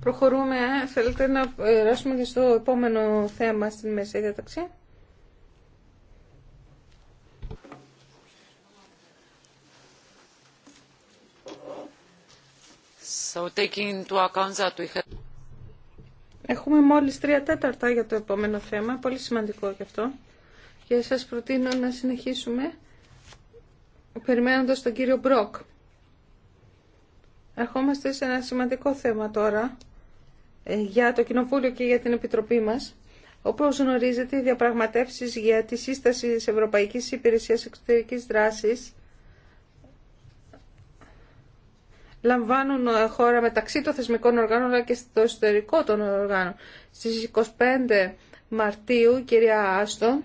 Speaker 1: προχωρούμε. Θέλετε να περάσουμε και στο επόμενο θέμα στην μέση διαταξή.
Speaker 2: So, taking that we have...
Speaker 1: Έχουμε μόλις τρία τέταρτα για το επόμενο θέμα, πολύ σημαντικό και αυτό. Και σας προτείνω να συνεχίσουμε περιμένοντας τον κύριο Μπρόκ. Ερχόμαστε σε ένα σημαντικό θέμα τώρα ε, για το Κοινοβούλιο και για την Επιτροπή μας. όπω γνωρίζετε, οι διαπραγματεύσεις για τη σύσταση της Ευρωπαϊκής Υπηρεσίας Εξωτερικής Δράσης λαμβάνουν ε, χώρα μεταξύ των θεσμικών οργάνων αλλά και στο εσωτερικό των οργάνων. Στις 25 Μαρτίου, η κυρία Άστον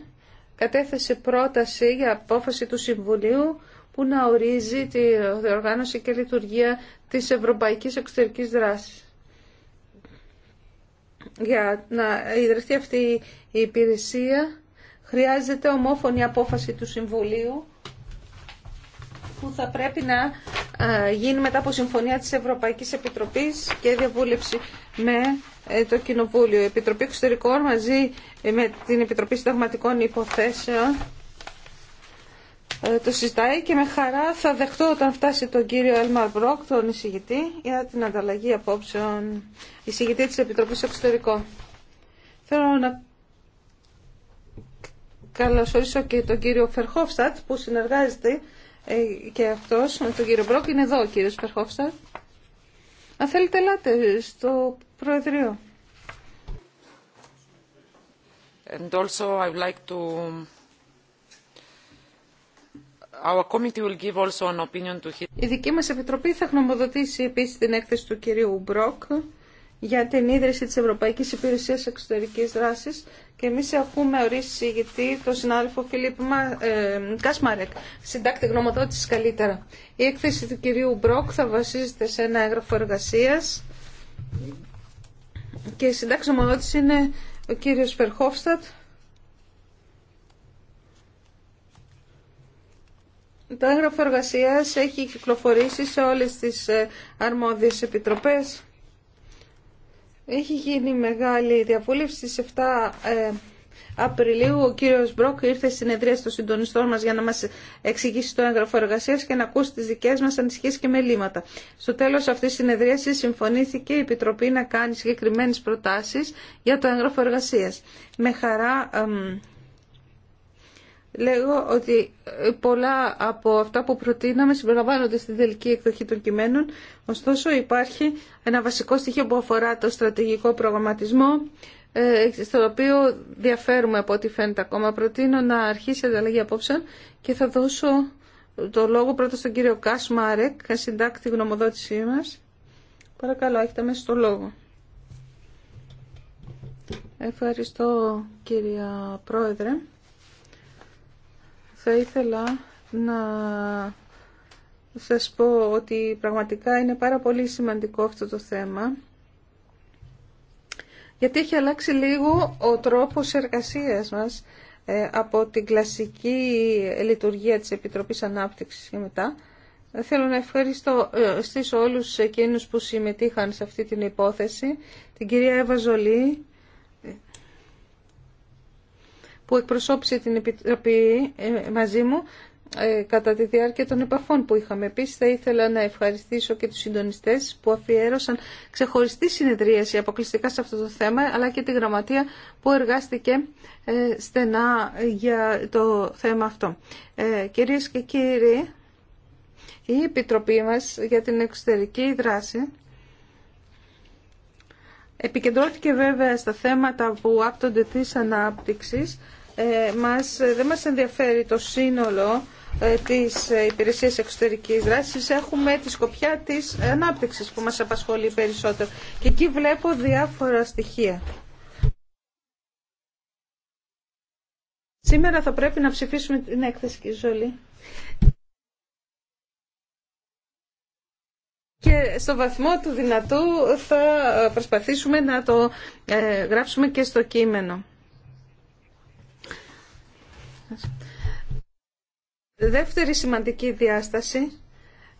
Speaker 1: κατέθεσε πρόταση για απόφαση του Συμβουλίου που να ορίζει τη οργάνωση και λειτουργία της ευρωπαϊκής εξωτερικής δράσης. Για να ιδρυθεί αυτή η υπηρεσία χρειάζεται ομόφωνη απόφαση του Συμβουλίου που θα πρέπει να γίνει μετά από συμφωνία της Ευρωπαϊκής Επιτροπής και διαβούλευση με ε, το Κοινοβούλιο. Η Επιτροπή Εξωτερικών μαζί ε, με την Επιτροπή Συνταγματικών Υποθέσεων ε, το συζητάει και με χαρά θα δεχτώ όταν φτάσει τον κύριο Έλμαρ Μπρόκ, τον εισηγητή, για την ανταλλαγή απόψεων εισηγητή της Επιτροπής Εξωτερικών. Θέλω να καλωσορίσω και τον κύριο Φερχόφστατ που συνεργάζεται ε, και αυτός με τον κύριο Μπρόκ. Είναι εδώ ο κύριος Φερχόφστατ. Αν θέλετε ελάτε στο Προεδρείο.
Speaker 2: And also I would like to η
Speaker 1: δική μας Επιτροπή θα γνωμοδοτήσει επίσης την έκθεση του κυρίου Μπρόκ για την ίδρυση της Ευρωπαϊκής Υπηρεσίας Εξωτερικής Δράσης και εμείς έχουμε ορίσει γιατί το συνάδελφο Φιλίπ Μα, ε, Κάσμαρεκ, συντάκτη γνωμοδότηση καλύτερα. Η έκθεση του κυρίου Μπρόκ θα βασίζεται σε ένα έγγραφο εργασίας και η συντάξη γνωμοδότηση είναι ο κύριος Φερχόφστατ Το έγγραφο εργασία έχει κυκλοφορήσει σε όλες τις ε, αρμόδιες επιτροπές. Έχει γίνει μεγάλη διαβούλευση στις 7 ε, Απριλίου ο κύριος Μπρόκ ήρθε στη συνεδρία των συντονιστών μας για να μας εξηγήσει το έγγραφο εργασίας και να ακούσει τις δικές μας ανησυχίες και μελήματα. Στο τέλος αυτής της συνεδρίασης συμφωνήθηκε η Επιτροπή να κάνει συγκεκριμένες προτάσεις για το έγγραφο εργασίας. Με χαρά Λέγω ότι πολλά από αυτά που προτείναμε συμπεριλαμβάνονται στην τελική εκδοχή των κειμένων, ωστόσο υπάρχει ένα βασικό στοιχείο που αφορά το στρατηγικό προγραμματισμό, ε, στο οποίο διαφέρουμε από ό,τι φαίνεται ακόμα. Προτείνω να αρχίσει η ανταλλαγή απόψε και θα δώσω το λόγο πρώτα στον κύριο Κάσ Μάρεκ, συντάκτη γνωμοδότησή μας. Παρακαλώ, έχετε μέσα το λόγο. Ευχαριστώ κύριε Πρόεδρε. Θα ήθελα να σας πω ότι πραγματικά είναι πάρα πολύ σημαντικό αυτό το θέμα γιατί έχει αλλάξει λίγο ο τρόπος εργασίας μας ε, από την κλασική λειτουργία της Επιτροπής Ανάπτυξης και μετά. Θέλω να ευχαριστώ ε, στις όλους εκείνους που συμμετείχαν σε αυτή την υπόθεση, την κυρία Εύα Ζολή, που εκπροσώπησε την Επιτροπή ε, μαζί μου ε, κατά τη διάρκεια των επαφών που είχαμε. Επίσης θα ήθελα να ευχαριστήσω και τους συντονιστές που αφιέρωσαν ξεχωριστή συνεδρίαση αποκλειστικά σε αυτό το θέμα αλλά και τη γραμματεία που εργάστηκε ε, στενά για το θέμα αυτό. Κυρίες και κύριοι, η Επιτροπή μας για την Εξωτερική Δράση Επικεντρώθηκε βέβαια στα θέματα που άπτονται της ανάπτυξης. Ε, μας, ε, δεν μας ενδιαφέρει το σύνολο ε, της ε, υπηρεσίας εξωτερικής δράσης. Έχουμε τη σκοπιά της ανάπτυξης που μας απασχολεί περισσότερο. Και εκεί βλέπω διάφορα στοιχεία. Σήμερα θα πρέπει να ψηφίσουμε την έκθεση, Κιζόλη. και στο βαθμό του δυνατού θα προσπαθήσουμε να το ε, γράψουμε και στο κείμενο. Δεύτερη σημαντική διάσταση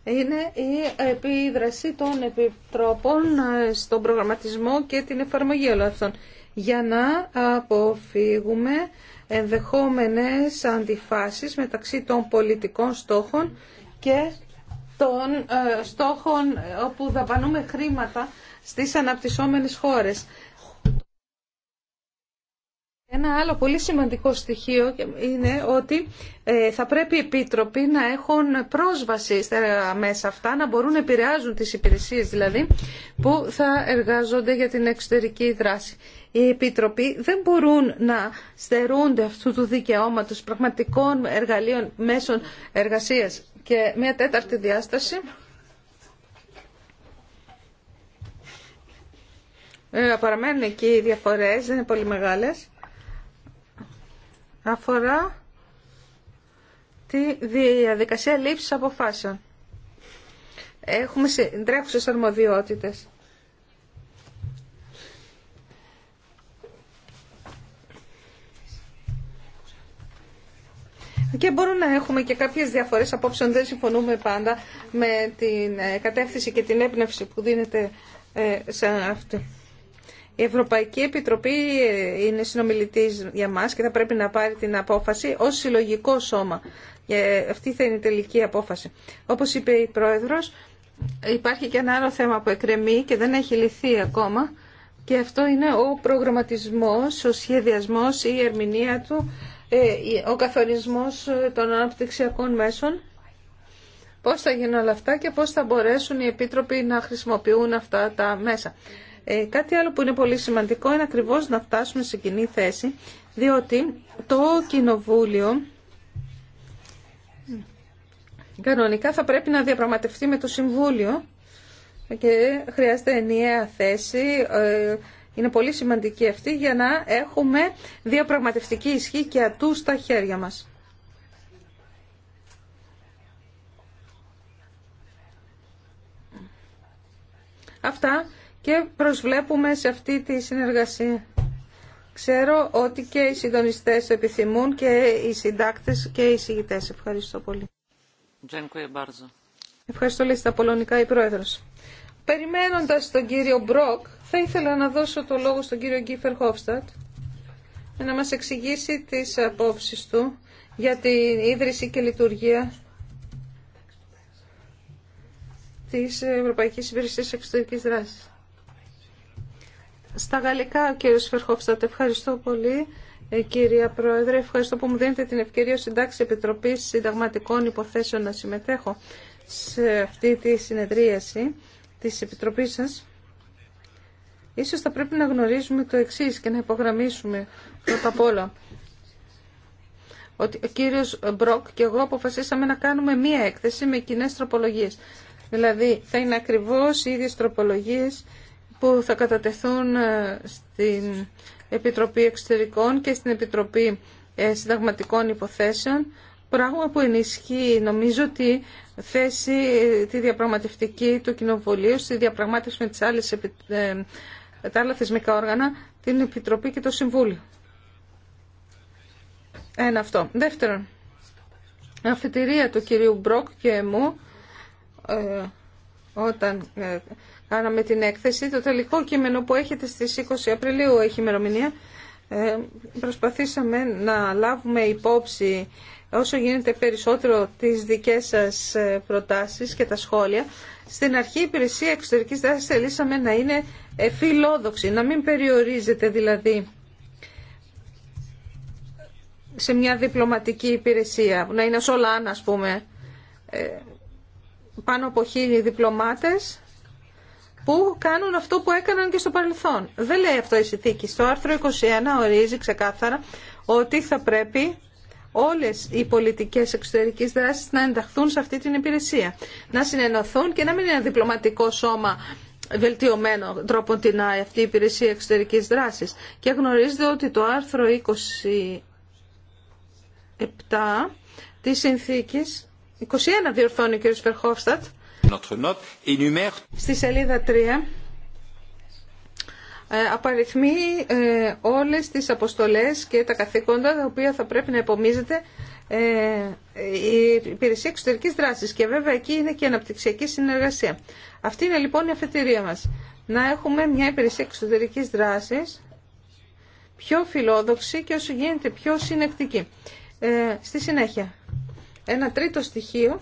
Speaker 1: είναι η επίδραση των επιτρόπων ε, στον προγραμματισμό και την εφαρμογή όλων αυτών για να αποφύγουμε ενδεχόμενες αντιφάσεις μεταξύ των πολιτικών στόχων και των ε, στόχων ε, όπου δαπανούμε χρήματα στις αναπτυσσόμενες χώρες. Ένα άλλο πολύ σημαντικό στοιχείο είναι ότι ε, θα πρέπει οι επίτροποι να έχουν πρόσβαση στα μέσα αυτά, να μπορούν να επηρεάζουν τις υπηρεσίες δηλαδή που θα εργάζονται για την εξωτερική δράση. Οι επίτροποι δεν μπορούν να στερούνται αυτού του δικαιώματος πραγματικών εργαλείων μέσων εργασίας και μια τέταρτη διάσταση ε, παραμένουν εκεί οι διαφορές, δεν είναι πολύ μεγάλες. Αφορά τη διαδικασία λήψης αποφάσεων. Έχουμε συντρέχουσες αρμοδιότητες. Και μπορούμε να έχουμε και κάποιες διαφορές απόψεων, δεν συμφωνούμε πάντα με την ε, κατεύθυνση και την έμπνευση που δίνεται ε, σε αυτή. Η Ευρωπαϊκή Επιτροπή ε, είναι συνομιλητής για μας και θα πρέπει να πάρει την απόφαση ως συλλογικό σώμα. Αυτή θα είναι η τελική απόφαση. Όπως είπε η Πρόεδρος, υπάρχει και ένα άλλο θέμα που εκκρεμεί και δεν έχει λυθεί ακόμα και αυτό είναι ο προγραμματισμός, ο σχεδιασμός ή η ερμηνεία του ε, ο καθορισμός ε, των αναπτυξιακών μέσων, πώς θα γίνουν όλα αυτά και πώς θα μπορέσουν οι επίτροποι να χρησιμοποιούν αυτά τα μέσα. Ε, κάτι άλλο που είναι πολύ σημαντικό είναι ακριβώς να φτάσουμε σε κοινή θέση, διότι το Κοινοβούλιο κανονικά θα πρέπει να διαπραγματευτεί με το Συμβούλιο και χρειάζεται ενιαία θέση είναι πολύ σημαντική αυτή για να έχουμε διαπραγματευτική ισχύ και ατού στα χέρια μας. Αυτά και προσβλέπουμε σε αυτή τη συνεργασία. Ξέρω ότι και οι συντονιστές επιθυμούν και οι συντάκτες και οι συγητές. Ευχαριστώ πολύ. Ευχαριστώ, λέει στα πολωνικά η Πρόεδρος. Περιμένοντας τον κύριο Μπροκ, θα ήθελα να δώσω το λόγο στον κύριο Γκίφερ Χόφστατ να μας εξηγήσει τις απόψεις του για την ίδρυση και λειτουργία της Ευρωπαϊκής Υπηρεσίας Εξωτερικής Δράσης. Στα γαλλικά, ο κύριος Φερχόφστατ, ευχαριστώ πολύ. Ε, κυρία Πρόεδρε, ευχαριστώ που μου δίνετε την ευκαιρία συντάξει Επιτροπής Συνταγματικών Υποθέσεων να συμμετέχω σε αυτή τη συνεδρίαση της Επιτροπής σας, ίσως θα πρέπει να γνωρίζουμε το εξής και να υπογραμμίσουμε πρώτα απ' όλα ότι ο κύριος Μπροκ και εγώ αποφασίσαμε να κάνουμε μία έκθεση με κοινέ τροπολογίες. Δηλαδή θα είναι ακριβώς οι ίδιες τροπολογίες που θα κατατεθούν ε, στην Επιτροπή Εξωτερικών και στην Επιτροπή ε, Συνταγματικών Υποθέσεων Πράγμα που ενισχύει νομίζω ότι θέση ε, τη διαπραγματευτική του Κοινοβουλίου στη διαπραγμάτευση με τις άλλες, ε, τα άλλα θεσμικά όργανα, την Επιτροπή και το Συμβούλιο. Ένα αυτό. Δεύτερον, αφετηρία του κυρίου Μπροκ και μου ε, όταν ε, κάναμε την έκθεση. Το τελικό κείμενο που έχετε στις 20 Απριλίου έχει ημερομηνία. προσπαθήσαμε να λάβουμε υπόψη όσο γίνεται περισσότερο τις δικές σας ε, προτάσεις και τα σχόλια. Στην αρχή η υπηρεσία εξωτερικής δράσης θελήσαμε να είναι φιλόδοξη, να μην περιορίζεται δηλαδή σε μια διπλωματική υπηρεσία, να είναι σολάν ας πούμε, ε, πάνω από χίλιοι διπλωμάτες που κάνουν αυτό που έκαναν και στο παρελθόν. Δεν λέει αυτό η συνθήκη. Στο άρθρο 21 ορίζει ξεκάθαρα ότι θα πρέπει όλες οι πολιτικές εξωτερικής δράσης να ενταχθούν σε αυτή την υπηρεσία. Να συνενωθούν και να μην είναι ένα διπλωματικό σώμα βελτιωμένο τρόπο την αυτή η υπηρεσία εξωτερικής δράσης. Και γνωρίζετε ότι το άρθρο 27 της συνθήκης, 21 διορθώνει ο κ. Φερχόφστατ, στη σελίδα 3, ε, απαριθμεί ε, όλες τις αποστολές και τα καθήκοντα τα οποία θα πρέπει να επομίζεται ε, η υπηρεσία εξωτερικής δράσης και βέβαια εκεί είναι και η αναπτυξιακή συνεργασία. Αυτή είναι λοιπόν η αφετηρία μας. Να έχουμε μια υπηρεσία εξωτερικής δράσης πιο φιλόδοξη και όσο γίνεται πιο συνεκτική. στη συνέχεια, ένα τρίτο στοιχείο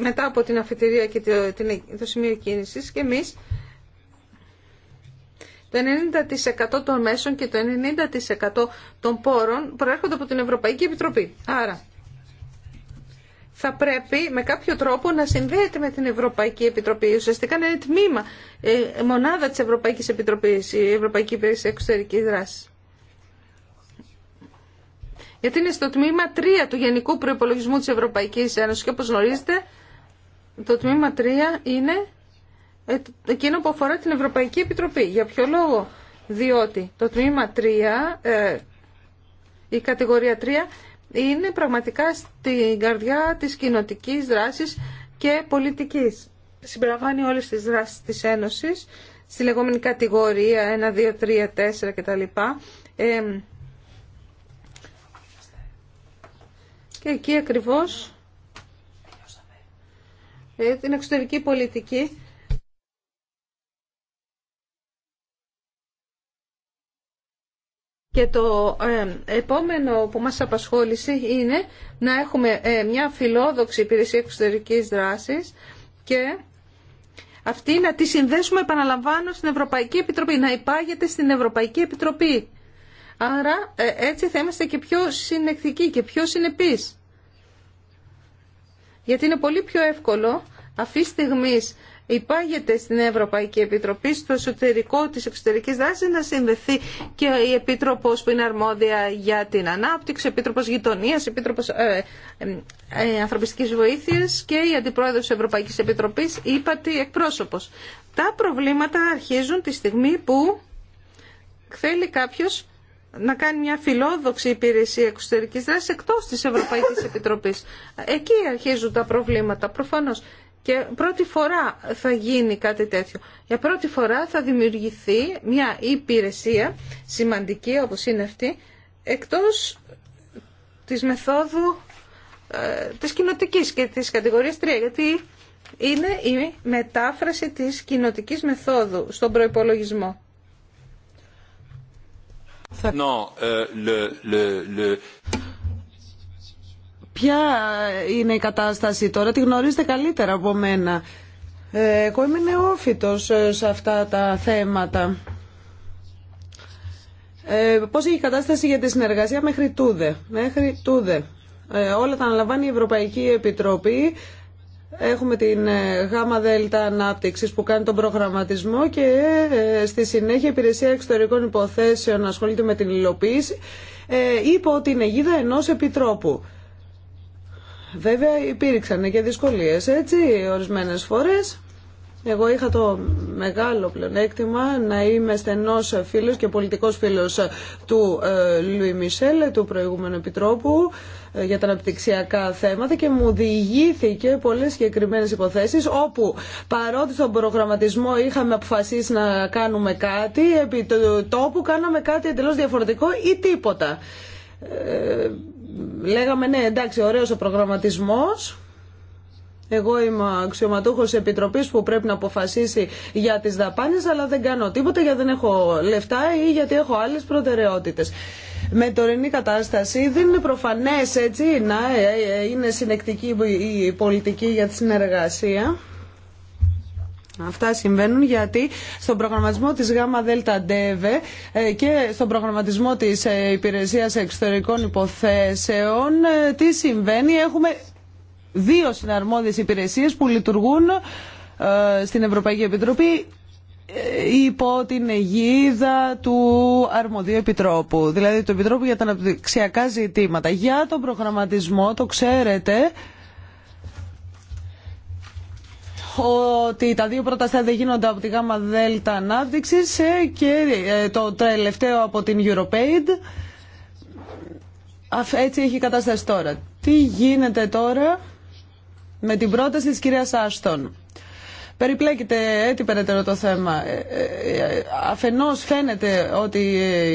Speaker 1: μετά από την αφετηρία και το, σημείο κίνησης και εμείς το 90% των μέσων και το 90% των πόρων προέρχονται από την Ευρωπαϊκή Επιτροπή. Άρα θα πρέπει με κάποιο τρόπο να συνδέεται με την Ευρωπαϊκή Επιτροπή. Ουσιαστικά είναι τμήμα, ε, μονάδα της Ευρωπαϊκής Επιτροπής, η Ευρωπαϊκή Υπηρεσία Εξωτερικής Δράσης. Γιατί είναι στο τμήμα 3 του Γενικού Προϋπολογισμού της Ευρωπαϊκής Ένωσης και όπως γνωρίζετε το τμήμα 3 είναι ε, εκείνο που αφορά την Ευρωπαϊκή Επιτροπή. Για ποιο λόγο. Διότι το τμήμα 3, ε, η κατηγορία 3, είναι πραγματικά στην καρδιά της κοινοτικής δράσης και πολιτικής. Συμπεραβάνει όλες τις δράσεις της Ένωσης, στη λεγόμενη κατηγορία 1, 2, 3, 4 κτλ. Ε, και εκεί ακριβώς ε, την εξωτερική πολιτική Και το ε, επόμενο που μας απασχόλησε είναι να έχουμε ε, μια φιλόδοξη υπηρεσία εξωτερικής δράσης και αυτή να τη συνδέσουμε, επαναλαμβάνω, στην Ευρωπαϊκή Επιτροπή, να υπάγεται στην Ευρωπαϊκή Επιτροπή. Άρα ε, έτσι θα είμαστε και πιο συνεκτικοί και πιο συνεπείς. Γιατί είναι πολύ πιο εύκολο αυτή υπάγεται στην Ευρωπαϊκή Επιτροπή στο εσωτερικό της εξωτερικής δράσης να συνδεθεί και η Επίτροπος που είναι αρμόδια για την ανάπτυξη, η Επίτροπος Γειτονίας, Επίτροπος ε, ε, ε, Ανθρωπιστικής Βοήθειας και η Αντιπρόεδρος της Ευρωπαϊκής Επιτροπής, η ΥΠΑΤΗ εκπρόσωπος. Τα προβλήματα αρχίζουν τη στιγμή που θέλει κάποιος να κάνει μια φιλόδοξη υπηρεσία εξωτερικής δράσης εκτός της Ευρωπαϊκής Επιτροπής. Εκεί αρχίζουν τα προβλήματα, προφανώς. Και πρώτη φορά θα γίνει κάτι τέτοιο. Για πρώτη φορά θα δημιουργηθεί μια υπηρεσία σημαντική όπως είναι αυτή, εκτός της μεθόδου ε, της κοινοτικής και της κατηγορίας 3, γιατί είναι η μετάφραση της κοινοτικής μεθόδου στον προϋπολογισμό.
Speaker 2: Ε, le, le, le
Speaker 3: ποια είναι η κατάσταση τώρα, τη γνωρίζετε καλύτερα από μένα. Ε, εγώ είμαι νεόφυτος ε, σε αυτά τα θέματα. Ε, πώς έχει η κατάσταση για τη συνεργασία μέχρι τούδε. Μέχρι τούδε. Ε, όλα τα αναλαμβάνει η Ευρωπαϊκή Επιτροπή. Έχουμε την ΓΑΜΑ ΔΕΛΤΑ Ανάπτυξη που κάνει τον προγραμματισμό και στη συνέχεια η Υπηρεσία Εξωτερικών Υποθέσεων ασχολείται με την υλοποίηση ε, υπό την αιγίδα ενός επιτρόπου. Βέβαια υπήρξαν και δυσκολίες, έτσι, ορισμένες φορές. Εγώ είχα το μεγάλο πλεονέκτημα να είμαι στενός φίλος και πολιτικός φίλος του ε, Λουί Μισελ, του προηγούμενου επιτρόπου ε, για τα αναπτυξιακά θέματα και μου διηγήθηκε πολλές συγκεκριμένε υποθέσεις όπου παρότι στον προγραμματισμό είχαμε αποφασίσει να κάνουμε κάτι, επί του τόπου κάναμε κάτι εντελώς διαφορετικό ή τίποτα. Ε, λέγαμε ναι εντάξει ωραίος ο προγραμματισμός εγώ είμαι αξιωματούχο επιτροπής που πρέπει να αποφασίσει για τι δαπάνε, αλλά δεν κάνω τίποτα γιατί δεν έχω λεφτά ή γιατί έχω άλλε προτεραιότητε. Με τωρινή κατάσταση δεν είναι προφανέ έτσι να ε, ε, είναι συνεκτική η γιατι εχω αλλε προτεραιοτητες με τωρινη κατασταση δεν ειναι προφανε ετσι να ειναι συνεκτικη η πολιτικη για τη συνεργασία. Αυτά συμβαίνουν γιατί στον προγραμματισμό τη ΓΑΜΑ ε, και στον προγραμματισμό της ε, Υπηρεσίας Εξωτερικών Υποθέσεων ε, τι συμβαίνει. Έχουμε δύο συναρμόδιε υπηρεσίες που λειτουργούν στην Ευρωπαϊκή Επιτροπή υπό την αιγίδα του αρμοδίου επιτρόπου, δηλαδή του Επιτρόπου για τα αναπτυξιακά ζητήματα. Για τον προγραμματισμό, το ξέρετε, ότι τα δύο πρώτα στάδια γίνονται από τη ΓΑΜΑ ΔΕΛΤΑ Ανάπτυξης ε, και ε, το τελευταίο από την EuroPaid. Έτσι έχει κατάσταση τώρα. Τι γίνεται τώρα με την πρόταση της κυρίας Άστον. Περιπλέκεται έτσι περαιτέρω το θέμα. Ε, αφενός φαίνεται ότι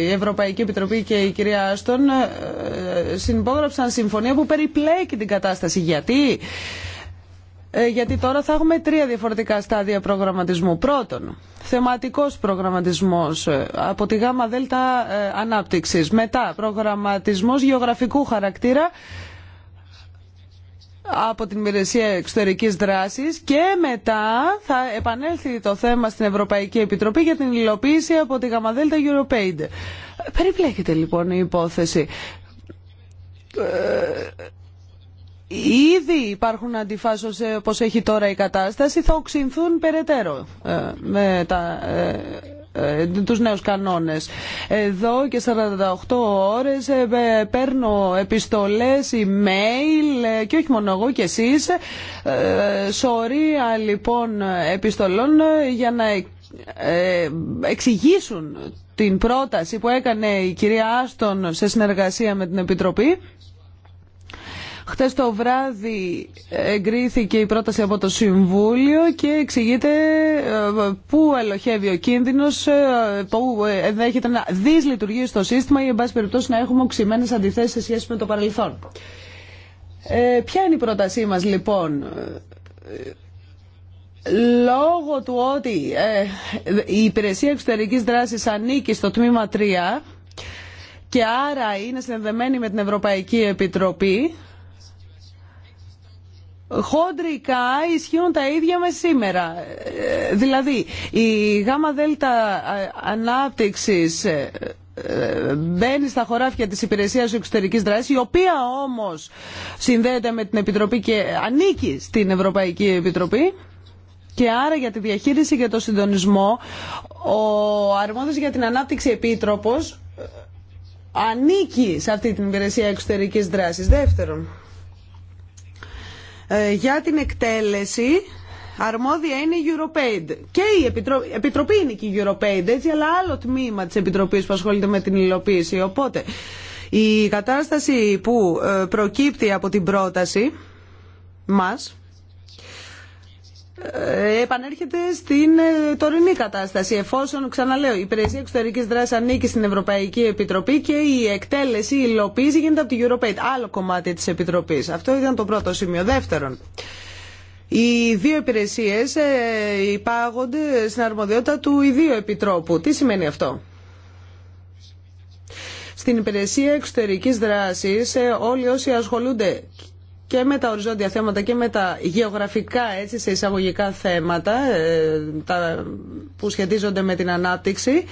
Speaker 3: η Ευρωπαϊκή Επιτροπή και η κυρία Άστον συμπόγραψαν συμφωνία που περιπλέκει την κατάσταση. Γιατί? Ε, γιατί τώρα θα έχουμε τρία διαφορετικά στάδια προγραμματισμού. Πρώτον, θεματικός προγραμματισμός ε, από τη ΓΑΜΑ ΔΕΛΤΑ ε, ανάπτυξης. Μετά, προγραμματισμός γεωγραφικού χαρακτήρα από την Υπηρεσία Εξωτερικής Δράσης και μετά θα επανέλθει το θέμα στην Ευρωπαϊκή Επιτροπή για την υλοποίηση από τη ΓΔ EuroPaid. Περιπλέκεται λοιπόν η υπόθεση ήδη υπάρχουν αντιφάσει όπως έχει τώρα η κατάσταση, θα οξυνθούν περαιτέρω ε, με τα ε, ε, τους νέους κανόνες. Εδώ και 48 ώρες παίρνω επιστολές, email και όχι μόνο εγώ και εσείς. Σωρία λοιπόν επιστολών για να εξηγήσουν την πρόταση που έκανε η κυρία Άστον σε συνεργασία με την Επιτροπή Χτες το βράδυ εγκρίθηκε η πρόταση από το Συμβούλιο και εξηγείται ε, πού ελοχεύει ο κίνδυνος, ε, πού ε, ενδέχεται να δυσλειτουργεί στο σύστημα ή εν πάση περιπτώσει να έχουμε οξυμένες αντιθέσεις σε σχέση με το παρελθόν. Ε, ποια είναι η πρότασή μας λοιπόν λόγω του ότι ε, η υπηρεσία εξωτερικής δράσης ανήκει στο τμήμα 3 και άρα είναι συνδεδεμένη με την Ευρωπαϊκή Επιτροπή χοντρικά ισχύουν τα ίδια με σήμερα. Ε, δηλαδή, η γάμα δέλτα ε, ανάπτυξης ε, μπαίνει στα χωράφια της υπηρεσίας εξωτερικής δράσης, η οποία όμως συνδέεται με την Επιτροπή και ανήκει στην Ευρωπαϊκή Επιτροπή. Και άρα για τη διαχείριση και το συντονισμό, ο αρμόδιος για την ανάπτυξη επίτροπος ανήκει σε αυτή την υπηρεσία εξωτερικής δράσης. Δεύτερον, ε, για την εκτέλεση αρμόδια είναι η Europaid. Και η Επιτροπή, είναι και η Europaid, έτσι, αλλά άλλο τμήμα της Επιτροπής που ασχολείται με την υλοποίηση. Οπότε, η κατάσταση που ε, προκύπτει από την πρόταση μας, επανέρχεται στην ε, τωρινή κατάσταση. Εφόσον, ξαναλέω, η Υπηρεσία Εξωτερική Δράση ανήκει στην Ευρωπαϊκή Επιτροπή και η εκτέλεση, η υλοποίηση γίνεται από την Europaid. Άλλο κομμάτι τη Επιτροπή. Αυτό ήταν το πρώτο σημείο. Δεύτερον, οι δύο υπηρεσίε ε, υπάγονται στην αρμοδιότητα του ιδίου επιτρόπου. Τι σημαίνει αυτό. Στην υπηρεσία εξωτερικής δράσης ε, όλοι όσοι ασχολούνται και με τα οριζόντια θέματα και με τα γεωγραφικά έτσι, σε εισαγωγικά θέματα ε, τα, που σχετίζονται με την ανάπτυξη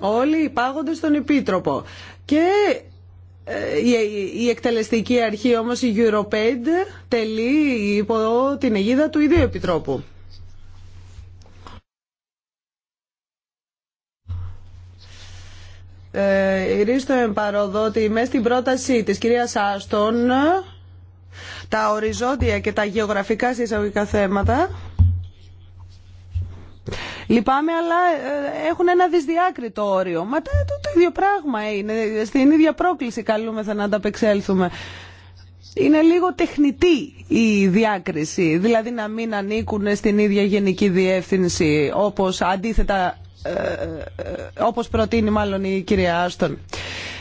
Speaker 3: όλοι υπάγονται στον Επίτροπο. Και ε, η εκτελεστική αρχή όμως η Europaid τελεί υπό την αιγίδα του ίδιου Επιτρόπου. Ε, ρίστο εμπαροδότη, μες στην πρόταση της κυρίας Άστον τα οριζόντια και τα γεωγραφικά εισαγωγικά θέματα. Λυπάμαι, αλλά ε, έχουν ένα δυσδιάκριτο όριο. Μα το, το ίδιο πράγμα είναι. Στην ίδια πρόκληση καλούμεθα να ανταπεξέλθουμε. Είναι λίγο τεχνητή η διάκριση, δηλαδή να μην ανήκουν στην ίδια γενική διεύθυνση, όπως αντίθετα, ε, ε, όπως προτείνει μάλλον η κυρία Άστον.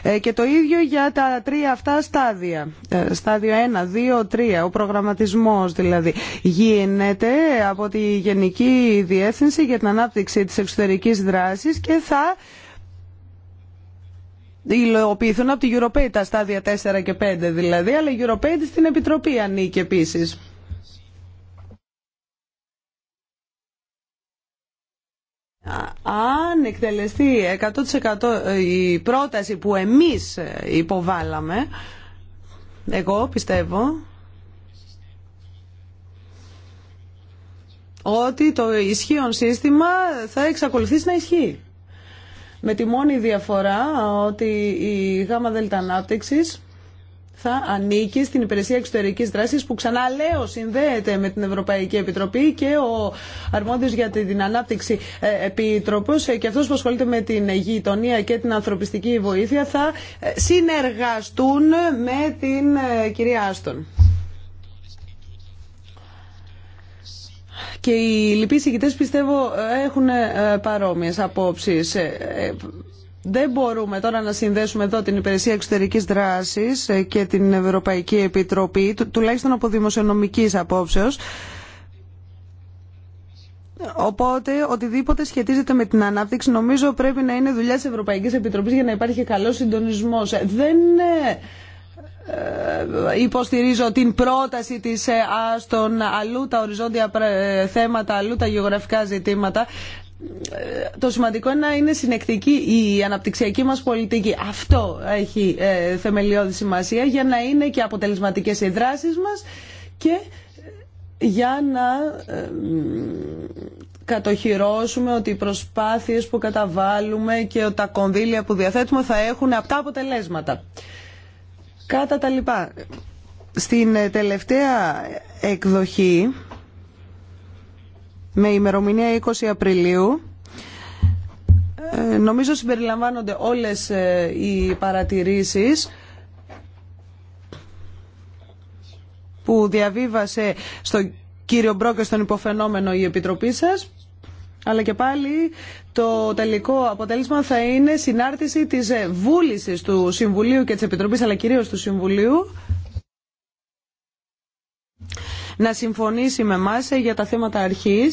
Speaker 3: Ε, και το ίδιο για τα τρία αυτά στάδια. Ε, στάδιο 1, 2, 3, ο προγραμματισμός δηλαδή. Γίνεται από τη Γενική Διεύθυνση για την Ανάπτυξη της Εξωτερικής Δράσης και θα υλοποιηθούν από τη Europay τα στάδια 4 και 5 δηλαδή, αλλά η Europay στην Επιτροπή ανήκει επίσης. αν εκτελεστεί 100% η πρόταση που εμείς υποβάλαμε, εγώ πιστεύω ότι το ισχύον σύστημα θα εξακολουθήσει να ισχύει. Με τη μόνη διαφορά ότι η γάμα δελτα θα ανήκει στην υπηρεσία εξωτερική δράση που ξαναλέω συνδέεται με την Ευρωπαϊκή Επιτροπή και ο αρμόδιο για την ανάπτυξη ε, επίτροπο ε, και αυτό που ασχολείται με την γειτονία και την ανθρωπιστική βοήθεια θα ε, συνεργαστούν με την κυρία Άστον. Και οι λοιποί συγκητές πιστεύω έχουν παρόμοιες απόψεις δεν μπορούμε τώρα να συνδέσουμε εδώ την υπηρεσία εξωτερικής δράσης και την Ευρωπαϊκή Επιτροπή, τουλάχιστον από δημοσιονομικής απόψεως. Οπότε οτιδήποτε σχετίζεται με την ανάπτυξη νομίζω πρέπει να είναι δουλειά της Ευρωπαϊκής Επιτροπής για να υπάρχει καλός συντονισμός. Δεν ε, υποστηρίζω την πρόταση της ε, στον αλλού τα οριζόντια ε, θέματα, αλλού τα γεωγραφικά ζητήματα το σημαντικό είναι να είναι συνεκτική η αναπτυξιακή μας πολιτική. Αυτό έχει ε, θεμελιώδη σημασία για να είναι και αποτελεσματικές οι δράσεις μας και για να ε, κατοχυρώσουμε ότι οι προσπάθειες που καταβάλουμε και τα κονδύλια που διαθέτουμε θα έχουν αυτά αποτελέσματα. Κάτα τα λοιπά. Στην ε, τελευταία εκδοχή με ημερομηνία 20 Απριλίου. Ε, νομίζω συμπεριλαμβάνονται όλες ε, οι παρατηρήσεις που διαβίβασε στον κύριο Μπρό και στον υποφαινόμενο η Επιτροπή σας. Αλλά και πάλι το τελικό αποτέλεσμα θα είναι συνάρτηση της ε, βούλησης του Συμβουλίου και της Επιτροπής, αλλά κυρίως του Συμβουλίου, να συμφωνήσει με εμά για τα θέματα αρχή,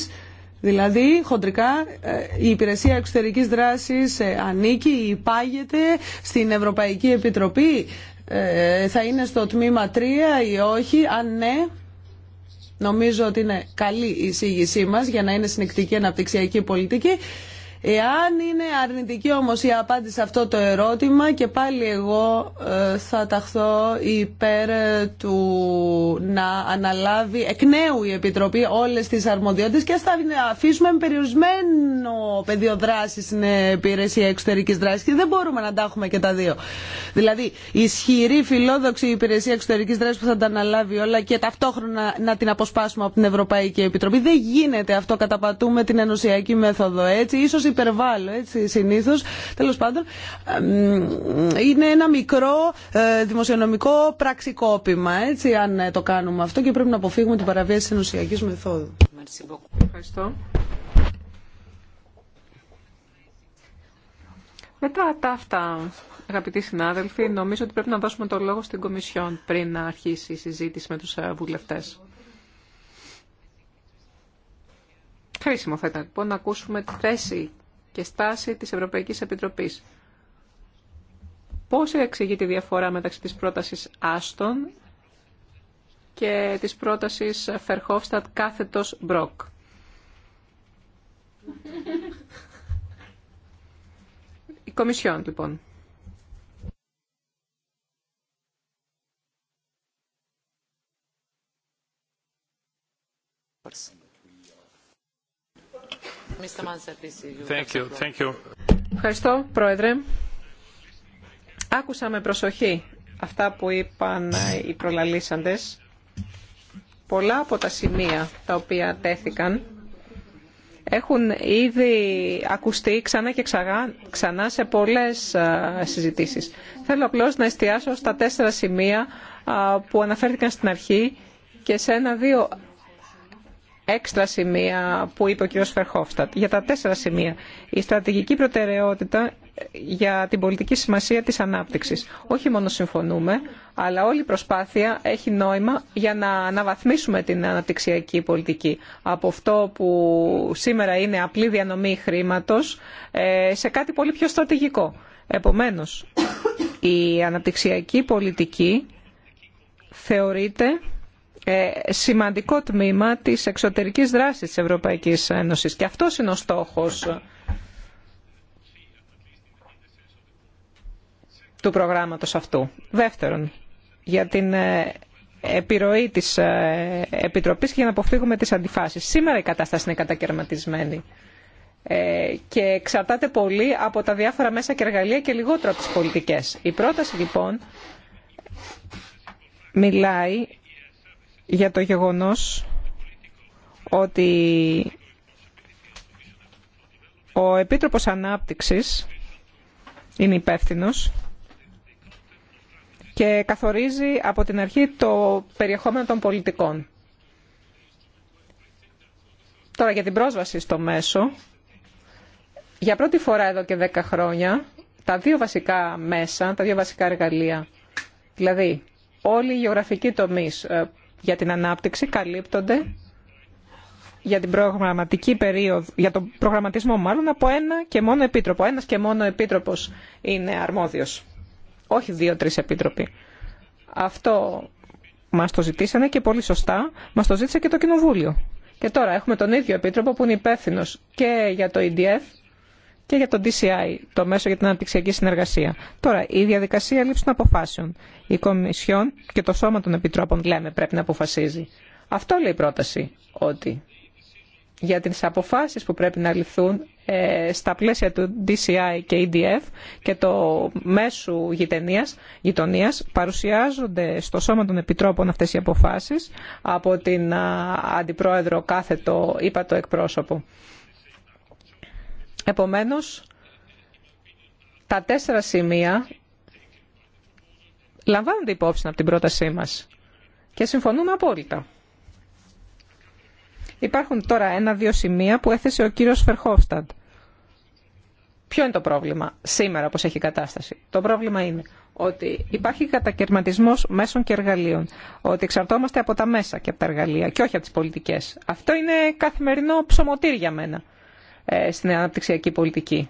Speaker 3: Δηλαδή, χοντρικά, ε, η Υπηρεσία Εξωτερικής Δράσης ε, ανήκει, υπάγεται στην Ευρωπαϊκή Επιτροπή. Ε, θα είναι στο τμήμα 3 ή όχι. Αν ναι, νομίζω ότι είναι καλή η εισήγησή μας για να είναι συνεκτική αναπτυξιακή πολιτική. Εάν είναι αρνητική όμως η απάντηση σε αυτό το ερώτημα και πάλι εγώ ε, θα ταχθώ υπέρ ε, του να αναλάβει εκ νέου η Επιτροπή όλες τις αρμοδιότητες και θα αφήσουμε με περιορισμένο πεδίο δράση στην υπηρεσία εξωτερικής δράσης και δεν μπορούμε να τα έχουμε και τα δύο. Δηλαδή ισχυρή φιλόδοξη υπηρεσία εξωτερικής δράσης που θα τα αναλάβει όλα και ταυτόχρονα να την αποσπάσουμε από την Ευρωπαϊκή Επιτροπή. Δεν γίνεται αυτό, καταπατούμε την ενωσιακή μέθοδο έτσι. Ίσως υπερβάλλω έτσι συνήθως. Τέλος πάντων, είναι ένα μικρό ε, δημοσιονομικό πραξικόπημα, έτσι, αν ε, το κάνουμε αυτό και πρέπει να αποφύγουμε την παραβίαση της ενωσιακής μεθόδου.
Speaker 4: Ευχαριστώ. Μετά τα αυτά, αγαπητοί συνάδελφοι, νομίζω ότι πρέπει να δώσουμε το λόγο στην Κομισιόν πριν να αρχίσει η συζήτηση με τους ε, βουλευτές. Χρήσιμο θα ήταν λοιπόν να ακούσουμε τη θέση και στάση της Ευρωπαϊκής Επιτροπής. Πώς εξηγεί τη διαφορά μεταξύ της πρότασης Άστον και της πρότασης Φερχόφστατ κάθετος Μπροκ. Η Κομισιόν, λοιπόν. Ευχαριστώ, Πρόεδρε. Άκουσα με προσοχή αυτά που είπαν οι προλαλήσαντες. Πολλά από τα σημεία τα οποία τέθηκαν έχουν ήδη ακουστεί ξανά και ξανά σε πολλές συζητήσεις. Θέλω απλώς να εστιάσω στα τέσσερα σημεία που αναφέρθηκαν στην αρχή και σε ένα-δύο έξτρα σημεία που είπε ο κ. Φερχόφστατ. Για τα τέσσερα σημεία. Η στρατηγική προτεραιότητα για την πολιτική σημασία της ανάπτυξης. Όχι μόνο συμφωνούμε, αλλά όλη η προσπάθεια έχει νόημα για να αναβαθμίσουμε την αναπτυξιακή πολιτική. Από αυτό που σήμερα είναι απλή διανομή χρήματος ε, σε κάτι πολύ πιο στρατηγικό. Επομένως, η αναπτυξιακή πολιτική θεωρείται ε, σημαντικό τμήμα της εξωτερικής δράσης της Ευρωπαϊκής Ένωσης. Και αυτός είναι ο στόχος του προγράμματος αυτού. Δεύτερον, για την ε, επιρροή της ε, Επιτροπής και για να αποφύγουμε τις αντιφάσεις. Σήμερα η κατάσταση είναι κατακαιρματισμένη και εξαρτάται πολύ από τα διάφορα μέσα και εργαλεία και λιγότερο από τις πολιτικές. Η πρόταση λοιπόν μιλάει για το γεγονός ότι ο Επίτροπος Ανάπτυξης είναι υπεύθυνο και καθορίζει από την αρχή το περιεχόμενο των πολιτικών. Τώρα για την πρόσβαση στο μέσο. Για πρώτη φορά εδώ και δέκα χρόνια, τα δύο βασικά μέσα, τα δύο βασικά εργαλεία, δηλαδή όλοι οι γεωγραφικοί τομείς ε, για την ανάπτυξη καλύπτονται για, την προγραμματική περίοδο, για τον προγραμματισμό μάλλον από ένα και μόνο επίτροπο. Ένας και μόνο επίτροπος είναι αρμόδιος. Όχι δύο-τρεις επίτροποι. Αυτό μας το ζητήσανε και πολύ σωστά μας το ζήτησε και το Κοινοβούλιο. Και τώρα έχουμε τον ίδιο επίτροπο που είναι υπεύθυνο και για το EDF και για το DCI, το Μέσο για την Αναπτυξιακή Συνεργασία. Τώρα, η διαδικασία λήψη των αποφάσεων. Η Κομισιόν και το Σώμα των Επιτρόπων, λέμε, πρέπει να αποφασίζει. Αυτό λέει η πρόταση, ότι για τις αποφάσεις που πρέπει να ληφθούν ε, στα πλαίσια του DCI και EDF και το μέσου γειτονίας, γειτονίας παρουσιάζονται στο Σώμα των Επιτρόπων αυτές οι αποφάσεις από την α, Αντιπρόεδρο κάθετο είπα το εκπρόσωπο. Επομένως, τα τέσσερα σημεία λαμβάνονται υπόψη από την πρότασή μας και συμφωνούμε απόλυτα. Υπάρχουν τώρα ένα-δύο σημεία που έθεσε ο κύριος Φερχόφσταντ. Ποιο είναι το πρόβλημα σήμερα όπως έχει η κατάσταση. Το πρόβλημα είναι ότι υπάρχει κατακαιρματισμός μέσων και εργαλείων, ότι εξαρτώμαστε από τα μέσα και από τα εργαλεία και όχι από τις πολιτικές. Αυτό είναι καθημερινό ψωμοτήρι για μένα. Ε, στην αναπτυξιακή πολιτική.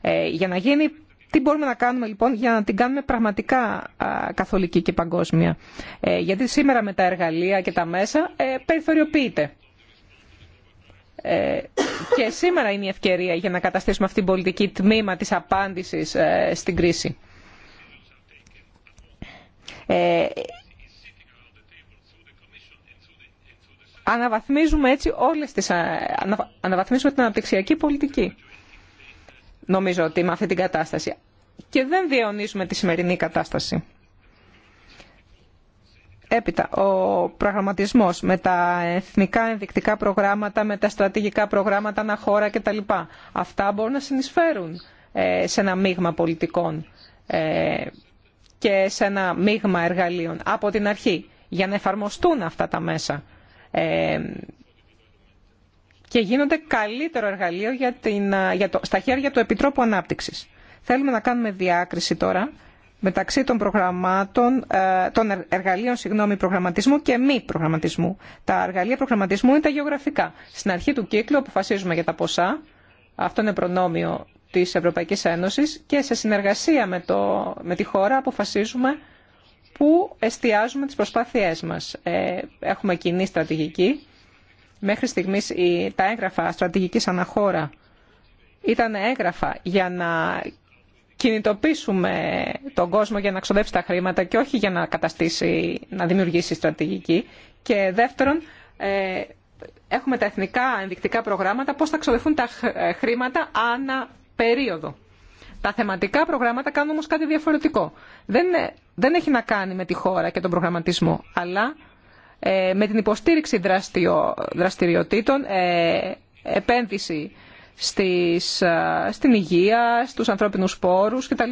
Speaker 4: Ε, για να γίνει, τι μπορούμε να κάνουμε λοιπόν για να την κάνουμε πραγματικά καθολική και παγκόσμια. Ε, γιατί σήμερα με τα εργαλεία και τα μέσα περιθωριοποιείται. Και σήμερα είναι η ευκαιρία για να καταστήσουμε αυτή την πολιτική τμήμα της απάντησης στην κρίση Αναβαθμίζουμε έτσι όλες τις, αναβαθμίζουμε την αναπτυξιακή πολιτική. Νομίζω ότι με αυτή την κατάσταση. Και δεν διαιωνίζουμε τη σημερινή κατάσταση. Έπειτα, ο προγραμματισμός με τα εθνικά ενδεικτικά προγράμματα, με τα στρατηγικά προγράμματα τα κτλ. Αυτά μπορούν να συνεισφέρουν ε, σε ένα μείγμα πολιτικών ε, και σε ένα μείγμα εργαλείων από την αρχή για να εφαρμοστούν αυτά τα μέσα ε, και γίνονται καλύτερο εργαλείο για την, για το, στα χέρια του Επιτρόπου Ανάπτυξης. Θέλουμε να κάνουμε διάκριση τώρα μεταξύ των, προγραμμάτων, ε, των εργαλείων συγγνώμη, προγραμματισμού και μη προγραμματισμού. Τα εργαλεία προγραμματισμού είναι τα γεωγραφικά. Στην αρχή του κύκλου αποφασίζουμε για τα ποσά. Αυτό είναι προνόμιο της Ευρωπαϊκής Ένωσης και σε συνεργασία με, το, με τη χώρα αποφασίζουμε πού εστιάζουμε τις προσπάθειές μας. Ε, έχουμε κοινή στρατηγική. Μέχρι στιγμής τα έγγραφα στρατηγικής αναχώρα ήταν έγγραφα για να κινητοποιήσουμε τον κόσμο για να ξοδέψει τα χρήματα και όχι για να καταστήσει, να δημιουργήσει στρατηγική. Και δεύτερον, ε, έχουμε τα εθνικά ενδεικτικά προγράμματα, πώς θα ξοδευούν τα ε, χρήματα ανά περίοδο. Τα θεματικά προγράμματα κάνουν όμως κάτι διαφορετικό. Δεν, δεν έχει να κάνει με τη χώρα και τον προγραμματισμό, αλλά ε, με την υποστήριξη δραστηριοτήτων, ε, επένδυση στις, ε, στην υγεία, στους ανθρώπινους πόρους κτλ.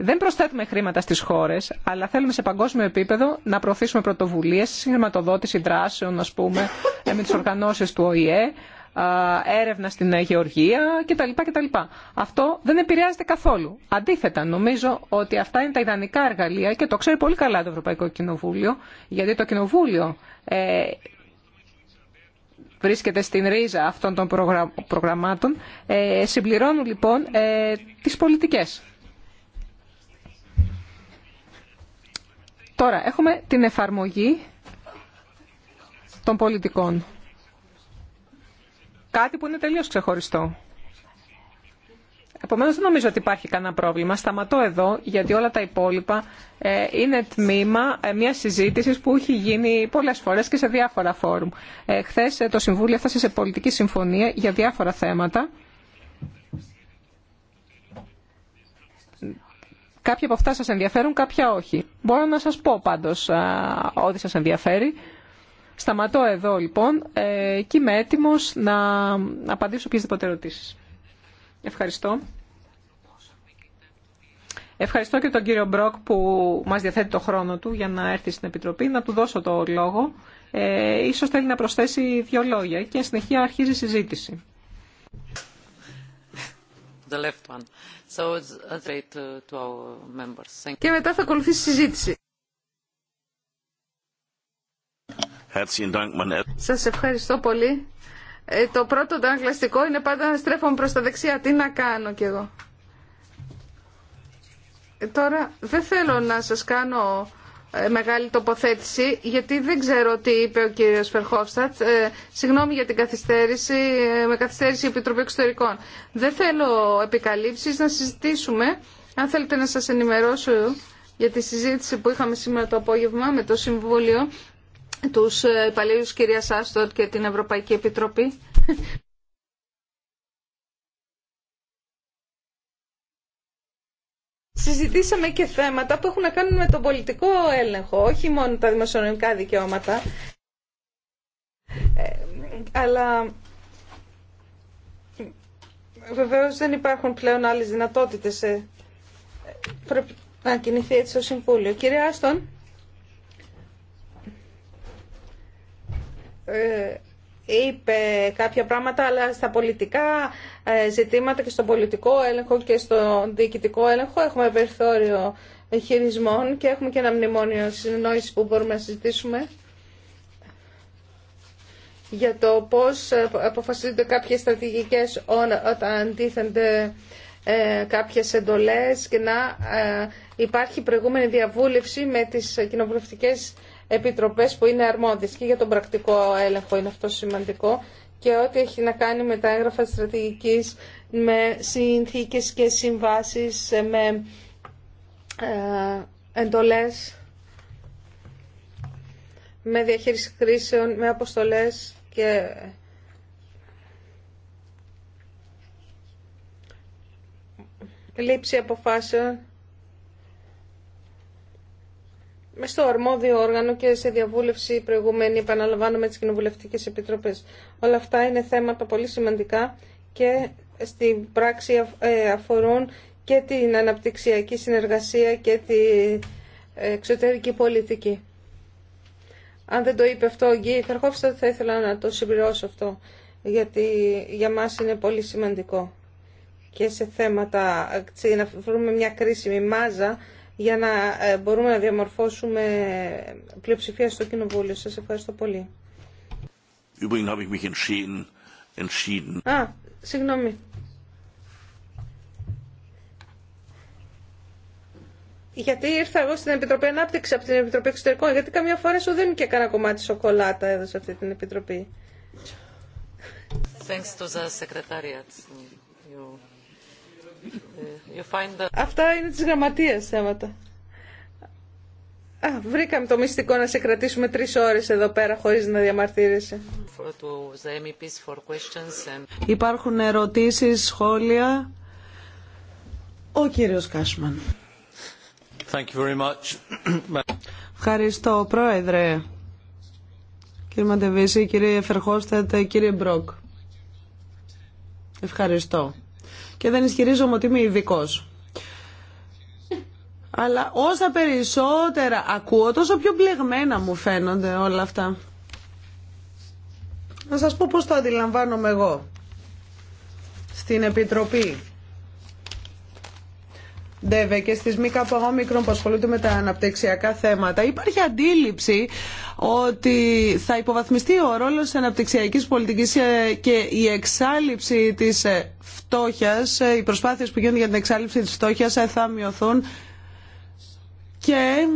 Speaker 4: Δεν προσθέτουμε χρήματα στις χώρες, αλλά θέλουμε σε παγκόσμιο επίπεδο να προωθήσουμε πρωτοβουλίες, συγχρηματοδότηση δράσεων, ας πούμε, ε, με τις οργανώσεις του ΟΗΕ, έρευνα στην γεωργία κτλ. κτλ. Αυτό δεν επηρεάζεται καθόλου. Αντίθετα, νομίζω ότι αυτά είναι τα ιδανικά εργαλεία και το ξέρει πολύ καλά το Ευρωπαϊκό Κοινοβούλιο, γιατί το Κοινοβούλιο ε, βρίσκεται στην ρίζα αυτών των προγραμμάτων, ε, συμπληρώνουν λοιπόν ε, τις πολιτικές. Τώρα, έχουμε την εφαρμογή των πολιτικών κάτι που είναι τελείως ξεχωριστό. Επομένως δεν νομίζω ότι υπάρχει κανένα πρόβλημα. Σταματώ εδώ γιατί όλα τα υπόλοιπα ε, είναι τμήμα ε, μιας συζήτησης που έχει γίνει πολλές φορές και σε διάφορα φόρουμ. Ε, χθες ε, το Συμβούλιο έφτασε σε πολιτική συμφωνία για διάφορα θέματα. Κάποια από αυτά σας ενδιαφέρουν, κάποια όχι. Μπορώ να σας πω πάντως ότι σας ενδιαφέρει. Σταματώ εδώ λοιπόν ε, και είμαι έτοιμο να απαντήσω οποιασδήποτε ερωτήσει. Ευχαριστώ. Ευχαριστώ και τον κύριο Μπροκ που μας διαθέτει το χρόνο του για να έρθει στην Επιτροπή. Να του δώσω το λόγο. Ε, ίσως θέλει να προσθέσει δύο λόγια και συνεχεία αρχίζει η συζήτηση.
Speaker 2: Και μετά θα
Speaker 1: ακολουθήσει η συζήτηση. Σας ευχαριστώ πολύ. Ε, το πρώτο το αγκλαστικό είναι πάντα να στρέφομαι προς τα δεξιά. Τι να κάνω κι εγώ. Ε, τώρα δεν θέλω να σας κάνω ε, μεγάλη τοποθέτηση, γιατί δεν ξέρω τι είπε ο κύριος Φερχόφστατ. συγγνώμη για την καθυστέρηση, με καθυστέρηση η Επιτροπή Εξωτερικών. Δεν θέλω επικαλύψεις να συζητήσουμε. Αν θέλετε να σας ενημερώσω για τη συζήτηση που είχαμε σήμερα το απόγευμα με το Συμβούλιο τους ε, υπαλλήλους κυρία Άστον και την Ευρωπαϊκή Επιτροπή. Συζητήσαμε και θέματα που έχουν να κάνουν με τον πολιτικό έλεγχο, όχι μόνο τα δημοσιονομικά δικαιώματα, ε, αλλά βεβαίως δεν υπάρχουν πλέον άλλες δυνατότητες. Πρέπει να κινηθεί έτσι το Συμβούλιο. Κυρία Άστον. Ε, είπε κάποια πράγματα, αλλά στα πολιτικά ε, ζητήματα και στον πολιτικό έλεγχο και στον διοικητικό έλεγχο έχουμε περιθώριο χειρισμών και έχουμε και ένα μνημόνιο συνεννόηση που μπορούμε να συζητήσουμε για το πώς ε, αποφασίζονται κάποιες στρατηγικές όταν ε, κάποιες εντολές και να υπάρχει προηγούμενη διαβούλευση με τις κοινοβουλευτικές επιτροπές που είναι αρμόδιες και για τον πρακτικό έλεγχο είναι αυτό σημαντικό και ό,τι έχει να κάνει με τα έγγραφα στρατηγικής, με συνθήκες και συμβάσεις, με ε, εντολές, με διαχείριση κρίσεων, με αποστολές και ε, λήψη αποφάσεων με στο αρμόδιο όργανο και σε διαβούλευση προηγούμενη επαναλαμβάνω με τις κοινοβουλευτικές επιτροπές. Όλα αυτά είναι θέματα πολύ σημαντικά και στην πράξη ε, αφορούν και την αναπτυξιακή συνεργασία και την ε, εξωτερική πολιτική. Αν δεν το είπε αυτό ο Γκί θα ήθελα να το συμπληρώσω αυτό, γιατί για μας είναι πολύ σημαντικό. Και σε θέματα, ε, να βρούμε μια κρίσιμη μάζα για να ε, μπορούμε να διαμορφώσουμε πλειοψηφία στο Κοινοβούλιο. Σας ευχαριστώ πολύ. Α, συγγνώμη. Γιατί ήρθα εγώ στην Επιτροπή Ανάπτυξη από την Επιτροπή Εξωτερικών, γιατί καμιά φορά σου δίνει και κανένα κομμάτι σοκολάτα εδώ σε αυτή την Επιτροπή.
Speaker 2: Thanks to the
Speaker 1: Αυτά είναι τις γραμματείας θέματα. Α, βρήκαμε το μυστικό να σε κρατήσουμε τρεις ώρες
Speaker 3: εδώ πέρα χωρίς να διαμαρτύρεσαι. Υπάρχουν ερωτήσεις, σχόλια. Ο κύριος Κάσμαν. Ευχαριστώ, Πρόεδρε. Κύριε Μαντεβίση, κύριε Φερχώστατ, κύριε Μπρόκ. Ευχαριστώ και δεν ισχυρίζομαι ότι είμαι ειδικό. Αλλά όσα περισσότερα ακούω, τόσο πιο πλεγμένα μου φαίνονται όλα αυτά. Να σας πω πώς το αντιλαμβάνομαι εγώ. Στην Επιτροπή Ντεβε και στις ΜΚΟ που ασχολούνται με τα αναπτυξιακά θέματα υπάρχει αντίληψη ότι θα υποβαθμιστεί ο ρόλος της αναπτυξιακής πολιτικής ε, και η εξάλληψη της ε, φτώχειας, ε, οι προσπάθειες που γίνονται για την εξάλληψη της φτώχειας θα μειωθούν και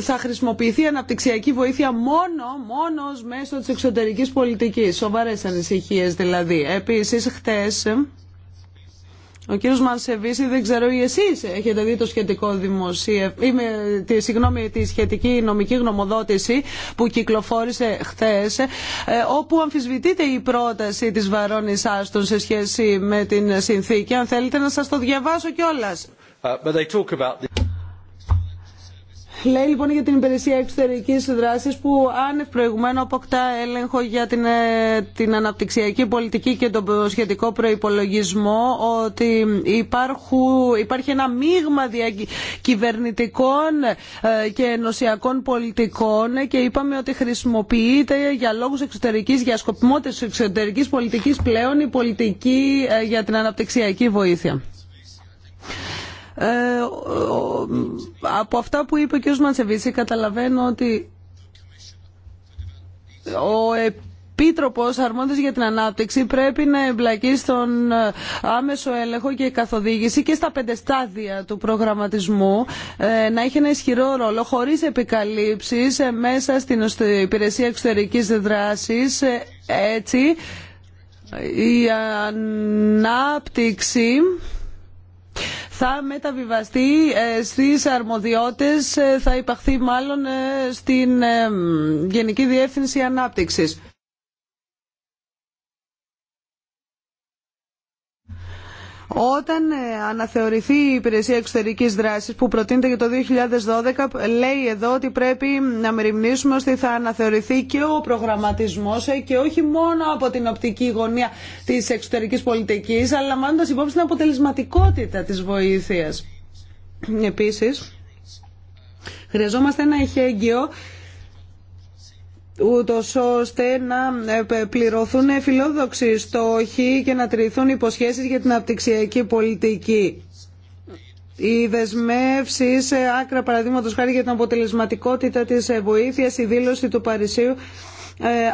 Speaker 3: θα χρησιμοποιηθεί η αναπτυξιακή βοήθεια μόνο, μόνο μέσω της εξωτερικής πολιτικής. Σοβαρές ανησυχίες δηλαδή. Επίσης, χτες ο κύριος Μανσεβίση, δεν ξέρω ή εσείς έχετε δει το σχετικό δημοσίευμα, τη, συγγνώμη, τη σχετική νομική γνωμοδότηση που κυκλοφόρησε χθες, ε, όπου αμφισβητείται η πρόταση της Βαρόνης Άστον σε σχέση με την συνθήκη. Αν θέλετε να σας το διαβάσω κιόλας.
Speaker 2: Uh,
Speaker 3: Λέει λοιπόν για την υπηρεσία εξωτερική δράση που άνευ αποκτά έλεγχο για την, ε, την αναπτυξιακή πολιτική και τον σχετικό προπολογισμό ότι υπάρχει ένα μείγμα κυβερνητικών ε, και ενωσιακών πολιτικών και είπαμε ότι χρησιμοποιείται για λόγους εξωτερικής, για σκοπιμότητες εξωτερικής πολιτικής πλέον η πολιτική ε, για την αναπτυξιακή βοήθεια. Ε, από αυτά που είπε ο κ. Μαντσεβίση καταλαβαίνω ότι ο Επίτροπος Αρμόδιος για την Ανάπτυξη πρέπει να εμπλακεί στον ε, άμεσο έλεγχο και καθοδήγηση και στα πέντε στάδια του προγραμματισμού ε, να έχει ένα ισχυρό ρόλο χωρίς επικαλύψεις μέσα στην υπηρεσία εξωτερικής δράσης έτσι η ανάπτυξη θα μεταβιβαστεί ε, στις αρμοδιότητες, ε, θα υπαχθεί μάλλον ε, στην Γενική Διεύθυνση Ανάπτυξης. Όταν ε, αναθεωρηθεί η υπηρεσία εξωτερικής δράσης που προτείνεται για το 2012 λέει εδώ ότι πρέπει να μεριμνήσουμε ώστε θα αναθεωρηθεί και ο προγραμματισμός ε, και όχι μόνο από την οπτική γωνία της εξωτερικής πολιτικής αλλά λαμβάνοντας υπόψη την αποτελεσματικότητα της βοήθειας. Επίσης, χρειαζόμαστε ένα εχέγγυο ούτως ώστε να ε, πληρωθούν φιλόδοξοι στόχοι και να τηρηθούν υποσχέσεις για την απτυξιακή πολιτική. Οι δεσμεύσει ε, άκρα παραδείγματο χάρη για την αποτελεσματικότητα τη ε, βοήθεια, η δήλωση του Παρισίου.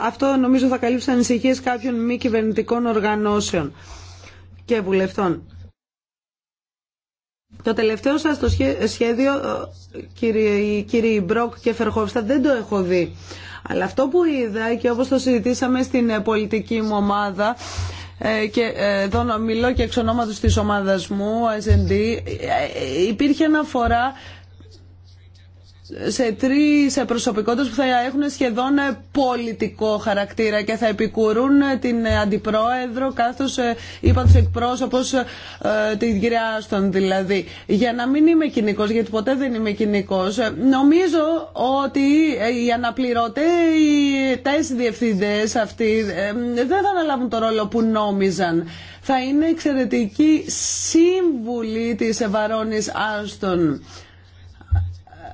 Speaker 3: αυτό νομίζω θα καλύψει ανησυχίε κάποιων μη κυβερνητικών οργανώσεων και βουλευτών. Το τελευταίο σας το σχέδιο, κύριοι Μπρόκ και Φερχόφστα, δεν το έχω δει. Αλλά αυτό που είδα και όπως το συζητήσαμε στην ε, πολιτική μου ομάδα ε, και ε, εδώ μιλώ και εξ ονόματος της ομάδας μου, SND, υπήρχε αναφορά σε σε προσωπικότητε που θα έχουν σχεδόν πολιτικό χαρακτήρα και θα επικουρούν την αντιπρόεδρο καθώς ε, είπα του εκπρόσωπος ε, την κυρία Άστον δηλαδή. Για να μην είμαι κοινικό, γιατί ποτέ δεν είμαι κοινικό, ε, νομίζω ότι οι αναπληρωτές, οι τέσσερις διευθυντέ αυτοί δεν θα αναλάβουν το ρόλο που νόμιζαν. Θα είναι εξαιρετική σύμβουλη της Ευαρώνης Άστον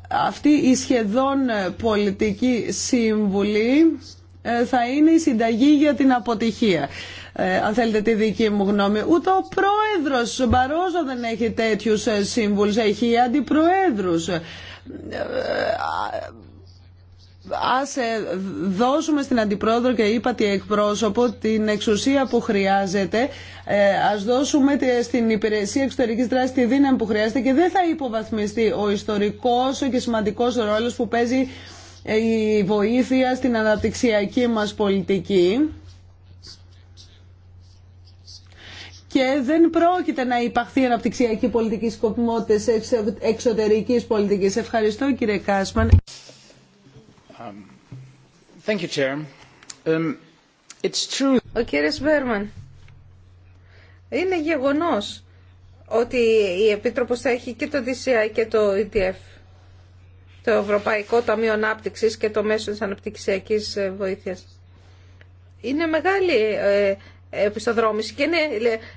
Speaker 3: αυτή η σχεδόν ε, πολιτική συμβουλή ε, θα είναι η συνταγή για την αποτυχία. Ε, αν θέλετε τη δική μου γνώμη. Ούτε ο πρόεδρος Μπαρόζο δεν έχει τέτοιους σύμβουλους, έχει αντιπροέδρους ας ε, δώσουμε στην Αντιπρόεδρο και ύπατη εκπρόσωπο την εξουσία που χρειάζεται, ε, ας δώσουμε στην υπηρεσία εξωτερικής δράσης τη δύναμη που χρειάζεται και δεν θα υποβαθμιστεί ο ιστορικός και σημαντικός ρόλος που παίζει ε, η βοήθεια στην αναπτυξιακή μας πολιτική. και δεν πρόκειται να υπαχθεί αναπτυξιακή πολιτική σκοπιμότητα εξωτερικής πολιτικής. Ευχαριστώ κύριε Κάσμαν. Um, thank Βέρμαν, um,
Speaker 1: είναι γεγονός ότι η Επίτροπος θα έχει και το DCI και το ETF, το Ευρωπαϊκό Ταμείο Ανάπτυξης και το Μέσο της Αναπτυξιακής ε, Βοήθειας. Είναι μεγάλη ε, επιστοδρόμηση και είναι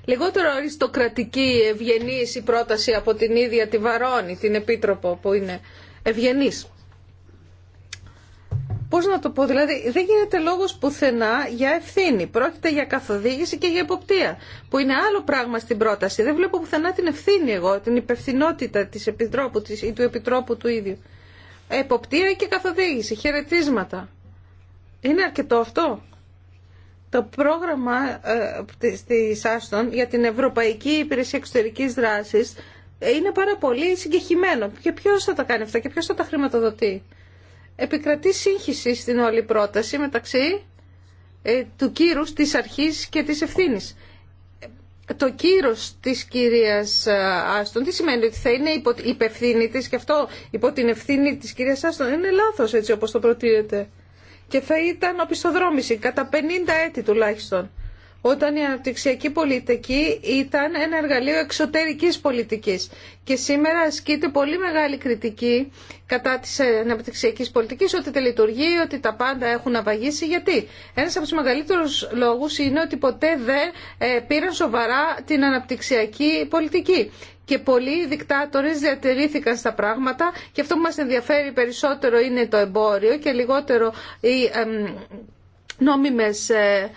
Speaker 1: λιγότερο αριστοκρατική ευγενής η πρόταση από την ίδια τη Βαρόνη, την Επίτροπο που είναι ευγενής πώς να το πω, δηλαδή δεν γίνεται λόγος πουθενά για ευθύνη. Πρόκειται για καθοδήγηση και για υποπτία, που είναι άλλο πράγμα στην πρόταση. Δεν βλέπω πουθενά την ευθύνη εγώ, την υπευθυνότητα τη επιτρόπου, της, ή του επιτρόπου του ίδιου. Εποπτεία και καθοδήγηση, χαιρετίσματα. Είναι αρκετό αυτό. Το πρόγραμμα ε, της, Άστον για την Ευρωπαϊκή Υπηρεσία Εξωτερική Δράσης ε, είναι πάρα πολύ συγκεχημένο. Και ποιο θα τα κάνει αυτά και ποιο θα τα χρηματοδοτεί επικρατεί σύγχυση στην όλη πρόταση μεταξύ ε, του κύρους της αρχής και της ευθύνης. Το κύρος της κυρίας ε, Άστον, τι σημαίνει ότι θα είναι υπό, υπευθύνη της και αυτό υπό την ευθύνη της κυρίας Άστον είναι λάθος έτσι όπως το προτείνεται. Και θα ήταν οπισθοδρόμηση κατά 50 έτη τουλάχιστον όταν η αναπτυξιακή πολιτική ήταν ένα εργαλείο εξωτερικής πολιτικής. Και σήμερα ασκείται πολύ μεγάλη κριτική κατά της αναπτυξιακής πολιτικής ότι δεν λειτουργεί, ότι τα πάντα έχουν αβαγίσει. Γιατί ένας από τους μεγαλύτερους λόγους είναι ότι ποτέ δεν ε, πήραν σοβαρά την αναπτυξιακή πολιτική και πολλοί δικτάτορες διατηρήθηκαν στα πράγματα και αυτό που μας ενδιαφέρει περισσότερο είναι το εμπόριο και λιγότερο οι νόμιμες ε,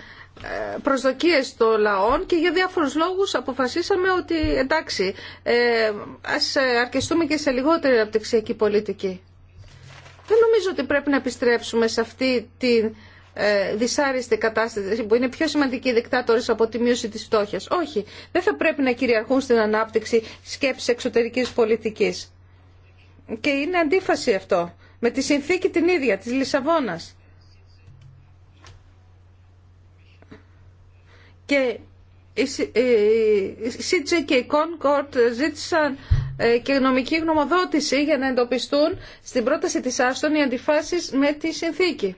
Speaker 1: ε, προσδοκίες των λαών και για διάφορους λόγους αποφασίσαμε ότι εντάξει ε, ας ε, αρκεστούμε και σε λιγότερη αναπτυξιακή πολιτική. Δεν νομίζω ότι πρέπει να επιστρέψουμε σε αυτή τη ε, κατάσταση που είναι πιο σημαντική οι από τη μείωση της φτώχειας. Όχι, δεν θα πρέπει να κυριαρχούν στην ανάπτυξη σκέψη εξωτερικής πολιτικής. Και είναι αντίφαση αυτό με τη συνθήκη την ίδια της Λισαβόνας Ε, και η ΣΥτσΕ και η Κόνκορτ ζήτησαν ε, και νομική γνωμοδότηση για να εντοπιστούν στην πρόταση της Άστον οι αντιφάσεις με τη συνθήκη.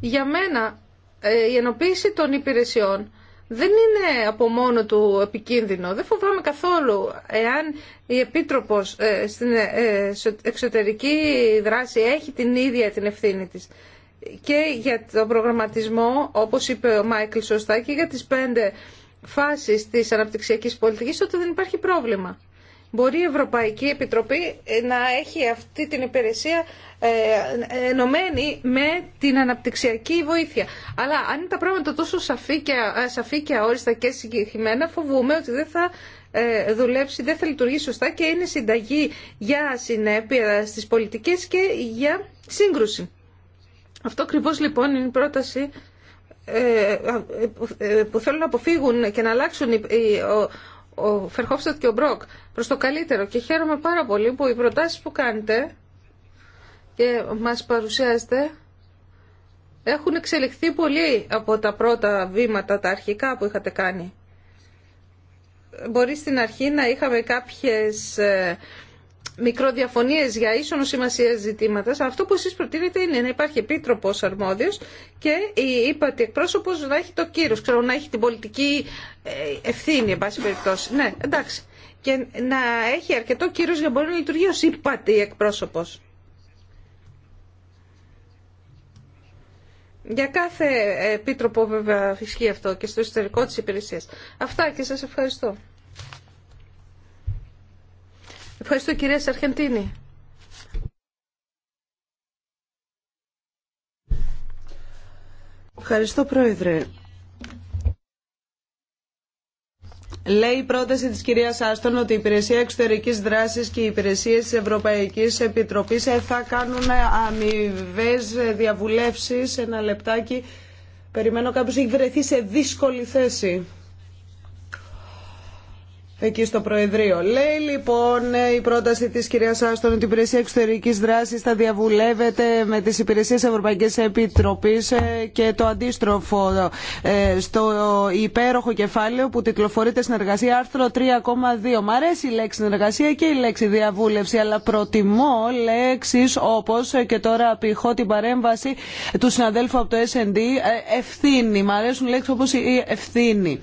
Speaker 1: Για μένα ε, η ενοποίηση των υπηρεσιών δεν είναι από μόνο του επικίνδυνο. Δεν φοβάμαι καθόλου εάν η Επίτροπος στην εξωτερική δράση έχει την ίδια την ευθύνη της και για τον προγραμματισμό, όπως είπε ο Μάικλ σωστά, και για τις πέντε φάσεις της αναπτυξιακής πολιτικής, ότι δεν υπάρχει πρόβλημα. Μπορεί η Ευρωπαϊκή Επιτροπή ε, να έχει αυτή την υπηρεσία ε, ενωμένη με την αναπτυξιακή βοήθεια. Αλλά αν είναι τα πράγματα τόσο σαφή και, σαφή και αόριστα και συγκεκριμένα, φοβούμε ότι δεν θα ε, δουλέψει, δεν θα λειτουργήσει σωστά και είναι συνταγή για συνέπεια στις πολιτικές και για σύγκρουση. Αυτό ακριβώ λοιπόν είναι η πρόταση ε, ε, ε, που θέλουν να αποφύγουν και να αλλάξουν ο, ο Φερχόφστατ και ο Μπροκ προς το καλύτερο και χαίρομαι πάρα πολύ που οι προτάσεις που κάνετε και μας παρουσιάζετε έχουν εξελιχθεί πολύ από τα πρώτα βήματα, τα αρχικά που είχατε κάνει. Μπορεί στην αρχή να είχαμε κάποιες μικροδιαφωνίες για ίσονο σημασία ζητήματα. Αυτό που εσείς προτείνετε είναι να υπάρχει επίτροπος αρμόδιος και η είπατε εκπρόσωπος να έχει το κύρος, ξέρω να έχει την πολιτική ε, ευθύνη, εν πάση περιπτώσει. Ναι, εντάξει. Και να έχει αρκετό κύρος για να μπορεί να λειτουργεί ως είπατε εκπρόσωπος. Για κάθε επίτροπο βέβαια αυτό και στο εσωτερικό της υπηρεσίας. Αυτά και σας ευχαριστώ. Ευχαριστώ κυρία Σαρχεντίνη.
Speaker 3: Ευχαριστώ πρόεδρε. Λέει η πρόταση της κυρίας Άστον ότι η Υπηρεσία Εξωτερικής Δράσης και οι υπηρεσία της Ευρωπαϊκής Επιτροπής ε, θα κάνουν αμοιβέ διαβουλεύσεις. Ένα λεπτάκι. Περιμένω κάποιος έχει βρεθεί σε δύσκολη θέση εκεί στο Προεδρείο. Λέει λοιπόν ε, η πρόταση της κυρίας Άστον ότι η υπηρεσία εξωτερικής δράσης θα διαβουλεύεται με τις υπηρεσίες Ευρωπαϊκή Επιτροπής ε, και το αντίστροφο ε, στο υπέροχο κεφάλαιο που τυκλοφορείται συνεργασία άρθρο 3,2. Μ' αρέσει η λέξη συνεργασία και η λέξη διαβούλευση αλλά προτιμώ λέξεις όπω και τώρα απηχώ την παρέμβαση του συναδέλφου από το S&D ευθύνη. Μ' αρέσουν λέξεις όπω η ευθύνη.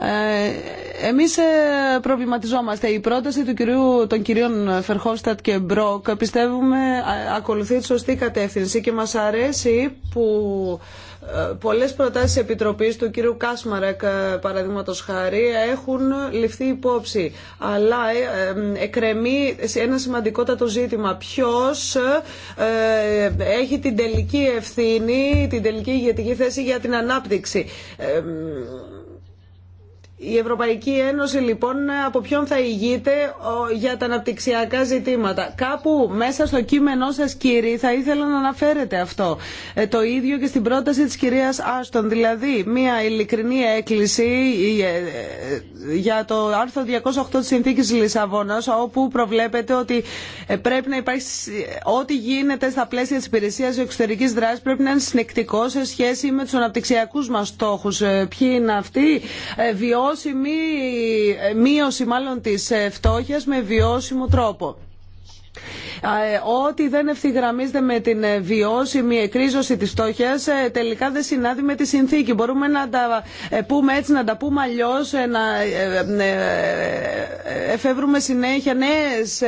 Speaker 3: Ε, εμείς ε, προβληματιζόμαστε. Η πρόταση του κυρίου, των κυρίων Φερχόστατ και Μπρόκ πιστεύουμε ακολουθεί τη σωστή κατεύθυνση και μας αρέσει που ε, πολλές προτάσεις επιτροπής του κύριου Κάσμαρακ παραδείγματος χάρη έχουν ληφθεί υπόψη αλλά εκρεμεί ένα σημαντικότατο ζήτημα ποιος έχει την τελική ευθύνη την τελική ηγετική θέση για την ανάπτυξη η Ευρωπαϊκή Ένωση λοιπόν από ποιον θα ηγείται για τα αναπτυξιακά ζητήματα. Κάπου μέσα στο κείμενό σας κύριοι θα ήθελα να αναφέρετε αυτό. Ε, το ίδιο και στην πρόταση της κυρίας Άστον. Δηλαδή μια ειλικρινή έκκληση ε, ε, για το άρθρο 208 της Συνθήκης Λισαβόνας όπου προβλέπεται ότι πρέπει να υπάρχει ό,τι γίνεται στα πλαίσια της υπηρεσίας εξωτερικής δράσης πρέπει να είναι συνεκτικό σε σχέση με τους αναπτυξιακούς μας στόχους. Ποιοι είναι αυτοί, βιώσιμη ε, μείωση μάλλον της ε, φτώχειας με βιώσιμο τρόπο. Ε, ό,τι δεν ευθυγραμμίζεται με την βιώσιμη εκρίζωση της στόχιας τελικά δεν συνάδει με τη συνθήκη. Μπορούμε να τα πούμε έτσι, να τα πούμε αλλιώς, να εφεύρουμε συνέχεια νέες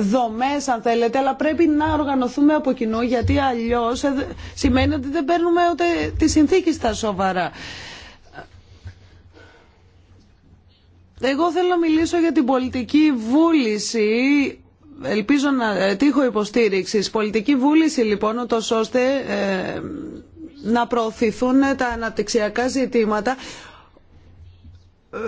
Speaker 3: δομές αν θέλετε, αλλά πρέπει να οργανωθούμε από κοινού γιατί αλλιώς σημαίνει ότι δεν παίρνουμε ούτε τη συνθήκη στα σοβαρά. Εγώ θέλω να μιλήσω για την πολιτική βούληση ελπίζω να ε, τύχω υποστήριξη. Πολιτική βούληση λοιπόν, ούτω ώστε ε, να προωθηθούν τα αναπτυξιακά ζητήματα ε,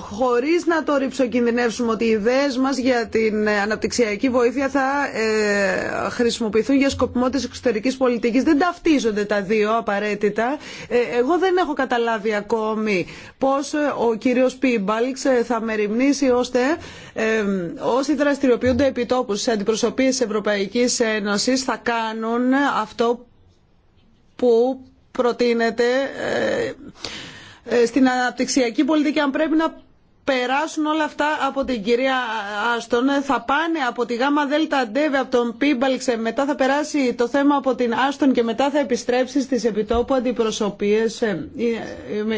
Speaker 3: χωρίς να το ρηψοκινδυνεύσουμε ότι οι ιδέες μας για την ε, αναπτυξιακή βοήθεια θα ε, χρησιμοποιηθούν για σκοπιμό της εξωτερικής πολιτικής. Δεν ταυτίζονται τα δύο απαραίτητα. εγώ δεν έχω καταλάβει ακόμη πώς ο κύριος Πίμπαλξ θα μεριμνήσει ώστε όσοι δραστηριοποιούνται επιτόπου τόπου στις αντιπροσωπείες της Ευρωπαϊκής Ένωσης θα κάνουν αυτό που προτείνεται ε, στην αναπτυξιακή πολιτική αν πρέπει να περάσουν όλα αυτά από την κυρία Άστον. Ε, θα πάνε από τη γάμα δέλτα από τον Πίμπαλξε, μετά θα περάσει το θέμα από την Άστον και μετά θα επιστρέψει στις επιτόπου αντιπροσωπείες. Ε,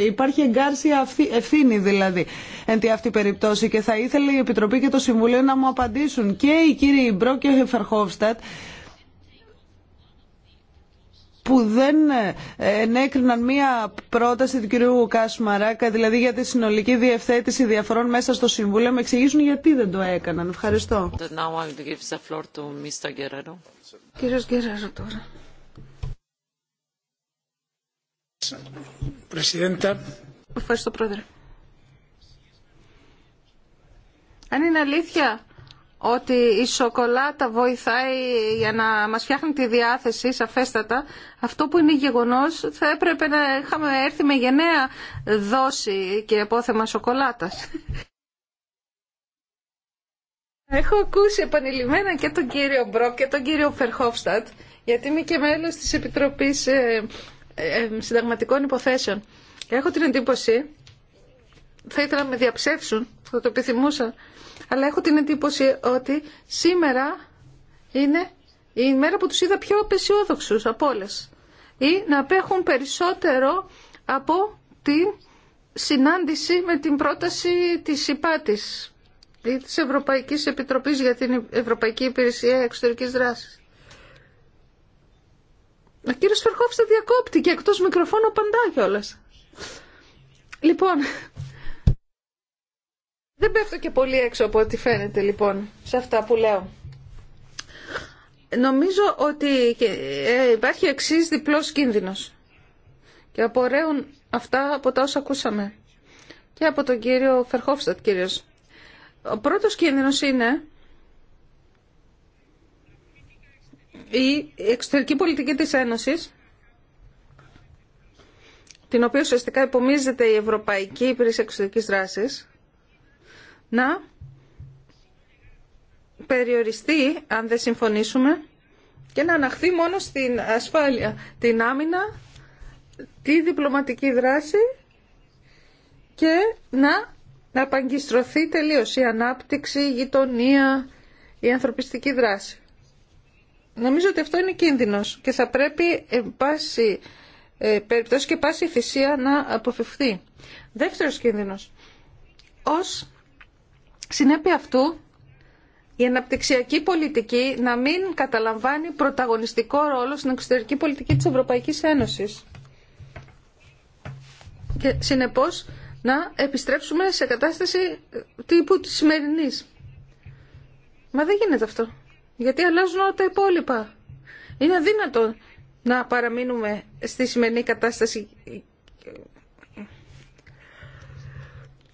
Speaker 3: υπάρχει εγκάρση ευθύνη δηλαδή εν τη αυτή περιπτώση και θα ήθελε η Επιτροπή και το Συμβουλίο να μου απαντήσουν και οι κύριοι Μπρό και Φερχόφστατ που δεν ε, ενέκριναν μία πρόταση του κυρίου Κάσμαρακα, δηλαδή για τη συνολική διευθέτηση διαφορών μέσα στο Συμβούλιο, με εξηγήσουν γιατί δεν το έκαναν. Ευχαριστώ. Κύριος Γκερέρο
Speaker 2: τώρα. Ευχαριστώ, Πρόεδρε.
Speaker 1: Αν είναι αλήθεια ότι η σοκολάτα βοηθάει για να μας φτιάχνει τη διάθεση σαφέστατα, αυτό που είναι γεγονός θα έπρεπε να είχαμε έρθει με γενναία δόση και απόθεμα σοκολάτας. Έχω ακούσει επανειλημμένα και τον κύριο Μπροκ και τον κύριο Φερχόφστατ, γιατί είμαι και μέλος της Επιτροπής ε, ε, ε, Συνταγματικών Υποθέσεων. Και έχω την εντύπωση, θα ήθελα να με διαψεύσουν, θα το επιθυμούσα, αλλά έχω την εντύπωση ότι σήμερα είναι η μέρα που τους είδα πιο απεσιόδοξους από όλες ή να απέχουν περισσότερο από την συνάντηση με την πρόταση της ΥΠΑΤΗΣ ή της Ευρωπαϊκής Επιτροπής για την Ευρωπαϊκή Υπηρεσία Εξωτερικής Δράσης. Ο κύριος Φερχόφστα διακόπτηκε. και εκτός μικροφώνου παντά κιόλας. Λοιπόν, δεν πέφτω και πολύ έξω από ό,τι φαίνεται λοιπόν σε αυτά που λέω. Νομίζω ότι ε, υπάρχει εξή διπλός κίνδυνος και απορρέουν αυτά από τα όσα ακούσαμε και από τον κύριο Φερχόφστατ κύριος. Ο πρώτος κίνδυνος είναι η εξωτερική πολιτική της Ένωσης την οποία ουσιαστικά υπομίζεται η Ευρωπαϊκή Υπηρεσία Εξωτερικής Δράσης να περιοριστεί αν δεν συμφωνήσουμε και να αναχθεί μόνο στην ασφάλεια, την άμυνα, τη διπλωματική δράση και να απαγκιστρωθεί τελείως η ανάπτυξη, η γειτονία, η ανθρωπιστική δράση. Νομίζω ότι αυτό είναι κίνδυνος και θα πρέπει εν πάση ε, περιπτώσει και πάση θυσία να αποφευθεί. Δεύτερος κίνδυνος. Ως Συνέπεια αυτού, η αναπτυξιακή πολιτική να μην καταλαμβάνει πρωταγωνιστικό ρόλο στην εξωτερική πολιτική της Ευρωπαϊκής Ένωσης. Και συνεπώς να επιστρέψουμε σε κατάσταση τύπου της σημερινής. Μα δεν γίνεται αυτό. Γιατί αλλάζουν όλα τα υπόλοιπα. Είναι αδύνατο να παραμείνουμε στη σημερινή κατάσταση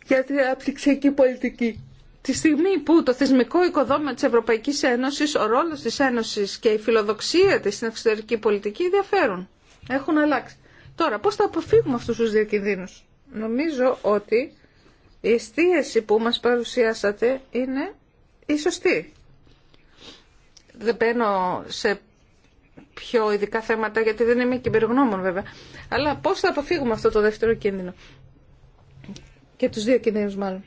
Speaker 1: για την αναπτυξιακή πολιτική. Τη στιγμή που το θεσμικό οικοδόμημα της Ευρωπαϊκής Ένωσης, ο ρόλος της Ένωσης και η φιλοδοξία της στην εξωτερική πολιτική διαφέρουν. Έχουν αλλάξει. Τώρα, πώς θα αποφύγουμε αυτούς τους δύο κινδύνους. Νομίζω ότι η εστίαση που μας παρουσιάσατε είναι η σωστή. Δεν μπαίνω σε πιο ειδικά θέματα, γιατί δεν είμαι κυμπεριγνώμων βέβαια. Αλλά πώς θα αποφύγουμε αυτό το δεύτερο κίνδυνο. Και τους δύο κινδύνους μάλλον.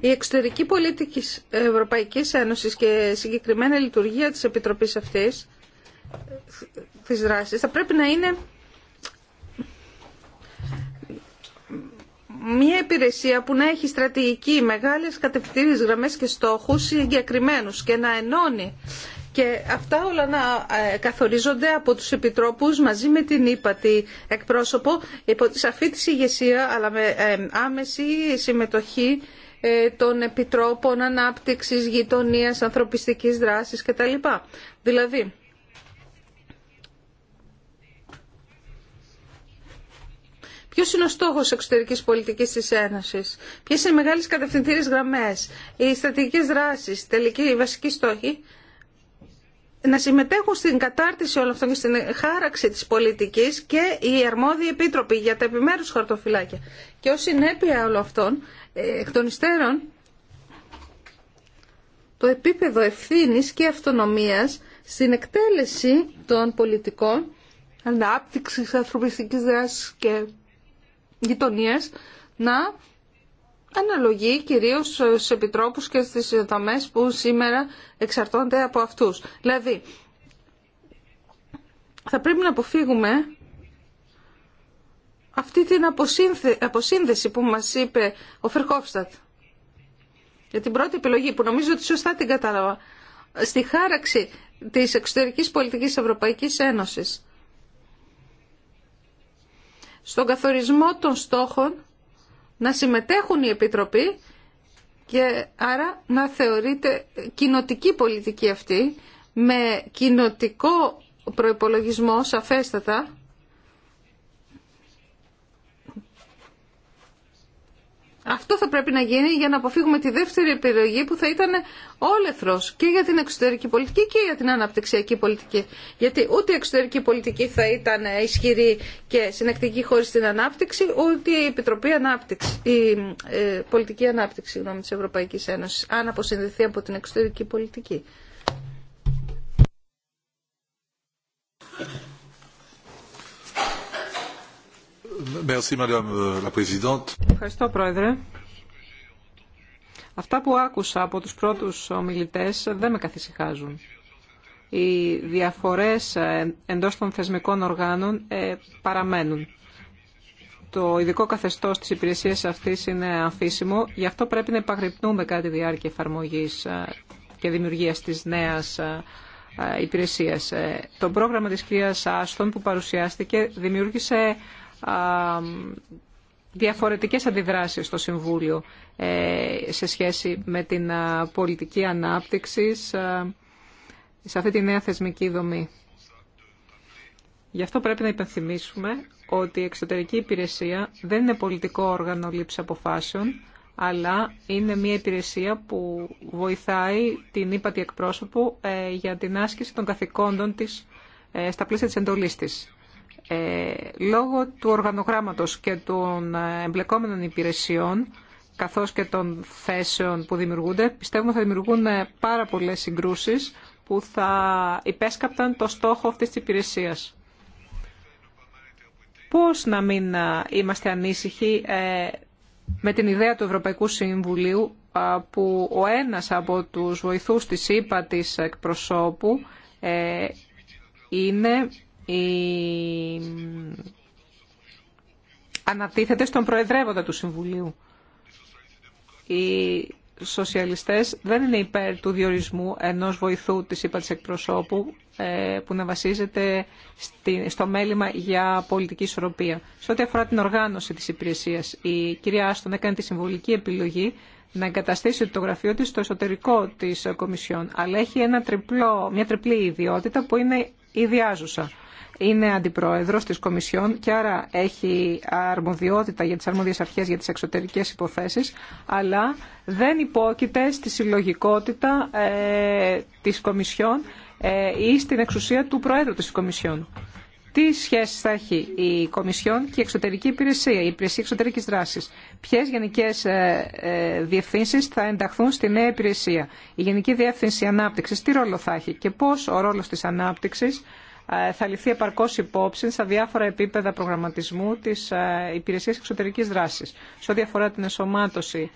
Speaker 1: Η εξωτερική πολιτική Ευρωπαϊκής Ένωσης και συγκεκριμένα η λειτουργία της Επιτροπής αυτής, της δράσης, θα πρέπει να είναι μια υπηρεσία που να έχει στρατηγική, μεγάλες κατευθύνσεις γραμμές και στόχους συγκεκριμένους και να ενώνει. Και αυτά όλα να ε, καθορίζονται από τους επιτρόπους μαζί με την ύπατη εκπρόσωπο υπό τη σαφή της ηγεσία αλλά με ε, άμεση συμμετοχή ε, των Επιτρόπων Ανάπτυξης, Γειτονίας, Ανθρωπιστικής Δράσης κτλ. Δηλαδή, ποιος είναι ο στόχος εξωτερικής πολιτικής τη Ένωση, ποιε είναι οι μεγάλες κατευθυντήριε γραμμές, οι στρατηγικέ δράσει, τελικοί, οι βασικοί στόχοι, να συμμετέχουν στην κατάρτιση όλων αυτών και στην χάραξη της πολιτικής και οι αρμόδιοι επίτροποι για τα επιμέρους χαρτοφυλάκια. Και ως συνέπεια όλων αυτών εκ των υστέρων το επίπεδο ευθύνης και αυτονομίας στην εκτέλεση των πολιτικών ανάπτυξης ανθρωπιστικής δράσης και γειτονίας να αναλογεί κυρίως στους επιτρόπους και στις δομές που σήμερα εξαρτώνται από αυτούς. Δηλαδή, θα πρέπει να αποφύγουμε αυτή την αποσύνδεση που μας είπε ο Φερχόφστατ. Για την πρώτη επιλογή που νομίζω ότι σωστά την κατάλαβα. Στη χάραξη της εξωτερικής πολιτικής Ευρωπαϊκής Ένωσης. Στον καθορισμό των στόχων να συμμετέχουν οι επιτροποί και άρα να θεωρείται κοινοτική πολιτική αυτή με κοινοτικό προϋπολογισμό σαφέστατα Αυτό θα πρέπει να γίνει για να αποφύγουμε τη δεύτερη επιλογή που θα ήταν όλεθρο και για την εξωτερική πολιτική και για την αναπτυξιακή πολιτική. Γιατί ούτε η εξωτερική πολιτική θα ήταν ισχυρή και συνεκτική χωρίς την ανάπτυξη, ούτε η, Επιτροπή ανάπτυξη, η ε, πολιτική ανάπτυξη τη της Ευρωπαϊκής αν αποσυνδεθεί από την εξωτερική πολιτική.
Speaker 2: Euh,
Speaker 4: Ευχαριστώ, Πρόεδρε. Αυτά που άκουσα από τους πρώτους ομιλητές δεν με καθησυχάζουν. Οι διαφορές ε, εντός των θεσμικών οργάνων ε, παραμένουν. Το ειδικό καθεστώς της υπηρεσίας αυτής είναι αμφίσιμο, γι' αυτό πρέπει να υπαγρυπνούμε κάτι διάρκεια εφαρμογής ε, και δημιουργίας της νέας υπηρεσίας. Το πρόγραμμα της κυρίας Άστον που παρουσιάστηκε δημιούργησε διαφορετικές αντιδράσεις στο Συμβούλιο ε, σε σχέση με την πολιτική ανάπτυξη σε αυτή τη νέα θεσμική δομή. Γι' αυτό πρέπει να υπενθυμίσουμε ότι η εξωτερική υπηρεσία δεν είναι πολιτικό όργανο λήψη αποφάσεων, αλλά είναι μια υπηρεσία που βοηθάει την ύπατη εκπρόσωπο ε, για την άσκηση των καθηκόντων της ε, στα πλαίσια της εντολής της. Ε, λόγω του οργανογράμματος και των ε, εμπλεκόμενων υπηρεσιών, καθώς και των θέσεων που δημιουργούνται, πιστεύουμε θα δημιουργούν ε, πάρα πολλές συγκρούσεις που θα υπέσκαπταν το στόχο αυτής της υπηρεσίας. Πώς να μην είμαστε ανήσυχοι με την ιδέα του Ευρωπαϊκού Συμβουλίου που ο ένας από τους βοηθούς της ΥΠΑ της εκπροσώπου είναι ανατίθεται στον Προεδρεύοντα του Συμβουλίου. Οι σοσιαλιστές δεν είναι υπέρ του διορισμού ενός βοηθού της ύπαρξης εκπροσώπου ε, που να βασίζεται στο μέλημα για πολιτική ισορροπία. Σε ό,τι αφορά την οργάνωση της υπηρεσίας, η κυρία Άστον έκανε τη συμβολική επιλογή να εγκαταστήσει το γραφείο της στο εσωτερικό της Κομισιόν, αλλά έχει ένα τριπλό, μια τριπλή ιδιότητα που είναι ιδιάζουσα είναι αντιπρόεδρος τη Κομισιόν και άρα έχει αρμοδιότητα για τι αρμόδιε αρχέ για τι εξωτερικέ υποθέσει, αλλά δεν υπόκειται στη συλλογικότητα ε, της Κομισιόν ε, ή στην εξουσία του Προέδρου της Κομισιόν. Τι σχέσει θα έχει η στην εξουσια του προεδρου τη κομισιον τι σχεσει θα εχει η κομισιον και η Εξωτερική Υπηρεσία, η Υπηρεσία Εξωτερική Δράση. Ποιε γενικέ ε, ε, διευθύνσει θα ενταχθούν στη νέα υπηρεσία. Η Γενική Διεύθυνση Ανάπτυξη τι ρόλο θα έχει και πώ ο ρόλο τη ανάπτυξη ε, θα ληφθεί επαρκώ υπόψη στα διάφορα επίπεδα προγραμματισμού της ε, υπηρεσία εξωτερικής δράσης. Σε ό,τι αφορά την ενσωμάτωση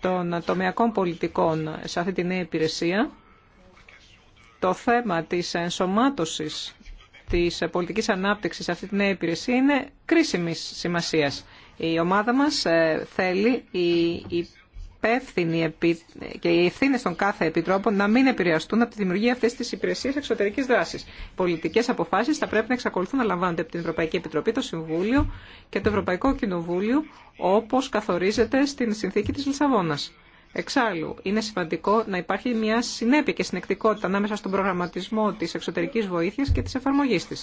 Speaker 4: των τομεακών πολιτικών σε αυτή τη νέα υπηρεσία, το θέμα της ενσωμάτωση της πολιτικής ανάπτυξης σε αυτή τη νέα υπηρεσία είναι κρίσιμης σημασίας. Η ομάδα μας ε, θέλει η υπεύθυνοι και οι ευθύνε των κάθε επιτρόπων να μην επηρεαστούν από τη δημιουργία αυτή τη υπηρεσία εξωτερική δράση. Οι πολιτικέ αποφάσει θα πρέπει να εξακολουθούν να λαμβάνονται από την Ευρωπαϊκή Επιτροπή, το Συμβούλιο και το Ευρωπαϊκό Κοινοβούλιο, όπω καθορίζεται στην συνθήκη τη Λισαβόνα. Εξάλλου, είναι σημαντικό να υπάρχει μια συνέπεια και συνεκτικότητα ανάμεσα στον προγραμματισμό τη εξωτερική βοήθεια και τη εφαρμογή τη.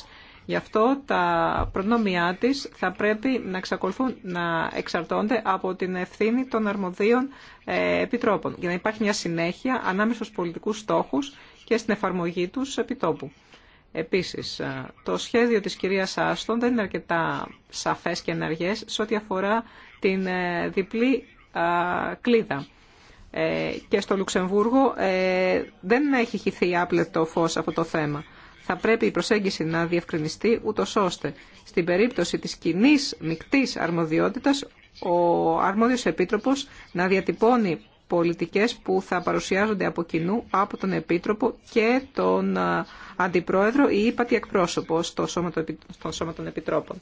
Speaker 4: Γι' αυτό τα προνόμια της θα πρέπει να εξακολουθούν να εξαρτώνται από την ευθύνη των αρμοδίων ε, επιτρόπων για να υπάρχει μια συνέχεια ανάμεσα στους πολιτικούς στόχους και στην εφαρμογή τους επιτόπου. Επίσης, ε, το σχέδιο της κυρίας Άστον δεν είναι αρκετά σαφές και ενεργές σε ό,τι αφορά την ε, διπλή κλίδα. Και στο Λουξεμβούργο δεν έχει χυθεί άπλετο φως από το θέμα θα πρέπει η προσέγγιση να διευκρινιστεί, ούτω ώστε στην περίπτωση της κοινή μεικτής αρμοδιότητας, ο αρμόδιος επίτροπος να διατυπώνει πολιτικές που θα παρουσιάζονται από κοινού από τον Επίτροπο και τον Αντιπρόεδρο ή ύπατη εκπρόσωπο στο Σώμα των Επιτρόπων.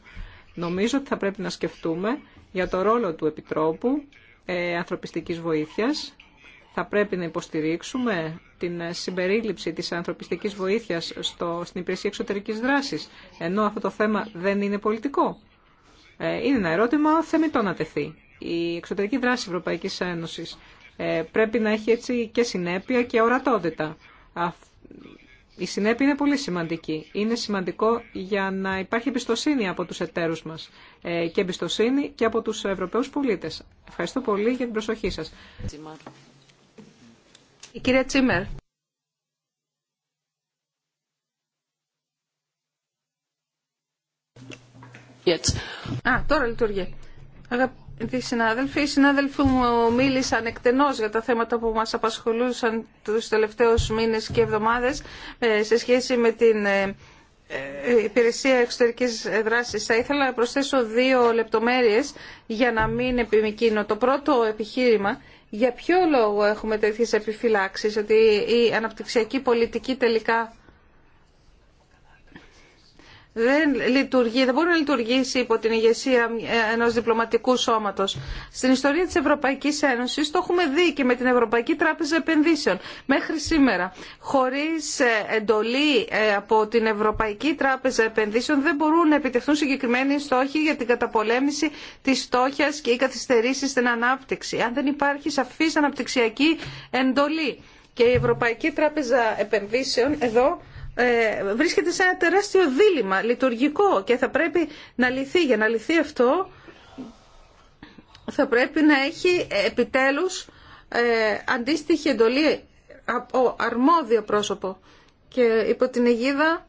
Speaker 4: Νομίζω ότι θα πρέπει να σκεφτούμε για το ρόλο του Επιτρόπου ε, ανθρωπιστικής βοήθειας θα πρέπει να υποστηρίξουμε την συμπερίληψη της ανθρωπιστικής βοήθειας στο, στην υπηρεσία εξωτερικής δράσης, ενώ αυτό το θέμα δεν είναι πολιτικό. Ε, είναι ένα ερώτημα θεμητό να τεθεί. Η εξωτερική δράση Ευρωπαϊκής Ένωσης ε, πρέπει να έχει έτσι και συνέπεια και ορατότητα. Η συνέπεια είναι πολύ σημαντική. Είναι σημαντικό για να υπάρχει εμπιστοσύνη από τους εταίρους μας ε, και εμπιστοσύνη και από τους Ευρωπαίους πολίτες. Ευχαριστώ πολύ για την προσοχή σας. Η κυρία Τσίμερ.
Speaker 1: Α, τώρα λειτουργεί. Αγαπητοί συνάδελφοι, οι συνάδελφοι μου μίλησαν εκτενώς για τα θέματα που μας απασχολούσαν τους τελευταίους μήνες και εβδομάδες ε, σε σχέση με την ε, ε, υπηρεσία εξωτερικής δράσης. Θα ήθελα να προσθέσω δύο λεπτομέρειες για να μην επιμηκύνω. Το πρώτο επιχείρημα για ποιο λόγο έχουμε τέτοιες επιφυλάξεις ότι η αναπτυξιακή πολιτική τελικά δεν λειτουργεί, δεν μπορεί να λειτουργήσει υπό την ηγεσία ενός διπλωματικού σώματος. Στην ιστορία της Ευρωπαϊκής Ένωσης το έχουμε δει και με την Ευρωπαϊκή Τράπεζα Επενδύσεων μέχρι σήμερα. Χωρίς ε, εντολή ε, από την Ευρωπαϊκή Τράπεζα Επενδύσεων δεν μπορούν να επιτευχθούν συγκεκριμένοι στόχοι για την καταπολέμηση της στόχιας και οι καθυστερήσει στην ανάπτυξη. Αν δεν υπάρχει σαφής αναπτυξιακή εντολή. Και η Ευρωπαϊκή Τράπεζα Επενδύσεων εδώ ε, βρίσκεται σε ένα τεράστιο δίλημα λειτουργικό και θα πρέπει να λυθεί. Για να λυθεί αυτό θα πρέπει να έχει επιτέλους ε, αντίστοιχη εντολή από αρμόδιο πρόσωπο και υπό την αιγίδα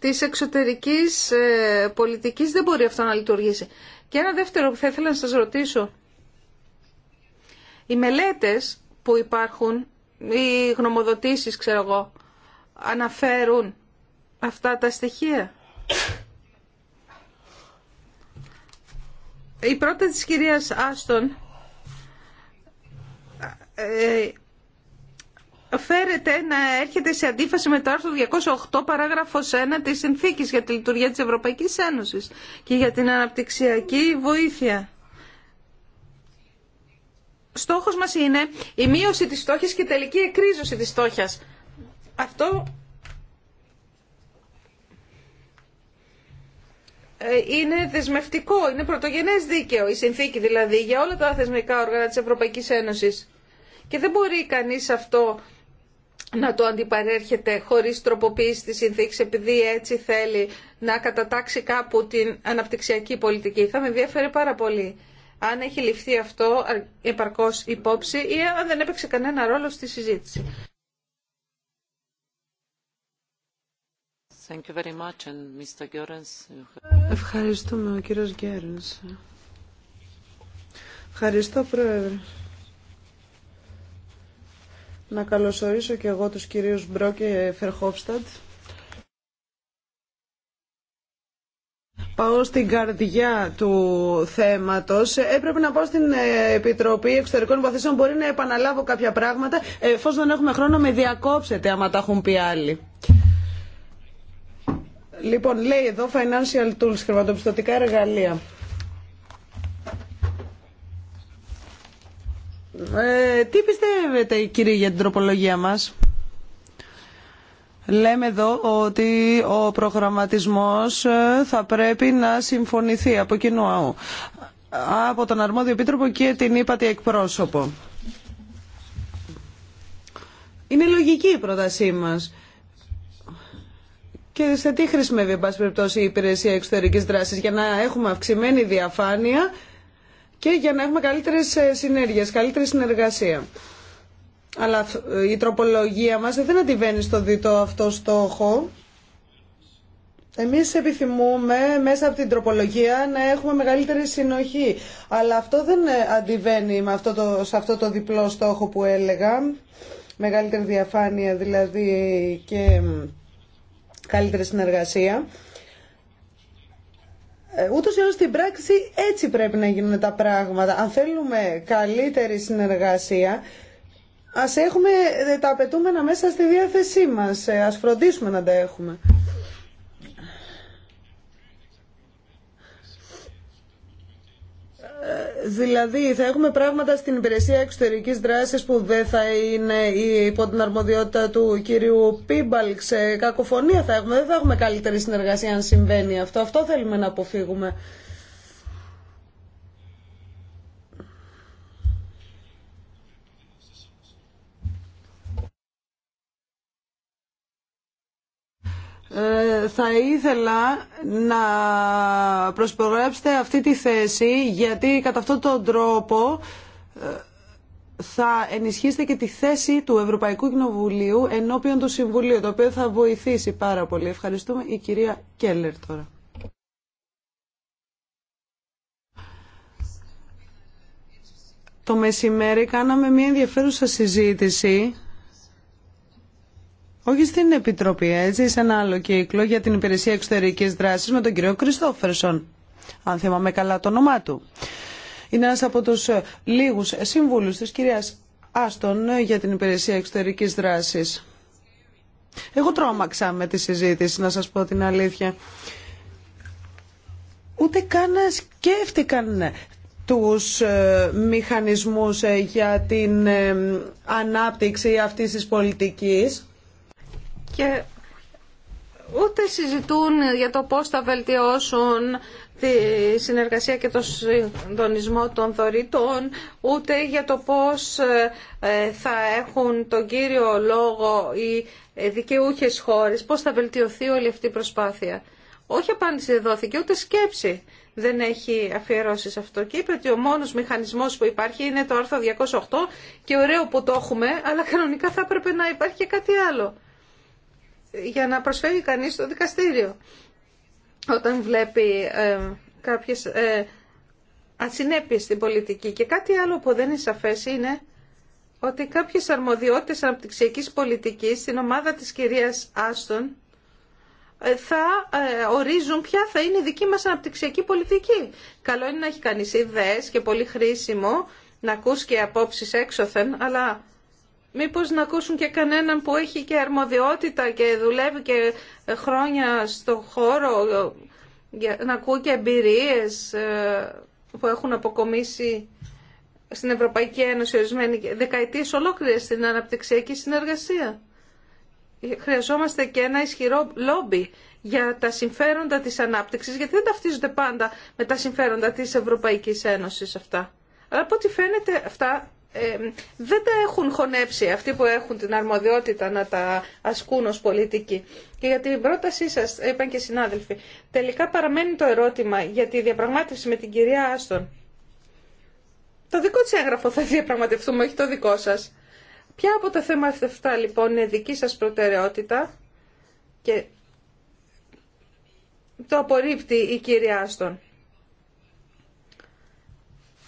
Speaker 1: της εξωτερικής ε, πολιτικής δεν μπορεί αυτό να λειτουργήσει. Και ένα δεύτερο που θα ήθελα να σας ρωτήσω. Οι μελέτες που υπάρχουν, οι γνωμοδοτήσεις ξέρω εγώ, αναφέρουν αυτά τα στοιχεία. Η πρώτη της κυρίας Άστον ε, φέρεται να έρχεται σε αντίφαση με το άρθρο 208 παράγραφος 1 της Συνθήκης για τη Λειτουργία της Ευρωπαϊκής Ένωσης και για την αναπτυξιακή βοήθεια. Στόχος μας είναι η μείωση της στόχης και η τελική εκρίζωση της στόχιας. Αυτό ε, είναι δεσμευτικό, είναι πρωτογενές δίκαιο η συνθήκη δηλαδή για όλα τα θεσμικά όργανα της Ευρωπαϊκής Ένωσης. Και δεν μπορεί κανείς αυτό να το αντιπαρέρχεται χωρίς τροποποίηση της συνθήκης επειδή έτσι θέλει να κατατάξει κάπου την αναπτυξιακή πολιτική. Θα με ενδιαφέρει πάρα πολύ αν έχει ληφθεί αυτό επαρκώς υπόψη ή αν δεν έπαιξε κανένα ρόλο στη
Speaker 3: συζήτηση. Ευχαριστούμε ο κύριος Ευχαριστώ πρόεδρε. Να καλωσορίσω και εγώ τους κυρίους Μπρό και Φερχόφστατ. Πάω στην καρδιά του θέματος. Ε, έπρεπε να πάω στην ε, Επιτροπή Εξωτερικών Υποθέσεων. Μπορεί να επαναλάβω κάποια πράγματα. Εφόσον δεν έχουμε χρόνο, με διακόψετε άμα τα έχουν πει άλλοι. Λοιπόν, λέει εδώ financial tools, χρηματοπιστωτικά εργαλεία. Ε, τι πιστεύετε κύριε για την τροπολογία μας. Λέμε εδώ ότι ο προγραμματισμός ε, θα πρέπει να συμφωνηθεί από κοινού από τον αρμόδιο επίτροπο και την ύπατη εκπρόσωπο. Είναι λογική η πρότασή μας και σε τι χρησιμεύει, εν πάση περιπτώσει, η υπηρεσία εξωτερική δράση για να έχουμε αυξημένη διαφάνεια και για να έχουμε καλύτερε συνέργειε, καλύτερη συνεργασία. Αλλά ε, η τροπολογία μας δεν αντιβαίνει στο διτό αυτό στόχο. Εμείς επιθυμούμε μέσα από την τροπολογία να έχουμε μεγαλύτερη συνοχή. Αλλά αυτό δεν ε, αντιβαίνει το, σε αυτό το διπλό στόχο που έλεγα. Μεγαλύτερη διαφάνεια δηλαδή και καλύτερη συνεργασία. Ε, ούτως ή στην πράξη έτσι πρέπει να γίνουν τα πράγματα. Αν θέλουμε καλύτερη συνεργασία, ας έχουμε ε, τα απαιτούμενα μέσα στη διάθεσή μας. Ε, ας φροντίσουμε να τα έχουμε. Δηλαδή θα έχουμε πράγματα στην υπηρεσία εξωτερικής δράσης που δεν θα είναι υπό την αρμοδιότητα του κυρίου Πίμπαλξ. Κακοφωνία θα έχουμε. Δεν θα έχουμε καλύτερη συνεργασία αν συμβαίνει αυτό. Αυτό θέλουμε να αποφύγουμε. Ε, θα ήθελα να προσπογράψετε αυτή τη θέση γιατί κατά αυτόν τον τρόπο ε, θα ενισχύσετε και τη θέση του Ευρωπαϊκού Κοινοβουλίου ενώπιον του Συμβουλίου, το οποίο θα βοηθήσει πάρα πολύ. Ευχαριστούμε η κυρία Κέλλερ τώρα. Το μεσημέρι κάναμε μια ενδιαφέρουσα συζήτηση όχι στην Επιτροπή, έτσι, σε ένα άλλο κύκλο για την Υπηρεσία Εξωτερικής Δράσης με τον κύριο Κριστόφερσον, αν θυμάμαι καλά το όνομά του. Είναι ένας από τους ε, λίγους συμβούλους της κυρίας Άστον ε, για την Υπηρεσία Εξωτερικής Δράσης. Εγώ τρόμαξα με τη συζήτηση, να σας πω την αλήθεια. Ούτε καν σκέφτηκαν τους ε, μηχανισμούς για την ανάπτυξη αυτής της πολιτικής και ούτε συζητούν
Speaker 1: για το πώς θα βελτιώσουν τη συνεργασία και τον συντονισμό των δωρητών, ούτε για το πώς ε, θα έχουν τον κύριο λόγο οι δικαιούχες χώρες, πώς θα βελτιωθεί όλη αυτή η προσπάθεια. Όχι απάντηση δόθηκε, ούτε σκέψη δεν έχει αφιερώσει σε αυτό. Και είπε ότι ο μόνος μηχανισμός που υπάρχει είναι το άρθρο 208 και ωραίο που το έχουμε, αλλά κανονικά θα έπρεπε να υπάρχει και κάτι άλλο για να προσφέρει κανείς στο δικαστήριο όταν βλέπει ε, κάποιες ε, ασυνέπειες στην πολιτική. Και κάτι άλλο που δεν είναι σαφές είναι ότι κάποιες αρμοδιότητες αναπτυξιακής πολιτικής στην ομάδα της κυρίας Άστον ε, θα ε, ορίζουν ποια θα είναι η δική μας αναπτυξιακή πολιτική. Καλό είναι να έχει κανείς ιδέες και πολύ χρήσιμο να ακούς και απόψεις έξωθεν, αλλά Μήπως να ακούσουν και κανέναν που έχει και αρμοδιότητα και δουλεύει και χρόνια στο χώρο, να ακούει και εμπειρίες ε, που έχουν αποκομίσει στην Ευρωπαϊκή Ένωση ορισμένη δεκαετίες ολόκληρες στην αναπτυξιακή συνεργασία. Χρειαζόμαστε και ένα ισχυρό λόμπι για τα συμφέροντα της ανάπτυξης, γιατί δεν ταυτίζονται πάντα με τα συμφέροντα της Ευρωπαϊκής Ένωσης αυτά. Αλλά από ό,τι φαίνεται αυτά ε, δεν τα έχουν χωνέψει αυτοί που έχουν την αρμοδιότητα να τα ασκούν ως πολιτικοί. Και για την πρότασή σας, είπαν και συνάδελφοι, τελικά παραμένει το ερώτημα για τη διαπραγμάτευση με την κυρία Άστον. Το δικό της έγγραφο θα διαπραγματευτούμε, όχι το δικό σας. Ποια από τα θέματα αυτά λοιπόν είναι δική σας προτεραιότητα και το απορρίπτει η κυρία Άστον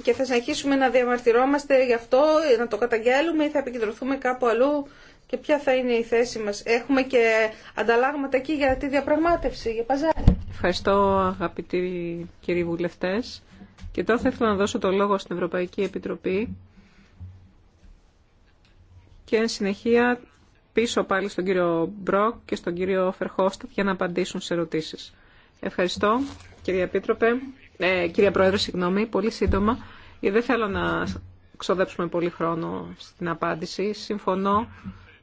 Speaker 1: και θα συνεχίσουμε να διαμαρτυρόμαστε γι' αυτό, να το καταγγέλουμε ή θα επικεντρωθούμε κάπου αλλού και ποια θα είναι η θέση μας. Έχουμε και ανταλλάγματα εκεί για τη διαπραγμάτευση, για παζάρι.
Speaker 4: Ευχαριστώ αγαπητοί κύριοι βουλευτές. Και τώρα θα ήθελα να δώσω το λόγο στην Ευρωπαϊκή Επιτροπή και εν συνεχεία πίσω πάλι στον κύριο Μπροκ και στον κύριο Φερχόστατ για να απαντήσουν σε ερωτήσεις. Ευχαριστώ κύριε Επίτροπε. Ε, κυρία Πρόεδρε, συγγνώμη, πολύ σύντομα, γιατί δεν θέλω να ξοδέψουμε πολύ χρόνο στην απάντηση. Συμφωνώ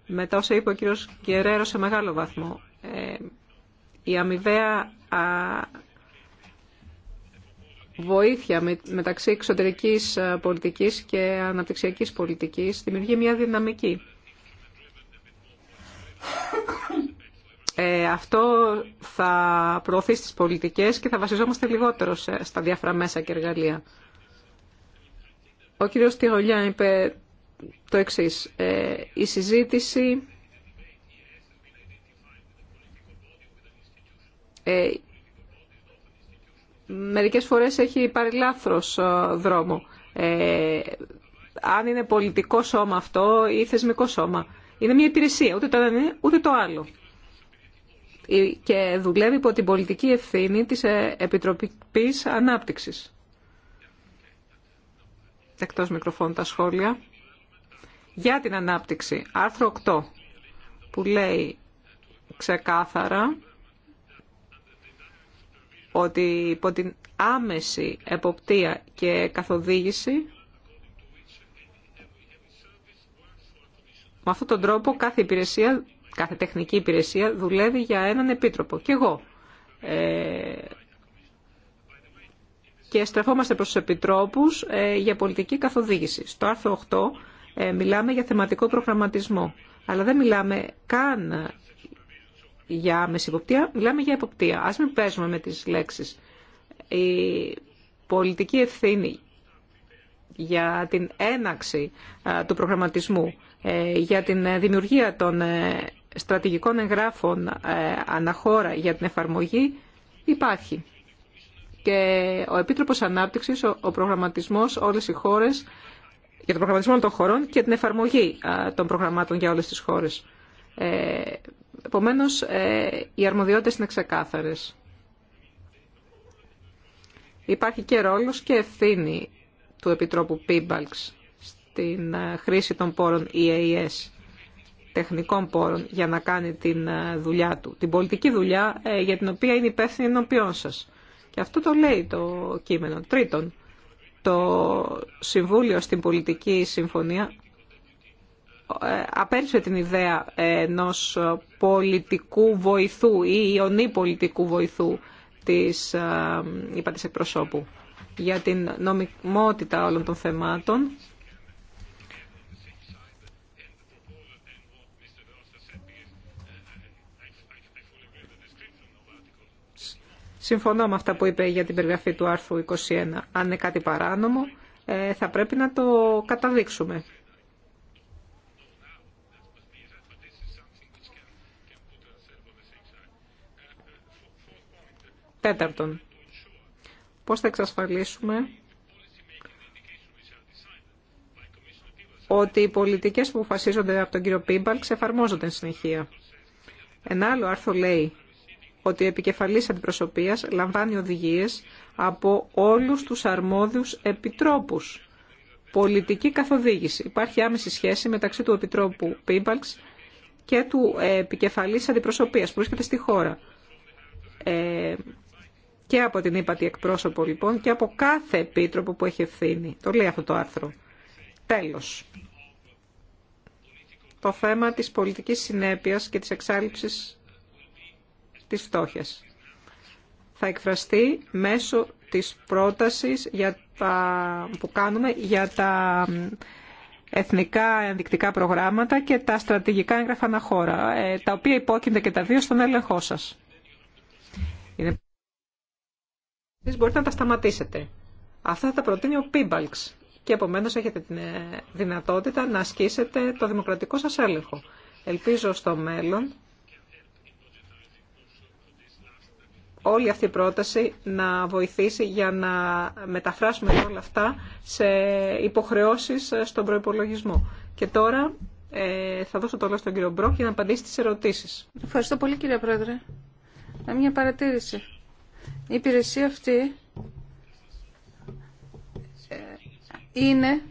Speaker 4: με τα όσα είπε ο κύριος Γκερέρο σε μεγάλο βαθμό. Ε, η αμοιβαία α, βοήθεια μεταξύ εξωτερικής πολιτικής και αναπτυξιακής πολιτικής δημιουργεί μια δυναμική ε, αυτό θα προωθήσει τις πολιτικές και θα βασιζόμαστε λιγότερο στα διάφορα μέσα και εργαλεία. Ο κύριος Τιγολιά είπε το εξής. Ε, η συζήτηση ε, μερικές φορές έχει πάρει λάθρος ε, δρόμο. Ε, αν είναι πολιτικό σώμα αυτό ή θεσμικό σώμα. Είναι μια υπηρεσία, ούτε το ένα είναι, ούτε το άλλο και δουλεύει υπό την πολιτική ευθύνη της ε, Επιτροπής Ανάπτυξης. Εκτός μικροφώνου τα σχόλια. Για την ανάπτυξη, άρθρο 8, που λέει ξεκάθαρα ότι υπό την άμεση εποπτεία και καθοδήγηση με αυτόν τον τρόπο κάθε υπηρεσία κάθε τεχνική υπηρεσία δουλεύει για έναν επίτροπο. Και εγώ. Ε, και στρεφόμαστε προς τους επιτρόπους ε, για πολιτική καθοδήγηση. Στο άρθρο 8 ε, μιλάμε για θεματικό προγραμματισμό. Αλλά δεν μιλάμε καν για άμεση μιλάμε για υποπτία. Ας μην παίζουμε με τις λέξεις. Η πολιτική ευθύνη για την έναξη ε, του προγραμματισμού, για την δημιουργία των στρατηγικών εγγράφων ε, αναχώρα για την εφαρμογή υπάρχει. Και ο Επίτροπος Ανάπτυξης, ο προγραμματισμός, όλες οι χώρες, για τον προγραμματισμό των χωρών και την εφαρμογή ε, των προγραμμάτων για όλες τις χώρες. Ε, επομένως, ε, οι αρμοδιότητες είναι ξεκάθαρες. Υπάρχει και ρόλος και ευθύνη του Επιτρόπου Πίμπαλξ στην χρήση των πόρων EAS τεχνικών πόρων για να κάνει την ε, δουλειά του, την πολιτική δουλειά ε, για την οποία είναι υπεύθυνη ενώπιόν σα. Και αυτό το λέει το κείμενο. Τρίτον, το Συμβούλιο στην Πολιτική Συμφωνία ε, απέρριψε την ιδέα ενός πολιτικού βοηθού ή ιονή πολιτικού βοηθού της, είπα, της εκπροσώπου για την νομιμότητα όλων των θεμάτων Συμφωνώ με αυτά που είπε για την περιγραφή του άρθρου 21. Αν είναι κάτι παράνομο, ε, θα πρέπει να το καταδείξουμε. Τέταρτον, πώς θα εξασφαλίσουμε ότι οι πολιτικές που αποφασίζονται από τον κύριο Πίμπαλξ εφαρμόζονται συνεχεία. Ένα άλλο άρθρο λέει ότι η επικεφαλής αντιπροσωπείας λαμβάνει οδηγίες από όλους τους αρμόδιους επιτρόπους. Πολιτική καθοδήγηση. Υπάρχει άμεση σχέση μεταξύ του Επιτρόπου Πίμπαλξ και του ε, επικεφαλής αντιπροσωπείας που βρίσκεται στη χώρα. Ε, και από την ύπατη εκπρόσωπο λοιπόν και από κάθε επίτροπο που έχει ευθύνη. Το λέει αυτό το άρθρο. Τέλος. Το θέμα της πολιτικής συνέπειας και της εξάλληψης της φτώχειας. Θα εκφραστεί μέσω της πρότασης για τα, που κάνουμε για τα εθνικά ενδεικτικά προγράμματα και τα στρατηγικά έγγραφα αναχώρα, ε, τα οποία υπόκεινται και τα δύο στον έλεγχό σας. Είναι... μπορείτε να τα σταματήσετε. Αυτά θα τα προτείνει ο Πίμπαλξ και επομένως έχετε τη ε, δυνατότητα να ασκήσετε το δημοκρατικό σας έλεγχο. Ελπίζω στο μέλλον όλη αυτή η πρόταση να βοηθήσει για να μεταφράσουμε όλα αυτά σε υποχρεώσεις στον προϋπολογισμό. Και τώρα ε, θα δώσω
Speaker 1: το λόγο στον κύριο Μπρόκ για να απαντήσει τις ερωτήσεις. Ευχαριστώ πολύ κύριε Πρόεδρε. Να μια παρατήρηση. Η υπηρεσία αυτή ε, είναι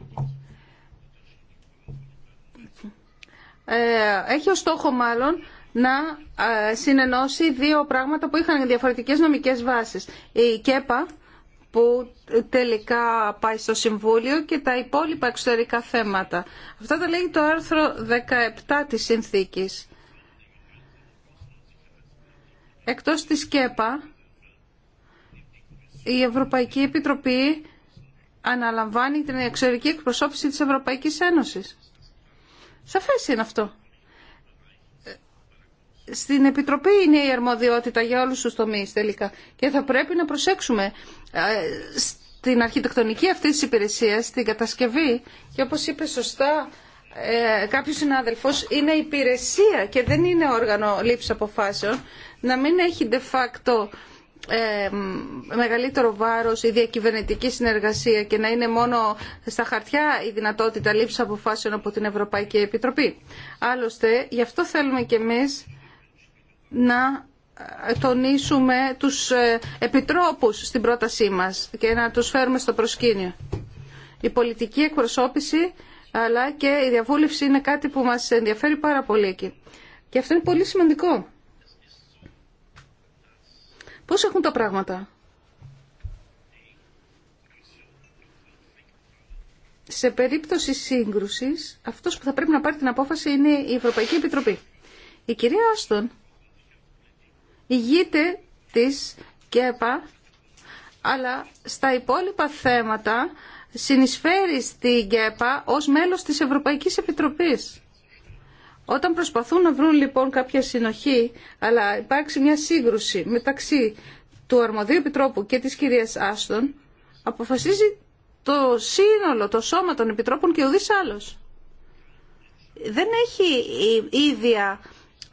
Speaker 1: ε, έχει ως στόχο μάλλον να ε, συνενώσει δύο πράγματα που είχαν διαφορετικές νομικές βάσεις. Η ΚΕΠΑ που τελικά πάει στο Συμβούλιο και τα υπόλοιπα εξωτερικά θέματα. Αυτά τα λέγει το άρθρο 17 της Συνθήκης. Εκτός της ΚΕΠΑ, η Ευρωπαϊκή Επιτροπή αναλαμβάνει την εξωτερική εκπροσώπηση της Ευρωπαϊκής Ένωσης. Σαφές είναι αυτό στην Επιτροπή είναι η αρμοδιότητα για όλους τους τομείς τελικά και θα πρέπει να προσέξουμε ε, στην αρχιτεκτονική αυτής της υπηρεσίας, στην κατασκευή και όπως είπε σωστά ε, κάποιος συνάδελφος είναι υπηρεσία και δεν είναι όργανο λήψης αποφάσεων να μην έχει de facto ε, μεγαλύτερο βάρος η διακυβερνητική συνεργασία και να είναι μόνο στα χαρτιά η δυνατότητα λήψης αποφάσεων από την Ευρωπαϊκή Επιτροπή. Άλλωστε, γι' αυτό θέλουμε κι εμείς να τονίσουμε τους ε, επιτρόπους στην πρότασή μας και να τους φέρουμε στο προσκήνιο. Η πολιτική εκπροσώπηση αλλά και η διαβούλευση είναι κάτι που μας ενδιαφέρει πάρα πολύ εκεί. Και αυτό είναι πολύ σημαντικό. Πώς έχουν τα πράγματα. Σε περίπτωση σύγκρουσης, αυτός που θα πρέπει να πάρει την απόφαση είναι η Ευρωπαϊκή Επιτροπή. Η κυρία Άστον ηγείται της ΚΕΠΑ, αλλά στα υπόλοιπα θέματα συνεισφέρει στην ΚΕΠΑ ως μέλος της Ευρωπαϊκής Επιτροπής. Όταν προσπαθούν να βρουν λοιπόν κάποια συνοχή, αλλά υπάρξει μια σύγκρουση μεταξύ του Αρμοδίου Επιτρόπου και της κυρίας Άστον, αποφασίζει το σύνολο, το σώμα των Επιτρόπων και ουδής άλλος. Δεν έχει η ίδια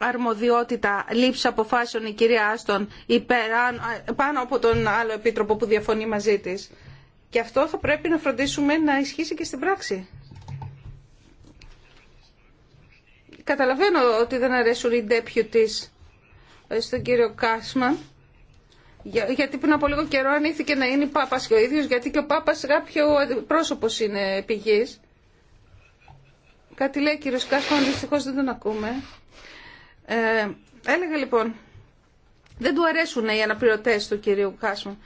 Speaker 1: αρμοδιότητα λήψη αποφάσεων η κυρία Άστον πάνω από τον άλλο επίτροπο που διαφωνεί μαζί τη. Και αυτό θα πρέπει να φροντίσουμε να ισχύσει και στην πράξη. Καταλαβαίνω ότι δεν αρέσουν οι της ε, στον κύριο Κάσμαν. γιατί πριν από λίγο καιρό ανήθηκε να είναι Πάπας και ο ίδιος, γιατί και ο Πάπα κάποιο πρόσωπο είναι πηγή. Κάτι λέει ο κύριος Κάσμαν, δυστυχώ δεν τον ακούμε. Ε, έλεγα λοιπόν, δεν του αρέσουν οι αναπληρωτές του κυρίου Κάσμα,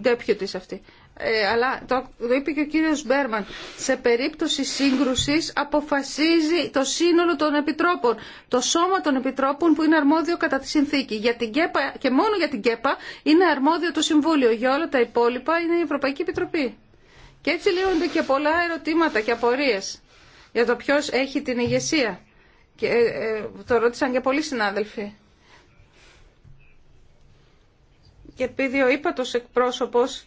Speaker 1: ντέπιουτης αυτή. Ε, αλλά το, το είπε και ο κύριος Μπέρμαν, σε περίπτωση σύγκρουσης αποφασίζει το σύνολο των επιτρόπων, το σώμα των επιτρόπων που είναι αρμόδιο κατά τη συνθήκη. Για ΚΕΠΑ, και μόνο για την ΚΕΠΑ είναι αρμόδιο το Συμβούλιο, για όλα τα υπόλοιπα είναι η Ευρωπαϊκή Επιτροπή. Και έτσι λύνονται και πολλά ερωτήματα και απορίες για το ποιος έχει την ηγεσία. Και ε, ε, το ρώτησαν και πολλοί συνάδελφοι. Και επειδή ο ύπατος εκπρόσωπος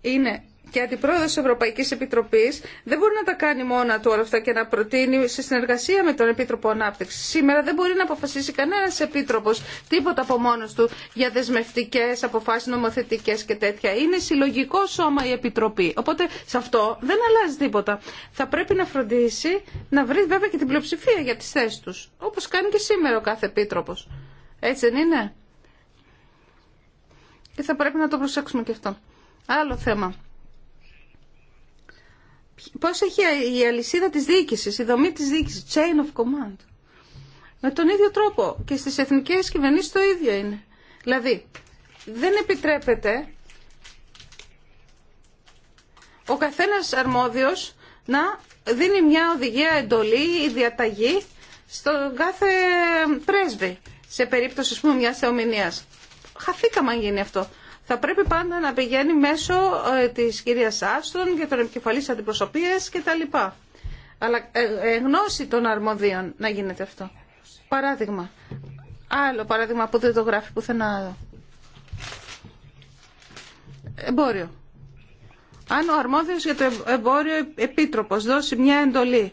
Speaker 1: είναι και αντιπρόεδρο τη Ευρωπαϊκή Επιτροπής δεν μπορεί να τα κάνει μόνα του όλα αυτά και να προτείνει σε συνεργασία με τον Επίτροπο Ανάπτυξη. Σήμερα δεν μπορεί να αποφασίσει κανένα επίτροπο τίποτα από μόνο του για δεσμευτικέ αποφάσει νομοθετικέ και τέτοια. Είναι συλλογικό σώμα η Επιτροπή. Οπότε σε αυτό δεν αλλάζει τίποτα. Θα πρέπει να φροντίσει να βρει βέβαια και την πλειοψηφία για τι θέσει του. Όπω κάνει και σήμερα ο κάθε επίτροπο. Έτσι δεν είναι. Και θα πρέπει να το προσέξουμε και αυτό. Άλλο θέμα πώς έχει η αλυσίδα της διοίκησης, η δομή της διοίκησης, chain of command. Με τον ίδιο τρόπο και στις εθνικές κυβερνήσεις το ίδιο είναι. Δηλαδή, δεν επιτρέπεται ο καθένας αρμόδιος να δίνει μια οδηγία εντολή ή διαταγή στον κάθε πρέσβη σε περίπτωση μια μιας θεομηνίας. Χαθήκαμε αν γίνει αυτό θα πρέπει πάντα να πηγαίνει μέσω ε, της κυρίας Άστον και των επικεφαλής αντιπροσωπείας και τα λοιπά. Αλλά ε, ε, γνώση των αρμοδίων να γίνεται αυτό. Παράδειγμα. Άλλο παράδειγμα που δεν το γράφει πουθενά. Εμπόριο. Αν ο αρμόδιος για το εμπόριο επίτροπος δώσει μια εντολή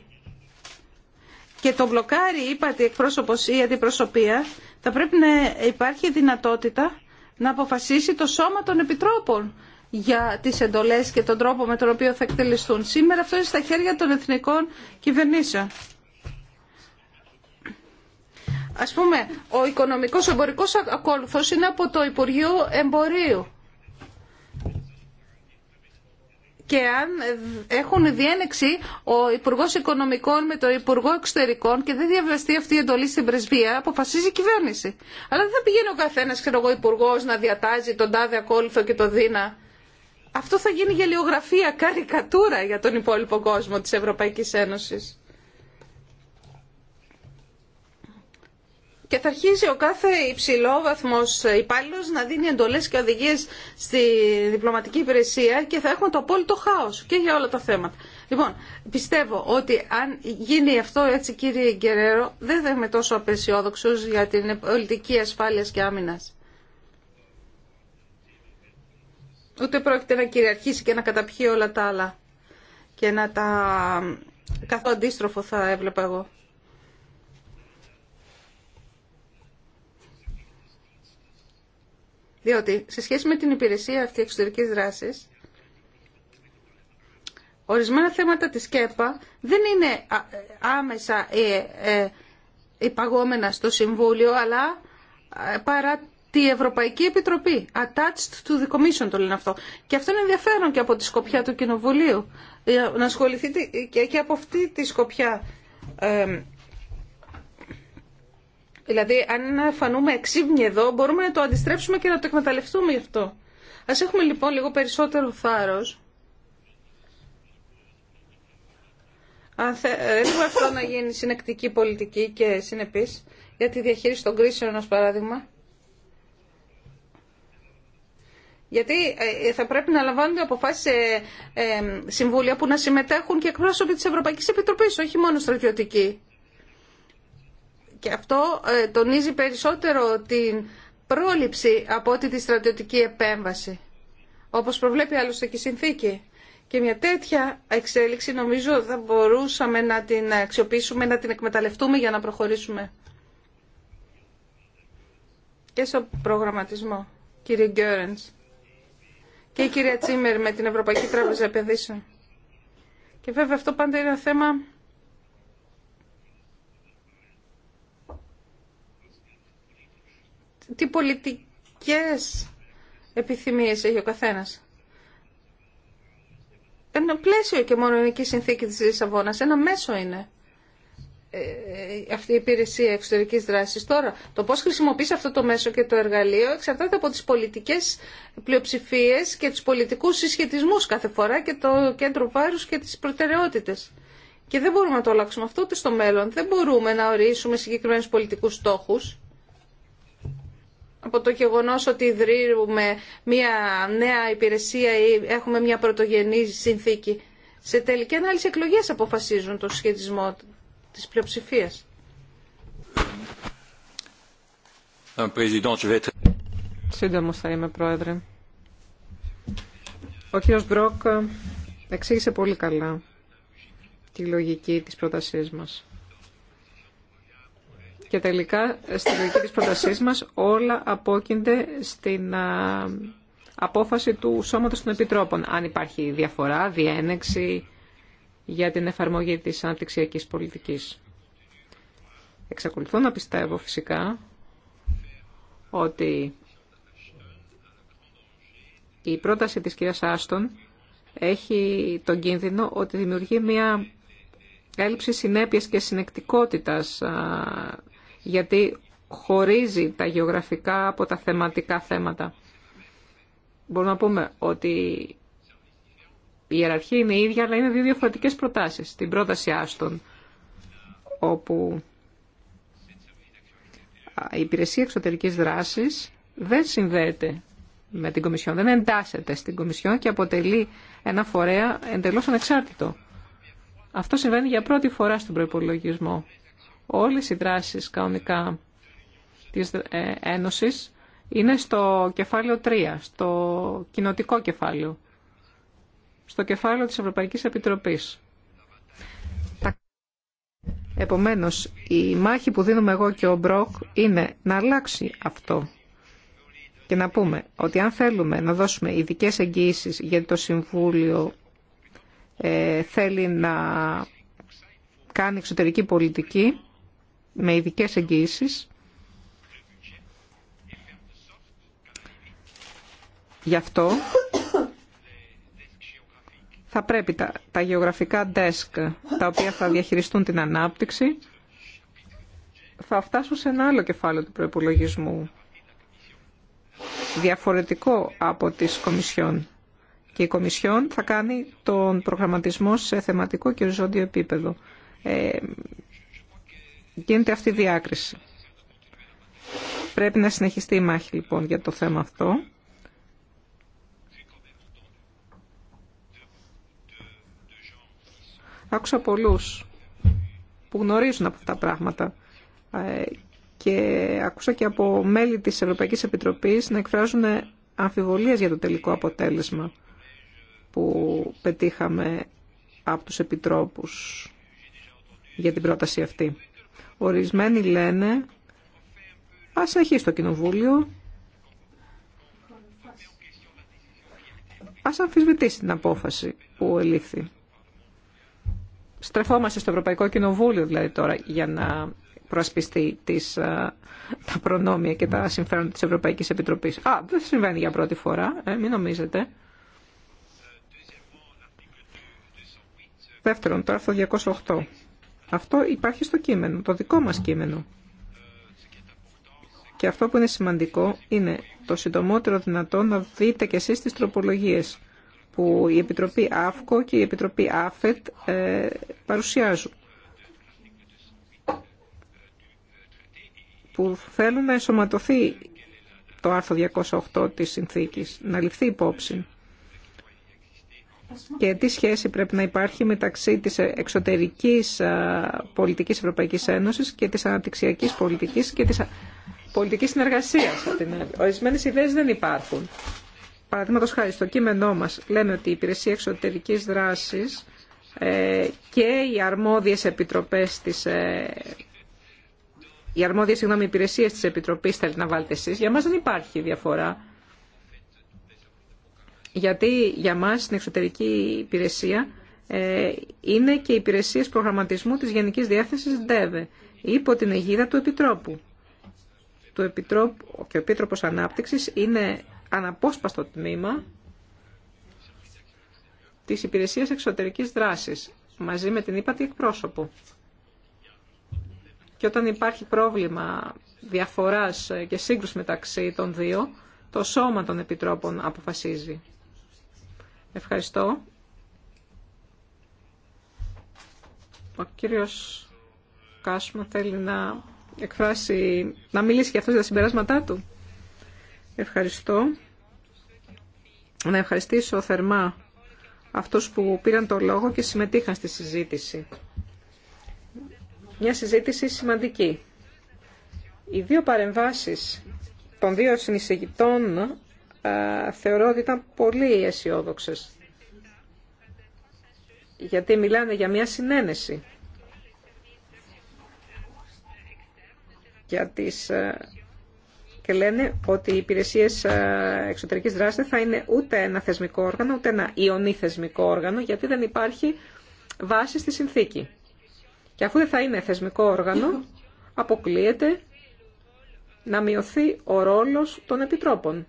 Speaker 1: και το μπλοκάρει, είπατε, εκπρόσωπος ή αντιπροσωπεία, θα πρέπει να υπάρχει δυνατότητα να αποφασίσει το σώμα των επιτρόπων για τις εντολές και τον τρόπο με τον οποίο θα εκτελεστούν. Σήμερα αυτό είναι στα χέρια των εθνικών κυβερνήσεων. Ας πούμε, ο οικονομικός εμπορικός ακόλουθος είναι από το Υπουργείο Εμπορίου. και αν έχουν διένεξη ο Υπουργό Οικονομικών με το Υπουργό Εξωτερικών και δεν διαβραστεί αυτή η εντολή στην πρεσβεία, αποφασίζει η κυβέρνηση. Αλλά δεν θα πηγαίνει ο καθένα, ξέρω εγώ, Υπουργό να διατάζει τον τάδε ακόλουθο και τον δίνα. Αυτό θα γίνει γελιογραφία, καρικατούρα για τον υπόλοιπο κόσμο τη Ευρωπαϊκή Ένωση. και θα αρχίσει ο κάθε υψηλό βαθμός υπάλληλο να δίνει εντολές και οδηγίες στη διπλωματική υπηρεσία και θα έχουμε το απόλυτο χάος και για όλα τα θέματα. Λοιπόν, πιστεύω ότι αν γίνει αυτό έτσι κύριε Γκερέρο, δεν θα είμαι τόσο απεσιόδοξος για την πολιτική ασφάλεια και άμυνα. Ούτε πρόκειται να κυριαρχήσει και να καταπιεί όλα τα άλλα και να τα... καθό αντίστροφο θα έβλεπα εγώ. Διότι σε σχέση με την υπηρεσία αυτή εξωτερικής δράσης, ορισμένα θέματα της ΚΕΠΑ δεν είναι άμεσα ε, ε, υπαγόμενα στο Συμβούλιο, αλλά ε, παρά τη Ευρωπαϊκή Επιτροπή. Attached to the Commission το λένε αυτό. Και αυτό είναι ενδιαφέρον και από τη σκοπιά του Κοινοβουλίου. Να ασχοληθείτε και από αυτή τη σκοπιά Δηλαδή, αν φανούμε εξύπνοι εδώ, μπορούμε να το αντιστρέψουμε και να το εκμεταλλευτούμε γι' αυτό. Ας έχουμε λοιπόν λίγο περισσότερο θάρρος. Αν θέλουμε ε, αυτό να γίνει συνεκτική πολιτική και συνεπής, για τη διαχείριση των κρίσεων, ως παράδειγμα, Γιατί ε, ε, θα πρέπει να λαμβάνονται αποφάσεις σε συμβούλια που να συμμετέχουν και εκπρόσωποι της Ευρωπαϊκής Επιτροπής, όχι μόνο στρατιωτικοί και αυτό ε, τονίζει περισσότερο την πρόληψη από ότι τη στρατιωτική επέμβαση, όπως προβλέπει άλλωστε και η συνθήκη. Και μια τέτοια εξέλιξη νομίζω θα μπορούσαμε να την αξιοποιήσουμε, να την εκμεταλλευτούμε για να προχωρήσουμε. Και στο προγραμματισμό, κύριε Γκέρενς. Και η κυρία Τσίμερ με την Ευρωπαϊκή Τράπεζα Επενδύσεων. Και βέβαια αυτό πάντα είναι ένα θέμα τι πολιτικές επιθυμίες έχει ο καθένας. Ένα πλαίσιο και μόνο είναι και η συνθήκη της Λισαβόνας. Ένα μέσο είναι ε, ε, αυτή η υπηρεσία εξωτερικής δράσης. Τώρα, το πώς χρησιμοποιείς αυτό το μέσο και το εργαλείο εξαρτάται από τις πολιτικές πλειοψηφίες και τους πολιτικούς συσχετισμούς κάθε φορά και το κέντρο βάρους και τις προτεραιότητες. Και δεν μπορούμε να το αλλάξουμε αυτό ούτε στο μέλλον. Δεν μπορούμε να ορίσουμε συγκεκριμένους πολιτικούς στόχους από το γεγονός ότι ιδρύουμε μια νέα υπηρεσία ή έχουμε μια πρωτογενή συνθήκη. Σε τελική ανάλυση εκλογές αποφασίζουν το σχετισμό της πλειοψηφίας.
Speaker 4: Σύντομος θα είμαι, Πρόεδρε. Ο κ. Μπρόκ εξήγησε πολύ καλά τη λογική της πρότασής μας. Και τελικά, στη λογική της πρότασής μας, όλα απόκεινται στην απόφαση του Σώματος των Επιτρόπων. Αν υπάρχει διαφορά, διένεξη για την εφαρμογή της αναπτυξιακής πολιτικής. Εξακολουθώ να πιστεύω φυσικά ότι η πρόταση της κυρίας Άστον έχει τον κίνδυνο ότι δημιουργεί μια έλλειψη συνέπειας και συνεκτικότητας γιατί χωρίζει τα γεωγραφικά από τα θεματικά θέματα. Μπορούμε να πούμε ότι η ιεραρχία είναι η ίδια, αλλά είναι δύο διαφορετικές προτάσεις. Την πρόταση Άστον, όπου η υπηρεσία εξωτερικής δράσης δεν συνδέεται με την Κομισιόν, δεν εντάσσεται στην Κομισιόν και αποτελεί ένα φορέα εντελώς ανεξάρτητο. Αυτό συμβαίνει για πρώτη φορά στον προπολογισμό Όλες οι δράσεις κανονικά της ε, Ένωσης είναι στο κεφάλαιο 3, στο κοινοτικό κεφάλαιο, στο κεφάλαιο της Ευρωπαϊκής Επιτροπής. Επομένως, η μάχη που δίνουμε εγώ και ο Μπροκ είναι να αλλάξει αυτό και να πούμε ότι αν θέλουμε να δώσουμε ειδικέ εγγυήσεις γιατί το Συμβούλιο ε, θέλει να κάνει εξωτερική πολιτική, με ειδικέ εγγύησει. Γι' αυτό θα πρέπει τα, γεωγραφικά desk τα οποία θα διαχειριστούν την ανάπτυξη θα φτάσουν σε ένα άλλο κεφάλαιο του προϋπολογισμού διαφορετικό από τις Κομισιόν. Και η Κομισιόν θα κάνει τον προγραμματισμό σε θεματικό και οριζόντιο επίπεδο. Ε, γίνεται αυτή η διάκριση. Πρέπει να συνεχιστεί η μάχη λοιπόν για το θέμα αυτό. Άκουσα πολλούς που γνωρίζουν από αυτά τα πράγματα ε, και άκουσα και από μέλη της Ευρωπαϊκής Επιτροπής να εκφράζουν αμφιβολίες για το τελικό αποτέλεσμα που πετύχαμε από τους επιτρόπους για την πρόταση αυτή. Ορισμένοι λένε, ας έχει το Κοινοβούλιο, ας αμφισβητήσει την απόφαση που ελήφθη. Στρεφόμαστε στο Ευρωπαϊκό Κοινοβούλιο δηλαδή τώρα για να προασπιστεί τις, ε, τα προνόμια και τα συμφέροντα της Ευρωπαϊκής Επιτροπής. Α, δεν συμβαίνει για πρώτη φορά, ε, μην νομίζετε. Δεύτερον, το άρθρο 208 αυτό υπάρχει στο κείμενο, το δικό μας κείμενο. Και αυτό που είναι σημαντικό είναι το συντομότερο δυνατό να δείτε και εσείς τις τροπολογίες που η Επιτροπή ΑΦΚΟ και η Επιτροπή ΑΦΕΤ ε, παρουσιάζουν. Που θέλουν να εσωματωθεί το άρθρο 208 της συνθήκης, να ληφθεί υπόψη και τι σχέση πρέπει να υπάρχει μεταξύ της εξωτερικής πολιτικής Ευρωπαϊκής Ένωσης και της αναπτυξιακής πολιτικής και της πολιτικής συνεργασίας. Ορισμένε ιδέες δεν υπάρχουν. Παραδείγματο χάρη στο κείμενό μας λέμε ότι η υπηρεσία εξωτερικής δράσης ε, και οι αρμόδιες επιτροπές της ε, οι αρμόδιες συγγνώμη, υπηρεσίες της Επιτροπής θέλετε να βάλετε εσείς. Για μας δεν υπάρχει διαφορά γιατί για μας στην εξωτερική υπηρεσία ε, είναι και οι υπηρεσίες προγραμματισμού της Γενικής Διεύθυνσης ΔΕΒΕ υπό την αιγίδα του Επιτρόπου. Του Επιτρόπου και ο Επίτροπος Ανάπτυξης είναι αναπόσπαστο τμήμα της Υπηρεσίας Εξωτερικής Δράσης μαζί με την ύπατη εκπρόσωπο. Και όταν υπάρχει πρόβλημα διαφοράς και σύγκρουση μεταξύ των δύο, το σώμα των Επιτρόπων αποφασίζει. Ευχαριστώ. Ο κύριος Κάσμα θέλει να εκφράσει, να μιλήσει για αυτό τα συμπεράσματά του. Ευχαριστώ. Να ευχαριστήσω θερμά αυτούς που πήραν το λόγο και συμμετείχαν στη συζήτηση. Μια συζήτηση σημαντική. Οι δύο παρεμβάσεις των δύο συνεισηγητών ε, θεωρώ ότι ήταν πολύ αισιόδοξε. Γιατί μιλάνε για μια συνένεση για τις, ε, και λένε ότι οι υπηρεσίε ε, εξωτερικής δράση δεν θα είναι ούτε ένα θεσμικό όργανο, ούτε ένα ιονή θεσμικό όργανο, γιατί δεν υπάρχει βάση στη συνθήκη. Και αφού δεν θα είναι θεσμικό όργανο, αποκλείεται να μειωθεί ο ρόλος των επιτρόπων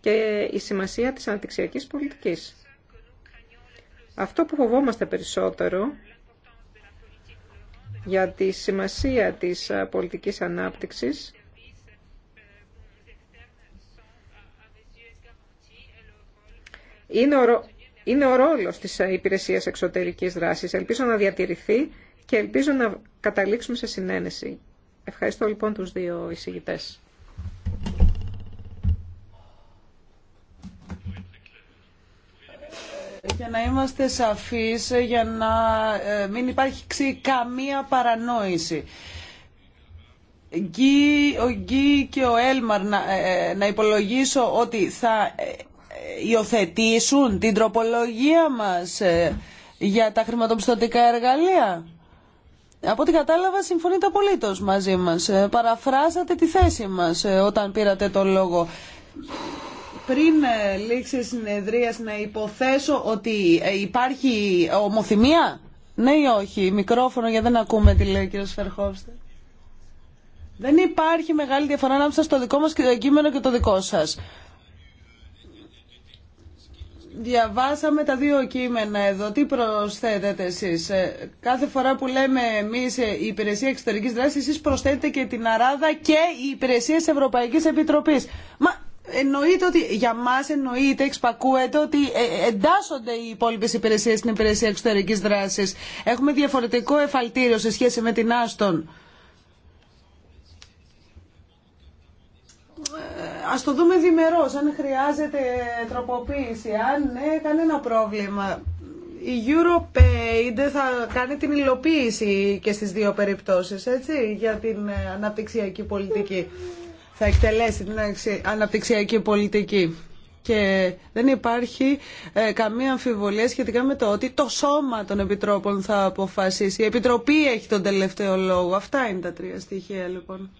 Speaker 4: και η σημασία της αναπτυξιακής πολιτικής. Αυτό που φοβόμαστε περισσότερο για τη σημασία της πολιτικής ανάπτυξης είναι ο, είναι ο ρόλος της υπηρεσίας εξωτερικής δράσης. Ελπίζω να διατηρηθεί και ελπίζω να καταλήξουμε σε συνένεση. Ευχαριστώ λοιπόν τους δύο εισηγητές.
Speaker 3: για να είμαστε σαφείς, για να ε, μην υπάρχει καμία παρανόηση. Ο Γκί και ο Έλμαρ να, ε, ε, να υπολογίσω ότι θα υιοθετήσουν την τροπολογία μας για τα χρηματοπιστωτικά εργαλεία. Από ό,τι κατάλαβα συμφωνείτε απολύτως μαζί μας. Παραφράσατε τη θέση μας όταν πήρατε το λόγο πριν ε, λήξει συνεδρίας να υποθέσω ότι ε, υπάρχει ομοθυμία. Ναι ή όχι. Μικρόφωνο γιατί δεν ακούμε τι λέει ο κύριος Δεν υπάρχει μεγάλη διαφορά ανάμεσα στο δικό μας κείμενο και το δικό σας. Διαβάσαμε τα δύο κείμενα εδώ. Τι προσθέτετε εσείς. Ε, κάθε φορά που λέμε εμείς η υπηρεσία εξωτερικής δράσης, εσείς προσθέτετε και την Αράδα και οι υπηρεσίες Ευρωπαϊκής Επιτροπής. Μα εννοείται ότι για μα εννοείται, εξπακούεται ότι ε, ε, εντάσσονται οι υπόλοιπε υπηρεσίες στην υπηρεσία εξωτερικής δράσης. Έχουμε διαφορετικό εφαλτήριο σε σχέση με την Άστον. Ε, ας το δούμε διμερώς, αν χρειάζεται τροποποίηση, αν ναι, κανένα πρόβλημα. Η Europaid θα κάνει την υλοποίηση και στις δύο περιπτώσεις, έτσι, για την αναπτυξιακή πολιτική θα εκτελέσει την αναπτυξιακή πολιτική. Και δεν υπάρχει ε, καμία αμφιβολία σχετικά με το ότι το σώμα των Επιτρόπων θα αποφασίσει. Η Επιτροπή έχει τον τελευταίο λόγο. Αυτά είναι τα τρία στοιχεία λοιπόν.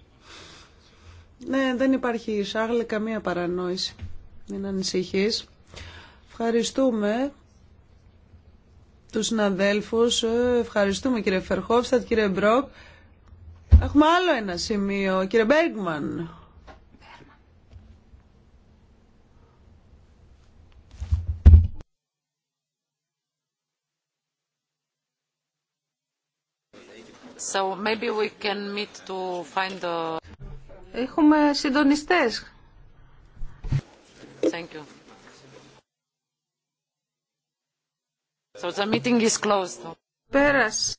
Speaker 3: Ναι, δεν υπάρχει, Σάγλε, καμία παρανόηση. Μην ανησυχείς. Ευχαριστούμε τους συναδέλφου. Ε, ευχαριστούμε κύριε Φερχόφστατ, κύριε Μπρόκ. Έχουμε άλλο ένα σημείο. Κύριε Μπέργκμαν.
Speaker 1: So maybe
Speaker 2: we can meet to find the...
Speaker 1: Έχουμε συντονιστές.
Speaker 2: Thank you. So the meeting is closed. Πέρας.